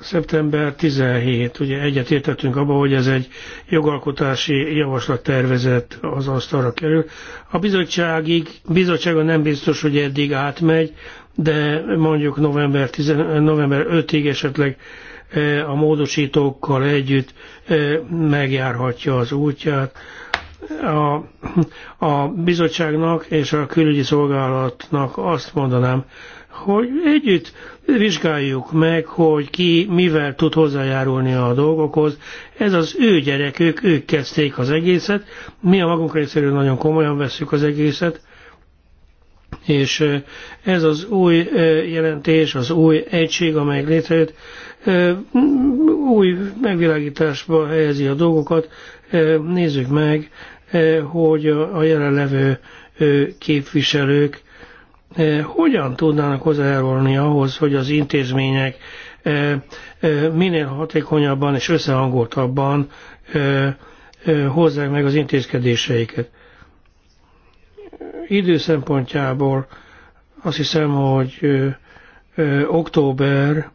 szeptember 17, ugye egyetértettünk abba, hogy ez egy jogalkotási javaslat tervezett az asztalra kerül. A bizottságig, bizottsága nem biztos, hogy eddig átmegy, de mondjuk november, 10, november 5-ig esetleg e, a módosítókkal együtt e, megjárhatja az útját. A, a bizottságnak és a külügyi szolgálatnak azt mondanám, hogy együtt vizsgáljuk meg, hogy ki mivel tud hozzájárulni a dolgokhoz. Ez az ő gyerekük, ők kezdték az egészet. Mi a magunk részéről nagyon komolyan veszük az egészet. És ez az új jelentés, az új egység, amely létrejött, új megvilágításba helyezi a dolgokat. Nézzük meg, hogy a jelenlevő képviselők Eh, hogyan tudnának hozzájárulni ahhoz, hogy az intézmények eh, eh, minél hatékonyabban és összehangoltabban hozzák meg az intézkedéseiket. Idő szempontjából azt hiszem, hogy október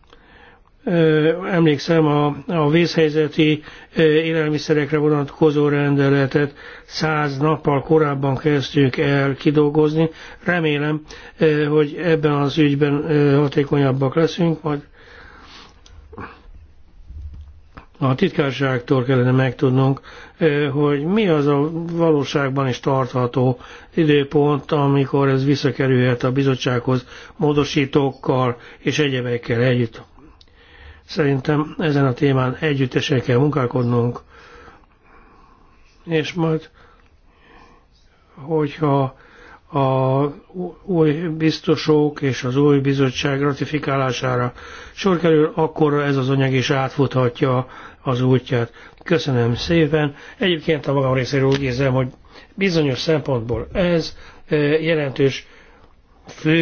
emlékszem a, a vészhelyzeti élelmiszerekre vonatkozó rendeletet száz nappal korábban kezdtünk el kidolgozni. Remélem, hogy ebben az ügyben hatékonyabbak leszünk, majd a titkárságtól kellene megtudnunk, hogy mi az a valóságban is tartható időpont, amikor ez visszakerülhet a bizottsághoz módosítókkal és egyebekkel együtt. Szerintem ezen a témán együttesen kell munkálkodnunk, és majd, hogyha a új biztosok és az új bizottság ratifikálására sor kerül, akkor ez az anyag is átfuthatja az útját. Köszönöm szépen. Egyébként a magam részéről úgy érzem, hogy bizonyos szempontból ez e, jelentős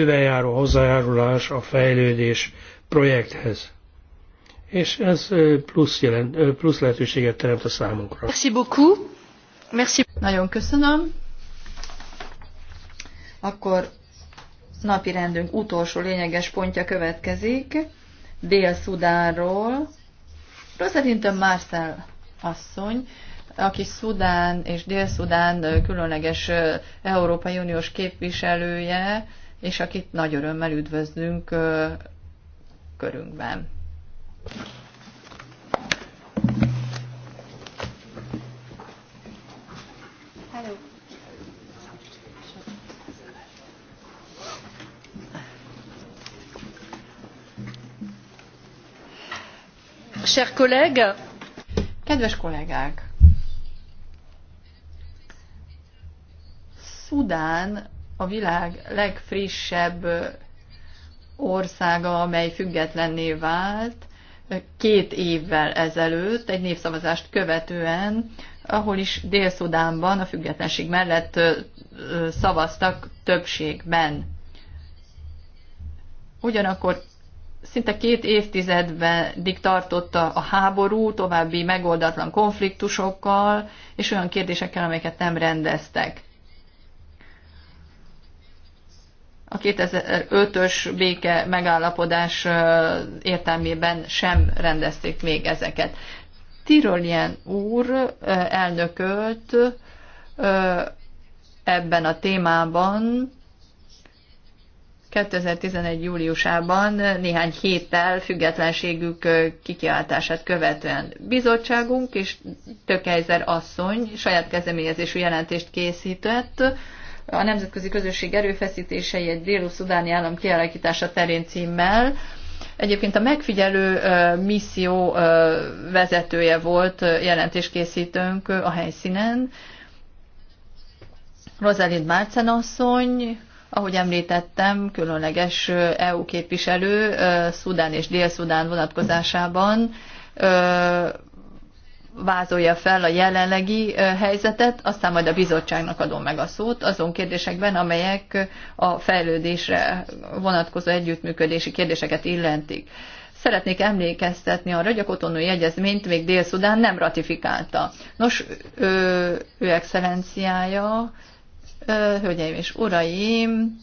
járó hozzájárulás a fejlődés projekthez és ez plusz, jelent, plusz lehetőséget teremt a számunkra. Merci beaucoup. Merci. Nagyon köszönöm. Akkor napi rendünk utolsó lényeges pontja következik, Dél-Szudánról. Rosalind Marcel asszony, aki Szudán és Dél-Szudán különleges Európai Uniós képviselője, és akit nagy örömmel üdvözlünk körünkben. Chers collègues, Kedves kollégák! Szudán a világ legfrissebb országa, amely függetlenné vált, két évvel ezelőtt, egy népszavazást követően, ahol is Dél-Szudánban a függetlenség mellett szavaztak többségben. Ugyanakkor szinte két évtizedig tartotta a háború, további megoldatlan konfliktusokkal és olyan kérdésekkel, amelyeket nem rendeztek. a 2005-ös béke megállapodás értelmében sem rendezték még ezeket. Tirolien úr elnökölt ebben a témában 2011. júliusában néhány héttel függetlenségük kikiáltását követően bizottságunk és Tökeizer asszony saját kezdeményezésű jelentést készített, a nemzetközi közösség erőfeszítései egy dél-szudáni állam kialakítása terén címmel. Egyébként a megfigyelő misszió vezetője volt jelentéskészítőnk a helyszínen. Rosalind Márcen asszony, ahogy említettem, különleges EU képviselő Szudán és Dél-Szudán vonatkozásában vázolja fel a jelenlegi helyzetet, aztán majd a bizottságnak adom meg a szót azon kérdésekben, amelyek a fejlődésre vonatkozó együttműködési kérdéseket illentik. Szeretnék emlékeztetni arra, hogy a kotonói egyezményt még Dél-Szudán nem ratifikálta. Nos, ő, ő excellenciája, hölgyeim és uraim,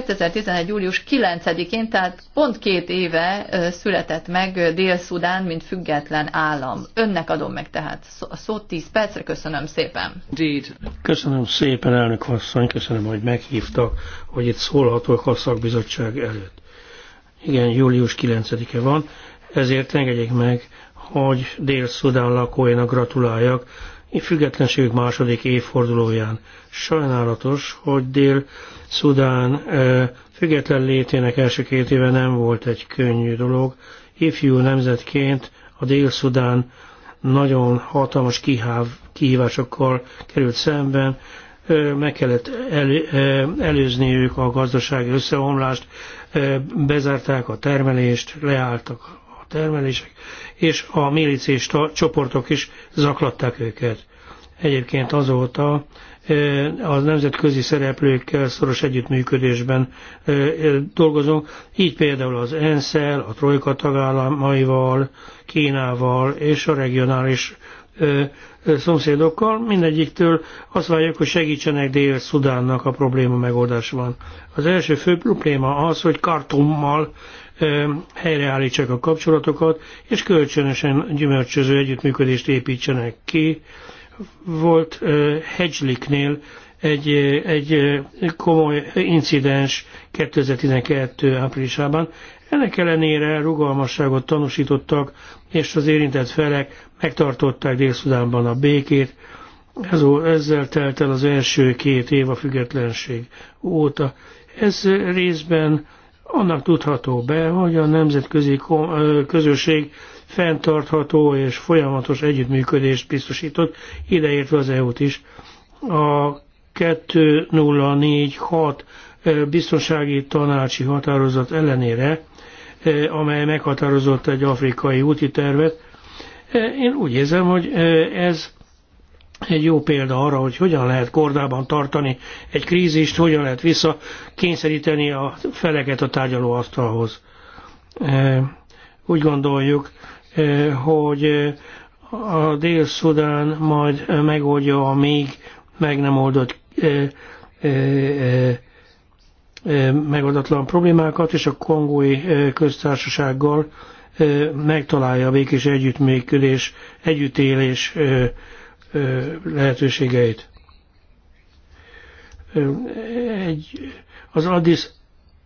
2011. július 9-én, tehát pont két éve született meg Dél-Szudán, mint független állam. Önnek adom meg tehát a szót 10 percre, köszönöm szépen. Indeed. Köszönöm szépen, elnök asszony, köszönöm, hogy meghívtak, hogy itt szólhatok a szakbizottság előtt. Igen, július 9-e van, ezért engedjék meg, hogy Dél-Szudán lakóinak gratuláljak függetlenségük második évfordulóján. Sajnálatos, hogy Dél-Szudán független létének első két éve nem volt egy könnyű dolog. Ifjú nemzetként a Dél-Szudán nagyon hatalmas kihív, kihívásokkal került szemben, meg kellett elő, ők a gazdasági összeomlást, bezárták a termelést, leálltak a termelések, és a milicista csoportok is zaklatták őket. Egyébként azóta a nemzetközi szereplőkkel szoros együttműködésben dolgozunk, így például az ensz a Trojka tagállamaival, Kínával és a regionális szomszédokkal, mindegyiktől azt várjuk, hogy segítsenek Dél-Szudánnak a probléma megoldásában. Az első fő probléma az, hogy Kartummal helyreállítsák a kapcsolatokat, és kölcsönösen gyümölcsöző együttműködést építsenek ki. Volt Hedgeliknél egy, egy komoly incidens 2012. áprilisában. Ennek ellenére rugalmasságot tanúsítottak, és az érintett felek megtartották Dél-Szudánban a békét. Ezzel telt el az első két év a függetlenség óta. Ez részben annak tudható be, hogy a nemzetközi közösség fenntartható és folyamatos együttműködést biztosított, ideértve az EU-t is. A 2046 biztonsági tanácsi határozat ellenére, amely meghatározott egy afrikai úti tervet, én úgy érzem, hogy ez egy jó példa arra, hogy hogyan lehet kordában tartani egy krízist, hogyan lehet vissza kényszeríteni a feleket a tárgyalóasztalhoz. E, úgy gondoljuk, e, hogy a Dél-Szudán majd megoldja a még meg nem oldott e, megoldatlan problémákat, és a kongói köztársasággal megtalálja a békés együttműködés, együttélés lehetőségeit. Egy, az Addis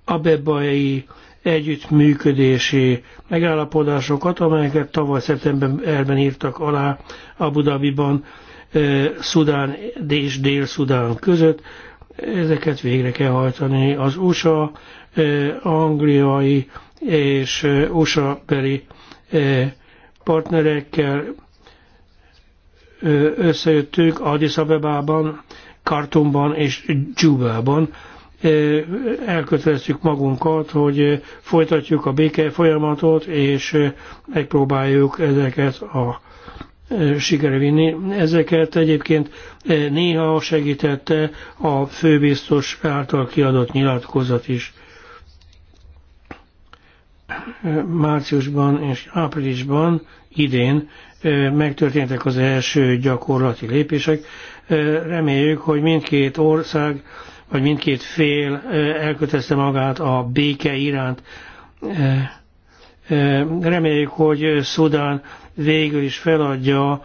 Abebai együttműködési megállapodásokat, amelyeket tavaly szeptemberben írtak alá Abu Dhabiban, Szudán és Dél-Szudán között. Ezeket végre kell hajtani. Az USA, angliai és USA beli partnerekkel összejöttünk Addis Abebában, Kartumban és Dzsubában. Elköteleztük magunkat, hogy folytatjuk a béke folyamatot, és megpróbáljuk ezeket a sikere vinni. Ezeket egyébként néha segítette a főbiztos által kiadott nyilatkozat is. Márciusban és áprilisban idén megtörténtek az első gyakorlati lépések. Reméljük, hogy mindkét ország, vagy mindkét fél elkötelezte magát a béke iránt. Reméljük, hogy Szudán végül is feladja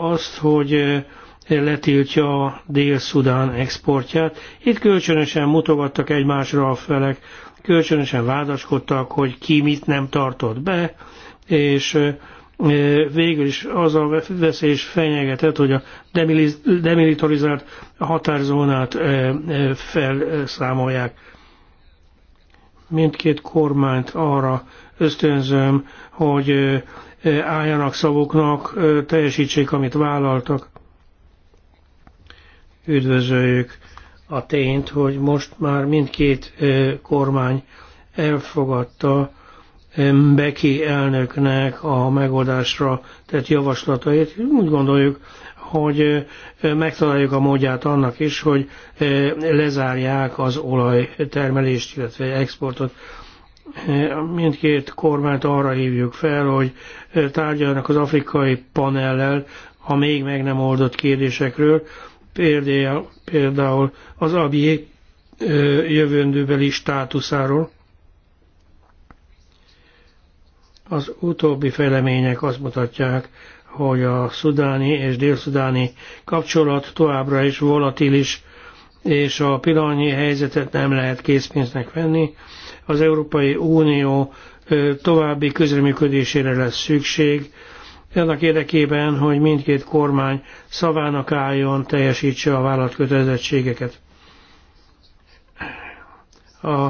azt, hogy letiltja a Dél-Szudán exportját. Itt kölcsönösen mutogattak egymásra a felek, kölcsönösen vádaskodtak, hogy ki mit nem tartott be, és végül is az a veszély fenyegetett, hogy a demilitarizált határzónát felszámolják. Mindkét kormányt arra ösztönzöm, hogy álljanak szavuknak, teljesítsék, amit vállaltak. Üdvözöljük a tényt, hogy most már mindkét kormány elfogadta, Beki elnöknek a megoldásra tett javaslatait. Úgy gondoljuk, hogy eh, megtaláljuk a módját annak is, hogy eh, lezárják az olajtermelést, illetve exportot. Eh, mindkét kormányt arra hívjuk fel, hogy tárgyalnak az afrikai panellel a még meg nem oldott kérdésekről, például az abjé jövendőbeli státuszáról Az utóbbi fejlemények azt mutatják, hogy a szudáni és délszudáni kapcsolat továbbra is volatilis, és a pillanatnyi helyzetet nem lehet készpénznek venni. Az Európai Unió további közreműködésére lesz szükség, ennek érdekében, hogy mindkét kormány szavának álljon, teljesítse a vállalat kötelezettségeket. A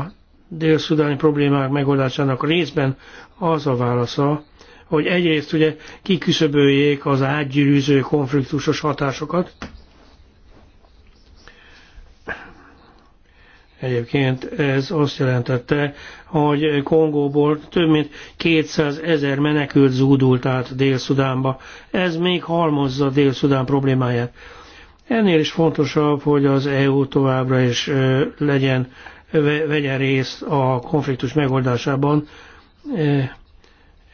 dél-szudáni problémák megoldásának részben az a válasza, hogy egyrészt ugye kiküszöböljék az átgyűrűző konfliktusos hatásokat. Egyébként ez azt jelentette, hogy Kongóból több mint 200 ezer menekült zúdult át Dél-Szudánba. Ez még halmozza Dél-Szudán problémáját. Ennél is fontosabb, hogy az EU továbbra is legyen vegyen részt a konfliktus megoldásában. E,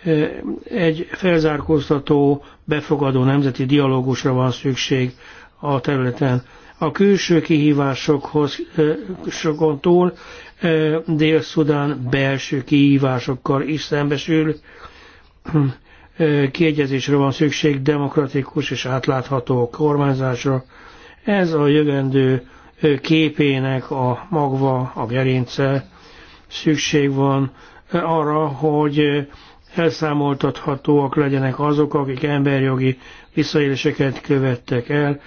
e, egy felzárkóztató, befogadó nemzeti dialógusra van szükség a területen. A külső kihívásokhoz e, sokon túl Dél-Szudán belső kihívásokkal is szembesül. Kiegyezésre van szükség demokratikus és átlátható kormányzásra. Ez a jövendő képének a magva, a gerince szükség van arra, hogy elszámoltathatóak legyenek azok, akik emberjogi visszaéléseket követtek el.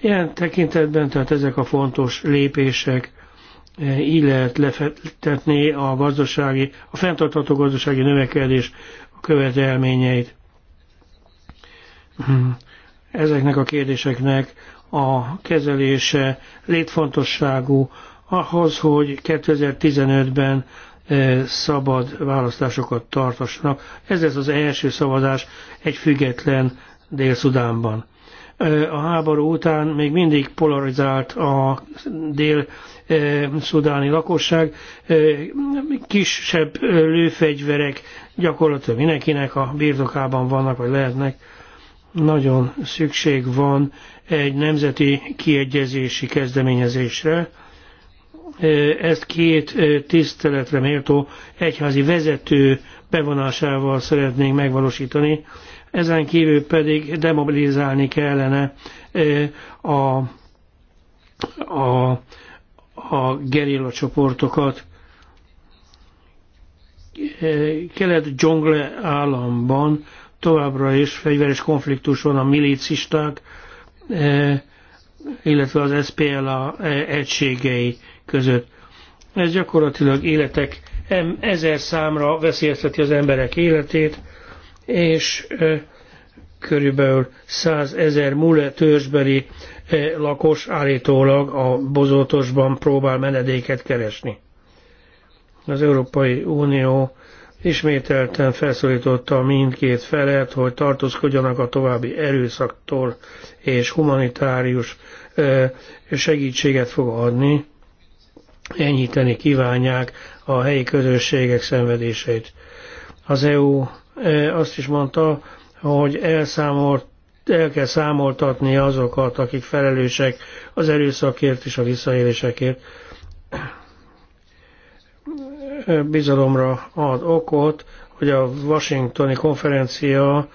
Ilyen tekintetben, tehát ezek a fontos lépések eh, így lehet lefettetni a gazdasági, a fenntartható gazdasági növekedés követelményeit. Hm, ezeknek a kérdéseknek a kezelése létfontosságú ahhoz, hogy 2015-ben eh, szabad választásokat tartassanak. Ez lesz az első szavazás egy független Dél-Szudánban. Eh, a háború után még mindig polarizált a dél-szudáni eh, lakosság. Kisebb lőfegyverek gyakorlatilag mindenkinek a birtokában vannak, vagy lehetnek nagyon szükség van egy nemzeti kiegyezési kezdeményezésre. Ezt két tiszteletre méltó egyházi vezető bevonásával szeretnénk megvalósítani. Ezen kívül pedig demobilizálni kellene a, a, a gerilla csoportokat. Kelet-Dzsongle államban továbbra is fegyveres konfliktus van a milícisták, e, illetve az SPLA e, egységei között. Ez gyakorlatilag életek ezer számra veszélyezteti az emberek életét, és e, körülbelül 100 ezer mule törzsbeli lakos állítólag a bozótosban próbál menedéket keresni. Az Európai Unió Ismételten felszólította mindkét felet, hogy tartózkodjanak a további erőszaktól, és humanitárius segítséget fog adni, enyhíteni kívánják a helyi közösségek szenvedéseit. Az EU azt is mondta, hogy elszámolt el kell számoltatni azokat, akik felelősek az erőszakért és a visszaélésekért bizalomra ad okot, hogy a Washingtoni konferencia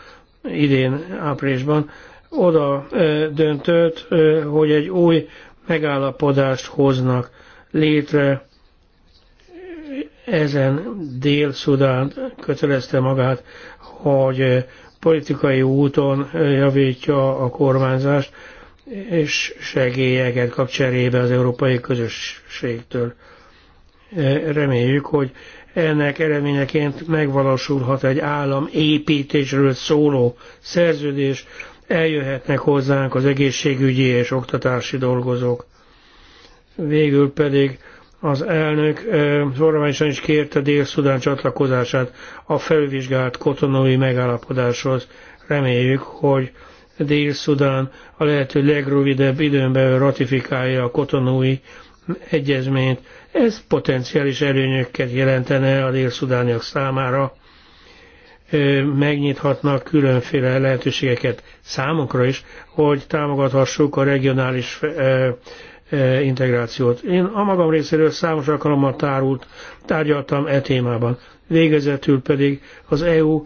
idén áprilisban oda döntött, hogy egy új megállapodást hoznak létre. Ezen Dél-Szudán kötelezte magát, hogy politikai úton javítja a kormányzást, és segélyeket kap cserébe az európai közösségtől. E, reméljük, hogy ennek eredményeként megvalósulhat egy állam építésről szóló szerződés, eljöhetnek hozzánk az egészségügyi és oktatási dolgozók. Végül pedig az elnök formálisan e, is kérte Dél-Szudán csatlakozását a felvizsgált kotonói megállapodáshoz. Reméljük, hogy Dél-Szudán a lehető legrövidebb időn belül ratifikálja a kotonói egyezményt. Ez potenciális előnyöket jelentene a délszudániak számára, megnyithatnak különféle lehetőségeket számunkra is, hogy támogathassuk a regionális integrációt. Én a magam részéről számos alkalommal tárult, tárgyaltam e témában. Végezetül pedig az EU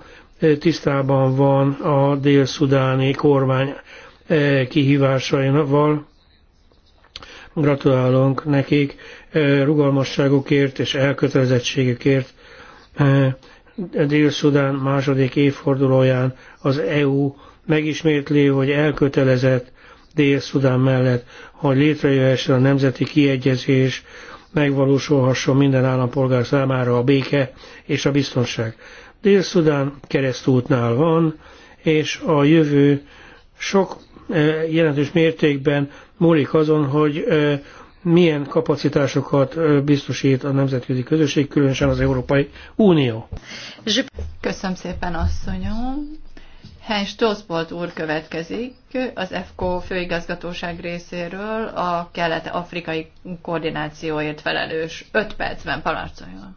tisztában van a dél-szudáni kormány kihívásaival. Gratulálunk nekik, rugalmasságukért és elkötelezettségükért. Dél-Szudán második évfordulóján az EU megismétli, hogy elkötelezett Dél-Szudán mellett, hogy létrejöhessen a nemzeti kiegyezés, megvalósulhasson minden állampolgár számára a béke és a biztonság. Dél-Szudán keresztútnál van, és a jövő sok jelentős mértékben múlik azon, hogy milyen kapacitásokat biztosít a nemzetközi közösség, különösen az Európai Unió. Köszönöm szépen, asszonyom. Hens Tosbolt úr következik az EFKO főigazgatóság részéről a kelet-afrikai koordinációért felelős 5 percben parancsoljon.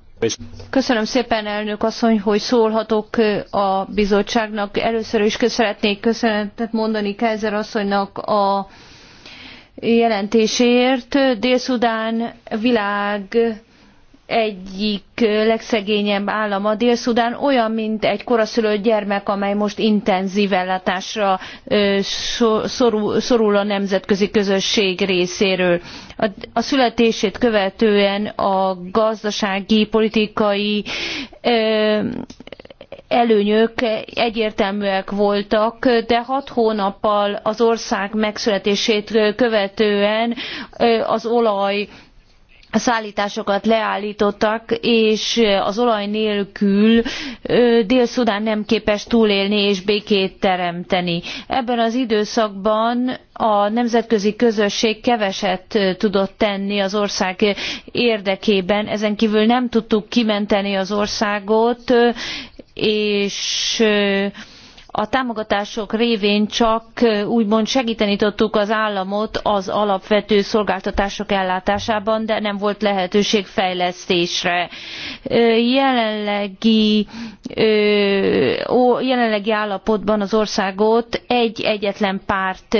Köszönöm szépen, elnök asszony, hogy szólhatok a bizottságnak. Először is szeretnék köszönetet mondani Kezer asszonynak a jelentéséért. Dél-Szudán világ egyik legszegényebb állama Dél-Szudán olyan, mint egy koraszülött gyermek, amely most intenzív ellátásra szorul a nemzetközi közösség részéről. A születését követően a gazdasági, politikai előnyök egyértelműek voltak, de hat hónappal az ország megszületését követően az olaj szállításokat leállítottak, és az olaj nélkül Dél-Szudán nem képes túlélni és békét teremteni. Ebben az időszakban a nemzetközi közösség keveset tudott tenni az ország érdekében, ezen kívül nem tudtuk kimenteni az országot, és a támogatások révén csak úgymond segíteni tudtuk az államot az alapvető szolgáltatások ellátásában, de nem volt lehetőség fejlesztésre. Jelenlegi, jelenlegi állapotban az országot egy egyetlen párt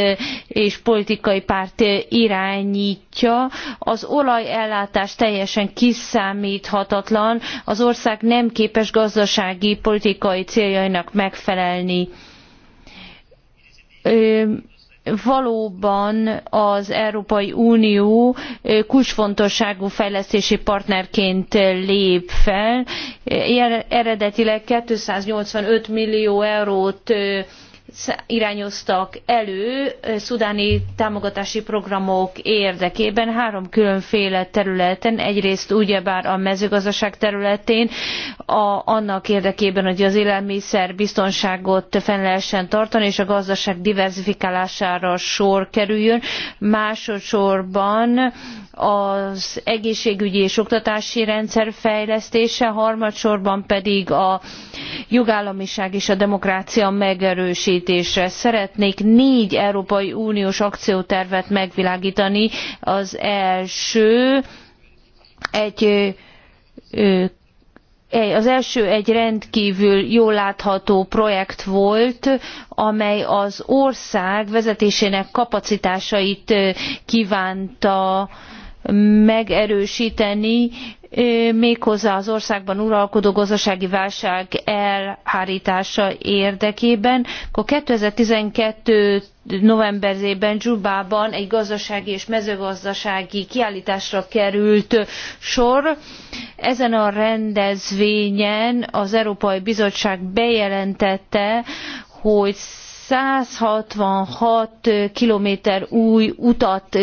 és politikai párt irányít látja, az olajellátás teljesen kiszámíthatatlan, az ország nem képes gazdasági, politikai céljainak megfelelni. Ö, valóban az Európai Unió kulcsfontosságú fejlesztési partnerként lép fel. Eredetileg 285 millió eurót irányoztak elő szudáni támogatási programok érdekében három különféle területen. Egyrészt ugyebár a mezőgazdaság területén, a, annak érdekében, hogy az élelmiszer biztonságot fenn lehessen tartani, és a gazdaság diverzifikálására sor kerüljön. Másodszorban az egészségügyi és oktatási rendszer fejlesztése, harmadsorban pedig a jogállamiság és a demokrácia megerősítésre. Szeretnék négy Európai Uniós akciótervet megvilágítani. Az első egy az első egy rendkívül jól látható projekt volt, amely az ország vezetésének kapacitásait kívánta megerősíteni, méghozzá az országban uralkodó gazdasági válság elhárítása érdekében. Akkor 2012 novemberében Dzsubában egy gazdasági és mezőgazdasági kiállításra került sor. Ezen a rendezvényen az Európai Bizottság bejelentette, hogy 166 kilométer új utat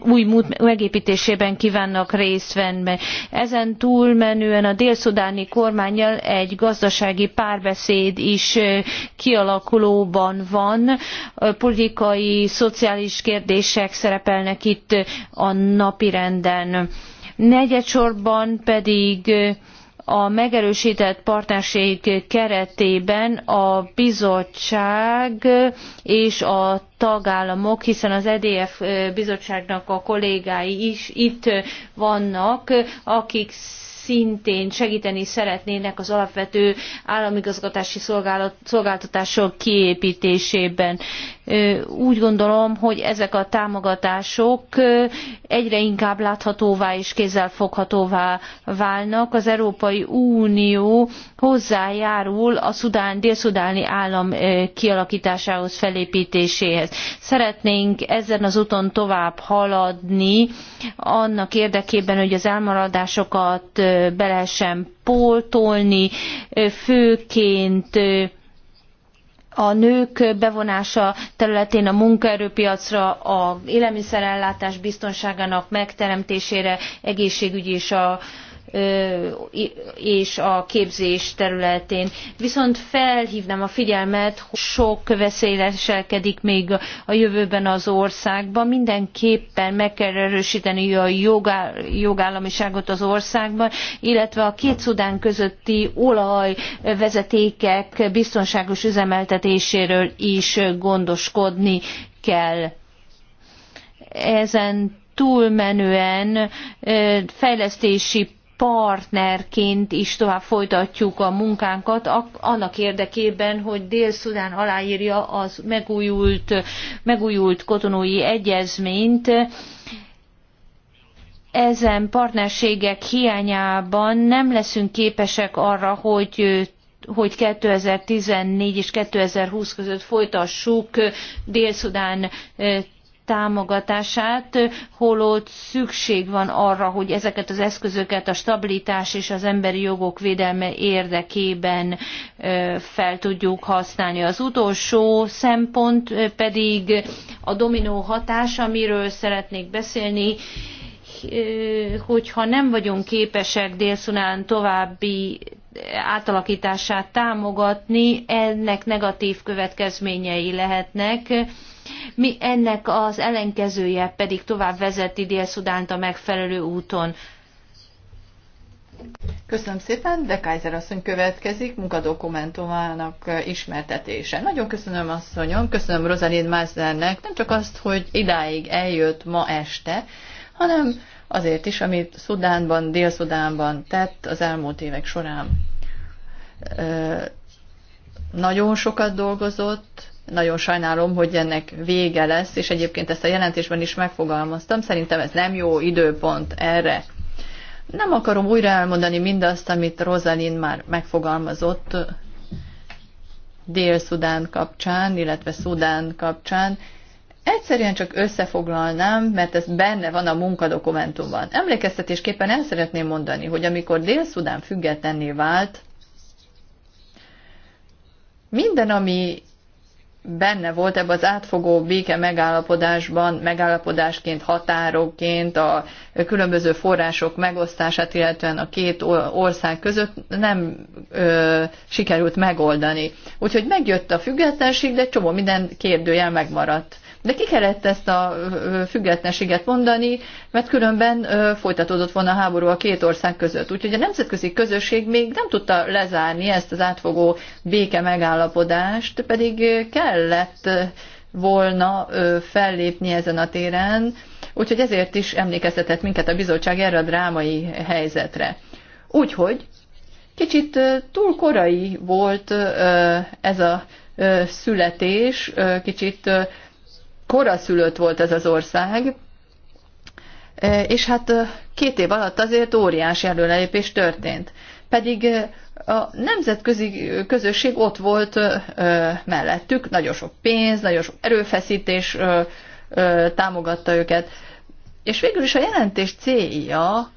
új megépítésében kívánnak részt venni. Ezen túlmenően a dél-szudáni kormányjal egy gazdasági párbeszéd is kialakulóban van. Politikai, szociális kérdések szerepelnek itt a napirenden. Negyedsorban pedig a megerősített partnerség keretében a bizottság és a tagállamok, hiszen az EDF bizottságnak a kollégái is itt vannak, akik szintén segíteni szeretnének az alapvető államigazgatási szolgáltatások kiépítésében úgy gondolom, hogy ezek a támogatások egyre inkább láthatóvá és kézzelfoghatóvá válnak. Az Európai Unió hozzájárul a szudán, dél-szudáni állam kialakításához, felépítéséhez. Szeretnénk ezen az úton tovább haladni annak érdekében, hogy az elmaradásokat be lehessen pótolni, főként a nők bevonása területén a munkaerőpiacra, az élelmiszerellátás biztonságának megteremtésére, egészségügyi és a és a képzés területén. Viszont felhívnám a figyelmet, hogy sok veszélyleselkedik még a jövőben az országban. Mindenképpen meg kell erősíteni a jogá, jogállamiságot az országban, illetve a két szudán közötti olajvezetékek biztonságos üzemeltetéséről is gondoskodni kell. Ezen túlmenően fejlesztési partnerként is tovább folytatjuk a munkánkat annak érdekében, hogy Dél-Szudán aláírja az megújult, megújult kotonói egyezményt, ezen partnerségek hiányában nem leszünk képesek arra, hogy hogy 2014 és 2020 között folytassuk Dél-Szudán eh, támogatását, holott szükség van arra, hogy ezeket az eszközöket a stabilitás és az emberi jogok védelme érdekében fel tudjuk használni. Az utolsó szempont pedig a dominó hatás, amiről szeretnék beszélni hogyha nem vagyunk képesek Dél-Szunán további átalakítását támogatni, ennek negatív következményei lehetnek mi ennek az ellenkezője pedig tovább vezeti Dél-Szudánt a megfelelő úton. Köszönöm szépen, de Kaiser asszony következik, munkadokumentumának ismertetése. Nagyon köszönöm asszonyom, köszönöm Rosalind Mászlernek nem csak azt, hogy idáig eljött ma este, hanem azért is, amit Szudánban, Dél-Szudánban tett az elmúlt évek során. Nagyon sokat dolgozott, nagyon sajnálom, hogy ennek vége lesz, és egyébként ezt a jelentésben is megfogalmaztam. Szerintem ez nem jó időpont erre. Nem akarom újra elmondani mindazt, amit Rosalind már megfogalmazott Dél-Szudán kapcsán, illetve Szudán kapcsán. Egyszerűen csak összefoglalnám, mert ez benne van a munkadokumentumban. Emlékeztetésképpen el szeretném mondani, hogy amikor Dél-Szudán függetlenné vált, minden, ami benne volt ebben az átfogó béke megállapodásban, megállapodásként, határokként, a különböző források megosztását, illetően a két ország között nem ö, sikerült megoldani. Úgyhogy megjött a függetlenség, de csomó minden kérdőjel megmaradt. De ki kellett ezt a függetlenséget mondani, mert különben folytatódott volna a háború a két ország között. Úgyhogy a nemzetközi közösség még nem tudta lezárni ezt az átfogó béke megállapodást, pedig kellett volna fellépni ezen a téren, úgyhogy ezért is emlékeztetett minket a bizottság erre a drámai helyzetre. Úgyhogy kicsit túl korai volt ez a születés, kicsit koraszülött volt ez az ország, e, és hát e, két év alatt azért óriási előrelépés történt. Pedig e, a nemzetközi közösség ott volt mellettük, nagyon sok pénz, nagyon sok erőfeszítés támogatta őket. És végül is a jelentés célja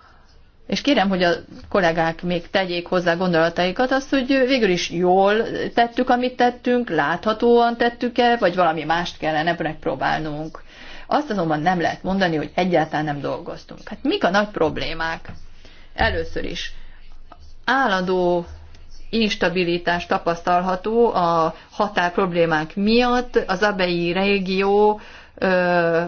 és kérem, hogy a kollégák még tegyék hozzá gondolataikat, azt, hogy végül is jól tettük, amit tettünk, láthatóan tettük-e, vagy valami mást kellene megpróbálnunk. Azt azonban nem lehet mondani, hogy egyáltalán nem dolgoztunk. Hát mik a nagy problémák? Először is állandó instabilitás tapasztalható a határ problémák miatt, az abei régió ö,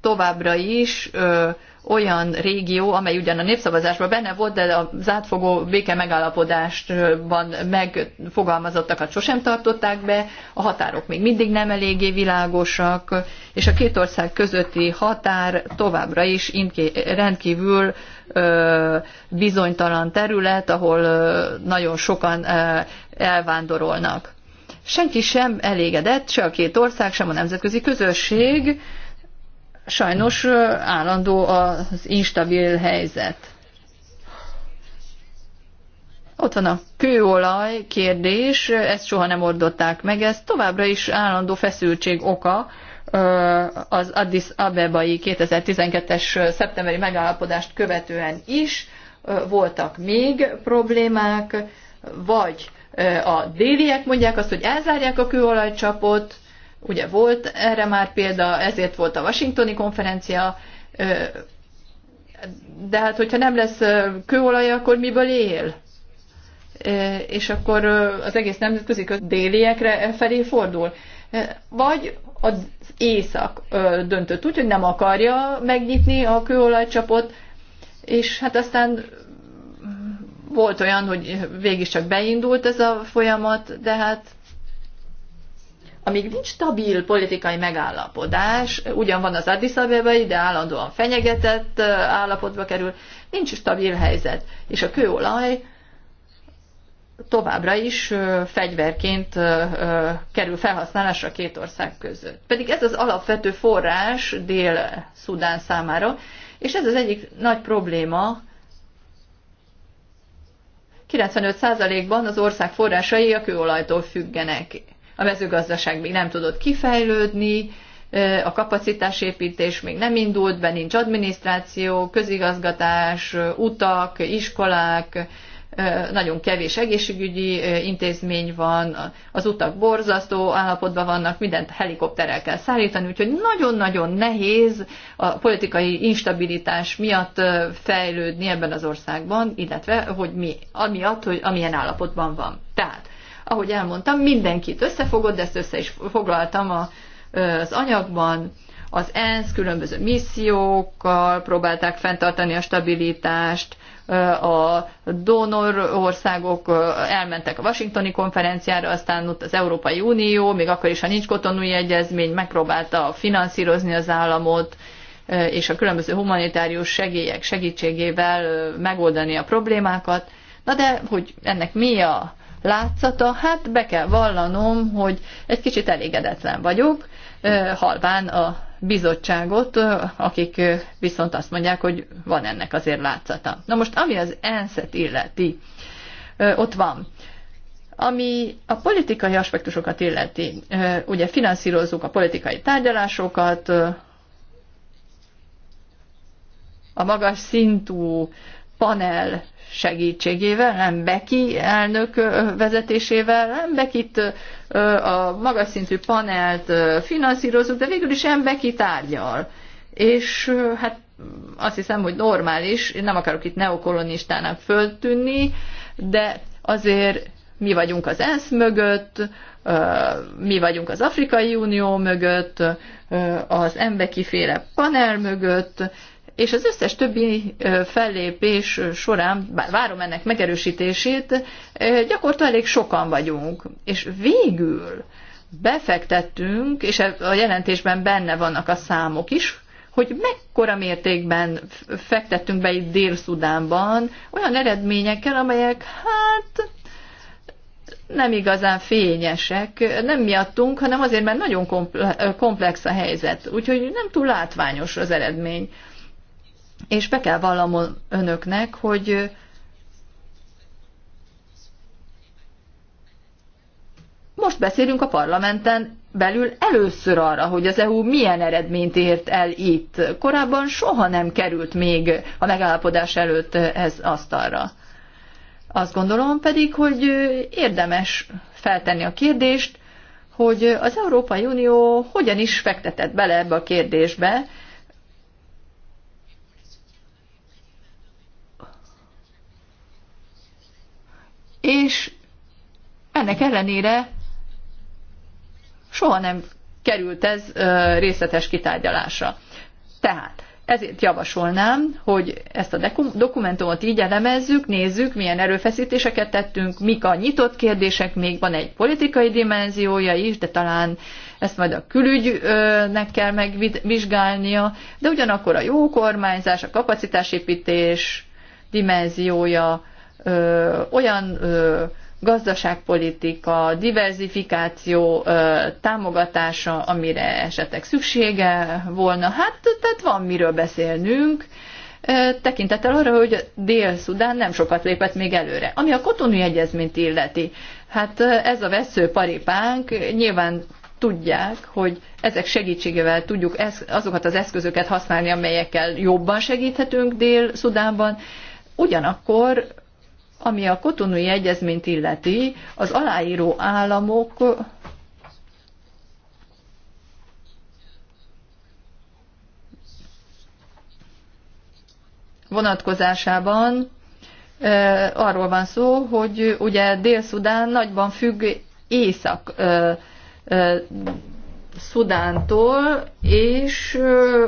továbbra is ö, olyan régió, amely ugyan a népszavazásban benne volt, de az átfogó béke megállapodásban megfogalmazottakat hát sosem tartották be, a határok még mindig nem eléggé világosak, és a két ország közötti határ továbbra is rendkívül bizonytalan terület, ahol nagyon sokan elvándorolnak. Senki sem elégedett, se a két ország, sem a nemzetközi közösség, sajnos állandó az instabil helyzet. Ott van a kőolaj kérdés, ezt soha nem ordották meg, ez továbbra is állandó feszültség oka az Addis Abebai 2012-es szeptemberi megállapodást követően is voltak még problémák, vagy a déliek mondják azt, hogy elzárják a kőolajcsapot, Ugye volt erre már példa, ezért volt a washingtoni konferencia, de hát hogyha nem lesz kőolaj, akkor miből él? És akkor az egész nemzetközi déliekre e felé fordul. Vagy az észak döntött úgy, hogy nem akarja megnyitni a kőolajcsapot, és hát aztán volt olyan, hogy végig csak beindult ez a folyamat, de hát amíg nincs stabil politikai megállapodás, ugyan van az Addis Abebai, de állandóan fenyegetett állapotba kerül, nincs stabil helyzet. És a kőolaj továbbra is fegyverként kerül felhasználásra két ország között. Pedig ez az alapvető forrás Dél-Szudán számára, és ez az egyik nagy probléma 95%-ban az ország forrásai a kőolajtól függenek a mezőgazdaság még nem tudott kifejlődni, a kapacitásépítés még nem indult be, nincs adminisztráció, közigazgatás, utak, iskolák, nagyon kevés egészségügyi intézmény van, az utak borzasztó állapotban vannak, mindent helikopterrel kell szállítani, úgyhogy nagyon-nagyon nehéz a politikai instabilitás miatt fejlődni ebben az országban, illetve hogy mi, amiatt, hogy amilyen állapotban van. Tehát ahogy elmondtam, mindenkit összefogott, de ezt össze is foglaltam a, az anyagban. Az ENSZ különböző missziókkal próbálták fenntartani a stabilitást, a donor országok elmentek a Washingtoni konferenciára, aztán ott az Európai Unió, még akkor is, ha nincs kotonúi egyezmény, megpróbálta finanszírozni az államot, és a különböző humanitárius segélyek segítségével megoldani a problémákat. Na de, hogy ennek mi a látszata, hát be kell vallanom, hogy egy kicsit elégedetlen vagyok, halván a bizottságot, akik viszont azt mondják, hogy van ennek azért látszata. Na most, ami az ensz illeti, ott van. Ami a politikai aspektusokat illeti, ugye finanszírozzuk a politikai tárgyalásokat, a magas szintű panel segítségével, nem Beki elnök vezetésével, nem Bekit a magas szintű panelt finanszírozunk, de végül is nem Beki tárgyal. És hát azt hiszem, hogy normális, én nem akarok itt neokolonistának föltűnni, de azért mi vagyunk az ENSZ mögött, mi vagyunk az Afrikai Unió mögött, az Embeki féle panel mögött, és az összes többi fellépés során, bár várom ennek megerősítését, gyakorta elég sokan vagyunk. És végül befektettünk, és e- a jelentésben benne vannak a számok is, hogy mekkora mértékben fektettünk be itt Dél-Szudánban olyan eredményekkel, amelyek hát nem igazán fényesek, nem miattunk, hanem azért, mert nagyon komplex a helyzet. Úgyhogy nem túl látványos az eredmény és be kell vallanom önöknek, hogy most beszélünk a parlamenten belül először arra, hogy az EU milyen eredményt ért el itt. Korábban soha nem került még a megállapodás előtt ez asztalra. Azt gondolom pedig, hogy érdemes feltenni a kérdést, hogy az Európai Unió hogyan is fektetett bele ebbe a kérdésbe, és ennek ellenére soha nem került ez részletes kitárgyalásra. Tehát ezért javasolnám, hogy ezt a dokumentumot így elemezzük, nézzük, milyen erőfeszítéseket tettünk, mik a nyitott kérdések, még van egy politikai dimenziója is, de talán ezt majd a külügynek kell megvizsgálnia, de ugyanakkor a jó kormányzás, a kapacitásépítés dimenziója, ö, olyan ö, gazdaságpolitika, diversifikáció ö, támogatása, amire esetek szüksége volna. Hát, tehát van miről beszélnünk, ö, tekintettel arra, hogy Dél-Szudán nem sokat lépett még előre. Ami a kotonui egyezményt illeti, hát ez a vesző paripánk, nyilván tudják, hogy ezek segítségével tudjuk azokat az eszközöket használni, amelyekkel jobban segíthetünk Dél-Szudánban, ugyanakkor ami a kotonui egyezményt illeti, az aláíró államok vonatkozásában arról van szó, hogy ugye Dél-Szudán nagyban függ Észak-Szudántól, és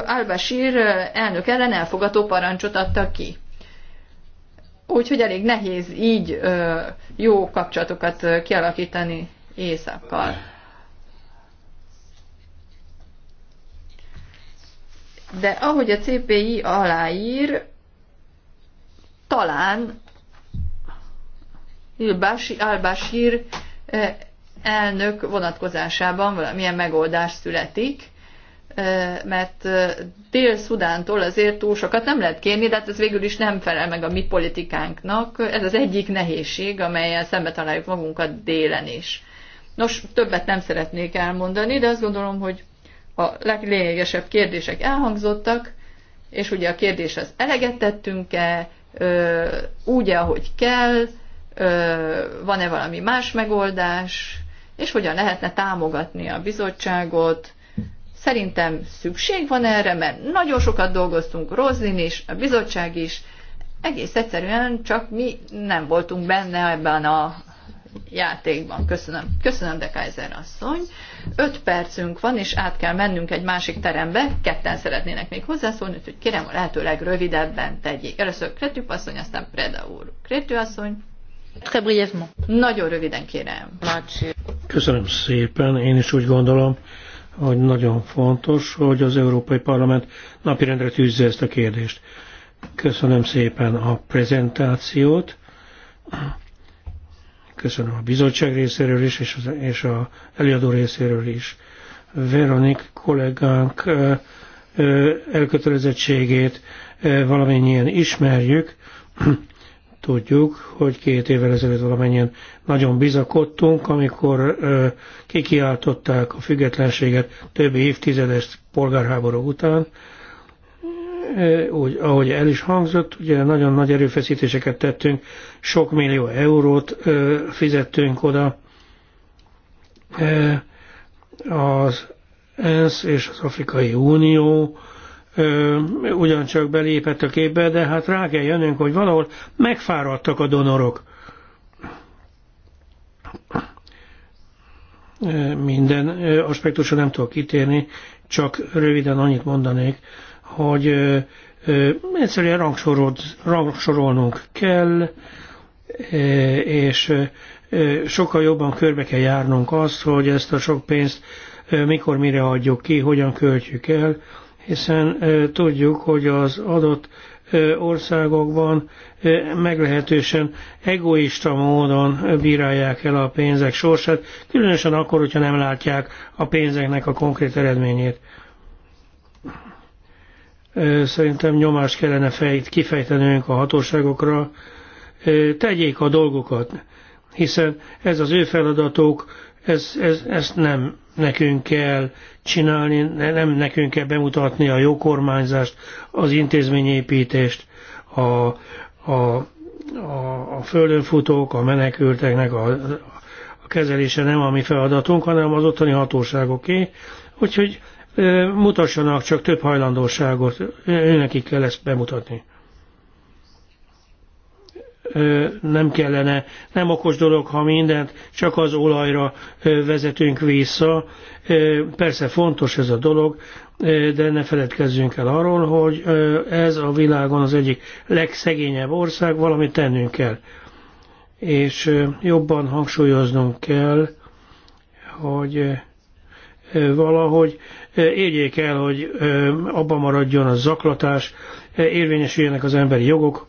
Al-Bashir elnök ellen elfogató parancsot adta ki. Úgyhogy elég nehéz így jó kapcsolatokat kialakítani éjszakkal. De ahogy a CPI aláír, talán Al-Bashir elnök vonatkozásában valamilyen megoldás születik, mert Dél-Szudántól azért túl sokat nem lehet kérni, de hát ez végül is nem felel meg a mi politikánknak. Ez az egyik nehézség, amelyen szembe találjuk magunkat délen is. Nos, többet nem szeretnék elmondani, de azt gondolom, hogy a leglényegesebb kérdések elhangzottak, és ugye a kérdés az eleget tettünk-e, úgy, ahogy kell, van-e valami más megoldás, és hogyan lehetne támogatni a bizottságot, Szerintem szükség van erre, mert nagyon sokat dolgoztunk, Rozlin is, a bizottság is, egész egyszerűen csak mi nem voltunk benne ebben a játékban. Köszönöm. Köszönöm, de Kaiser asszony. Öt percünk van, és át kell mennünk egy másik terembe. Ketten szeretnének még hozzászólni, úgyhogy kérem a lehető legrövidebben tegyék. Először Kretű asszony, aztán Preda úr. Kretű asszony. Nagyon röviden kérem. Köszönöm szépen, én is úgy gondolom, hogy nagyon fontos, hogy az Európai Parlament napirendre tűzze ezt a kérdést. Köszönöm szépen a prezentációt. Köszönöm a bizottság részéről is, és az és a előadó részéről is. Veronik kollégánk elkötelezettségét valamennyien ismerjük, Tudjuk, hogy két évvel ezelőtt valamennyien nagyon bizakodtunk, amikor ö, kikiáltották a függetlenséget több évtizedes polgárháború után. úgy, ahogy el is hangzott, ugye nagyon nagy erőfeszítéseket tettünk, sok millió eurót ö, fizettünk oda. az ENSZ és az Afrikai Unió ugyancsak belépett a képbe, de hát rá kell jönnünk, hogy valahol megfáradtak a donorok. Minden aspektusra nem tudok kitérni, csak röviden annyit mondanék, hogy egyszerűen rangsorolt, rangsorolnunk kell, és sokkal jobban körbe kell járnunk azt, hogy ezt a sok pénzt mikor mire adjuk ki, hogyan költjük el, hiszen tudjuk, hogy az adott országokban meglehetősen egoista módon bírálják el a pénzek sorsát, különösen akkor, hogyha nem látják a pénzeknek a konkrét eredményét. Szerintem nyomást kellene fejt, kifejtenünk a hatóságokra, tegyék a dolgokat, hiszen ez az ő feladatuk, ez, ez, ezt nem nekünk kell csinálni, nem nekünk kell bemutatni a jó kormányzást, az intézményépítést, a, a, a, a földönfutók, a menekülteknek a, a kezelése nem a mi feladatunk, hanem az ottani hatóságoké, úgyhogy mutassanak csak több hajlandóságot, őnekik kell ezt bemutatni nem kellene, nem okos dolog, ha mindent csak az olajra vezetünk vissza. Persze fontos ez a dolog, de ne feledkezzünk el arról, hogy ez a világon az egyik legszegényebb ország, valamit tennünk kell. És jobban hangsúlyoznunk kell, hogy valahogy érjék el, hogy abban maradjon a zaklatás, érvényesüljenek az emberi jogok,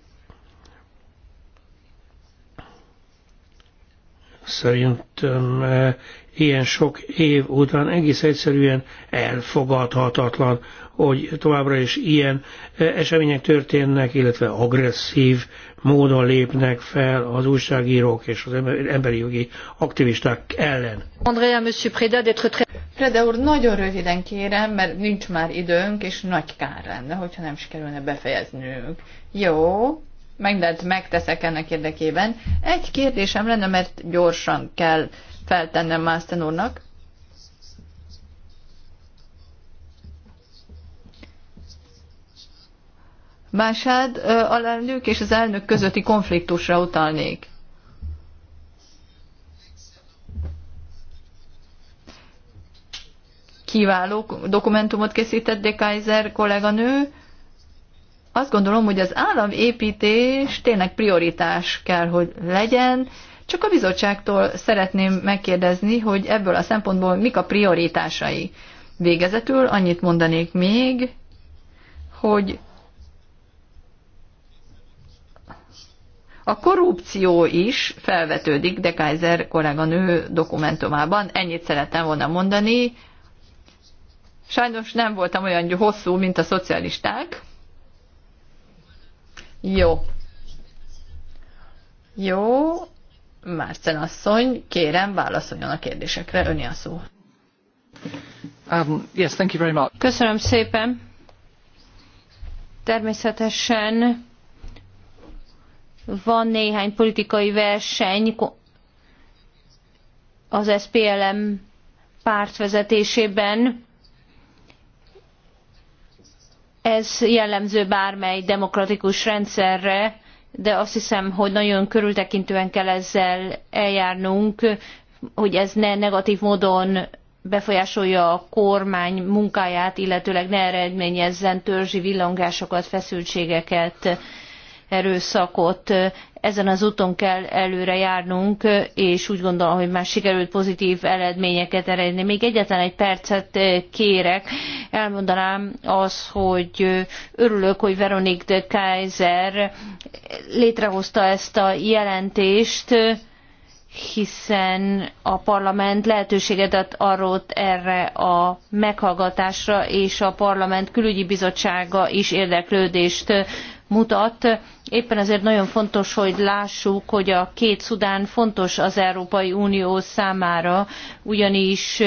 szerintem eh, ilyen sok év után egész egyszerűen elfogadhatatlan, hogy továbbra is ilyen eh, események történnek, illetve agresszív módon lépnek fel az újságírók és az emberi jogi aktivisták ellen. Andrea, Monsieur Preda, d'être Preda úr, nagyon röviden kérem, mert nincs már időnk, és nagy kár lenne, hogyha nem sikerülne befejeznünk. Jó, mindent megteszek ennek érdekében. Egy kérdésem lenne, mert gyorsan kell feltennem Mászten úrnak. Másád alelnök és az elnök közötti konfliktusra utalnék. Kiváló dokumentumot készített de Kaiser kolléganő, azt gondolom, hogy az államépítés tényleg prioritás kell, hogy legyen. Csak a bizottságtól szeretném megkérdezni, hogy ebből a szempontból mik a prioritásai. Végezetül annyit mondanék még, hogy a korrupció is felvetődik de Kaiser kolléganő dokumentumában. Ennyit szerettem volna mondani. Sajnos nem voltam olyan hosszú, mint a szocialisták. Jó. Jó. Márcen asszony, kérem, válaszoljon a kérdésekre. Öni a szó. Um, yes, thank you very much. Köszönöm szépen. Természetesen van néhány politikai verseny az SPLM pártvezetésében. Ez jellemző bármely demokratikus rendszerre, de azt hiszem, hogy nagyon körültekintően kell ezzel eljárnunk, hogy ez ne negatív módon befolyásolja a kormány munkáját, illetőleg ne eredményezzen törzsi villongásokat, feszültségeket, erőszakot ezen az úton kell előre járnunk, és úgy gondolom, hogy már sikerült pozitív eredményeket eredni. Még egyetlen egy percet kérek, elmondanám az, hogy örülök, hogy Veronique de Kaiser létrehozta ezt a jelentést, hiszen a parlament lehetőséget ad arról erre a meghallgatásra, és a parlament külügyi bizottsága is érdeklődést mutat. Éppen ezért nagyon fontos, hogy lássuk, hogy a két Szudán fontos az Európai Unió számára, ugyanis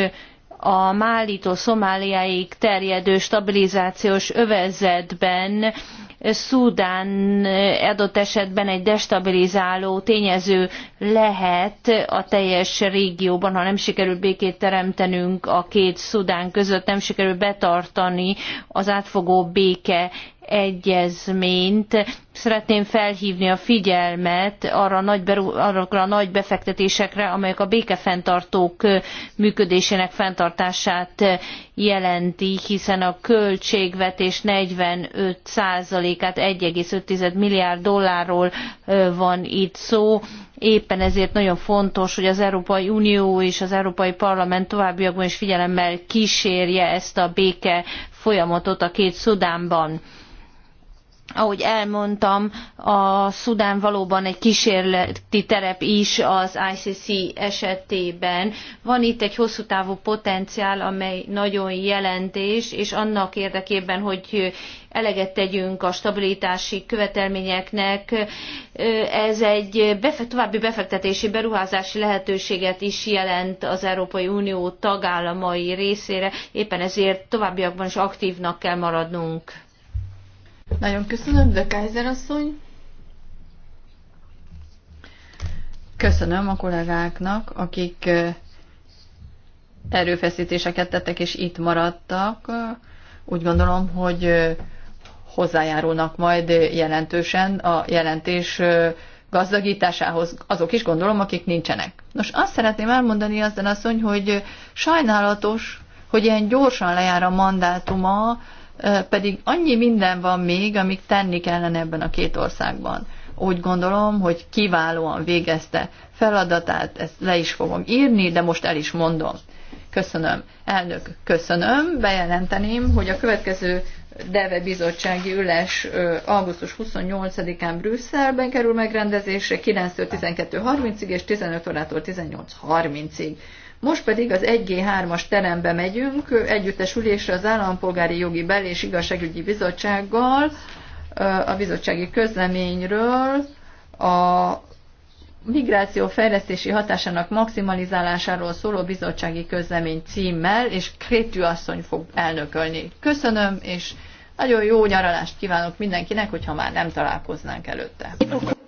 a Málitól Szomáliáig terjedő stabilizációs övezetben Szudán adott esetben egy destabilizáló tényező lehet a teljes régióban, ha nem sikerül békét teremtenünk a két Szudán között, nem sikerül betartani az átfogó béke egyezményt. Szeretném felhívni a figyelmet arra a nagy, beru, arra a nagy befektetésekre, amelyek a békefenntartók működésének fenntartását jelenti, hiszen a költségvetés 45%-át 1,5 milliárd dollárról van itt szó. Éppen ezért nagyon fontos, hogy az Európai Unió és az Európai Parlament továbbiakban is figyelemmel kísérje ezt a béke folyamatot a két Szudánban ahogy elmondtam, a Szudán valóban egy kísérleti terep is az ICC esetében. Van itt egy hosszú távú potenciál, amely nagyon jelentés, és annak érdekében, hogy eleget tegyünk a stabilitási követelményeknek, ez egy további befektetési, beruházási lehetőséget is jelent az Európai Unió tagállamai részére, éppen ezért továbbiakban is aktívnak kell maradnunk nagyon köszönöm, de Kaiser asszony. Köszönöm a kollégáknak, akik erőfeszítéseket tettek és itt maradtak. Úgy gondolom, hogy hozzájárulnak majd jelentősen a jelentés gazdagításához azok is gondolom, akik nincsenek. Nos, azt szeretném elmondani azt, asszony, hogy sajnálatos, hogy ilyen gyorsan lejár a mandátuma, pedig annyi minden van még, amik tenni kellene ebben a két országban. Úgy gondolom, hogy kiválóan végezte feladatát, ezt le is fogom írni, de most el is mondom. Köszönöm. Elnök, köszönöm. Bejelenteném, hogy a következő DEVE bizottsági ülés augusztus 28-án Brüsszelben kerül megrendezésre 9-től 12.30-ig és 15 órától 18.30-ig. Most pedig az 1G3-as terembe megyünk, együttes ülésre az Állampolgári Jogi Bel és Igazságügyi Bizottsággal, a bizottsági közleményről, a migráció fejlesztési hatásának maximalizálásáról szóló bizottsági közlemény címmel, és Krétű asszony fog elnökölni. Köszönöm, és nagyon jó nyaralást kívánok mindenkinek, hogyha már nem találkoznánk előtte.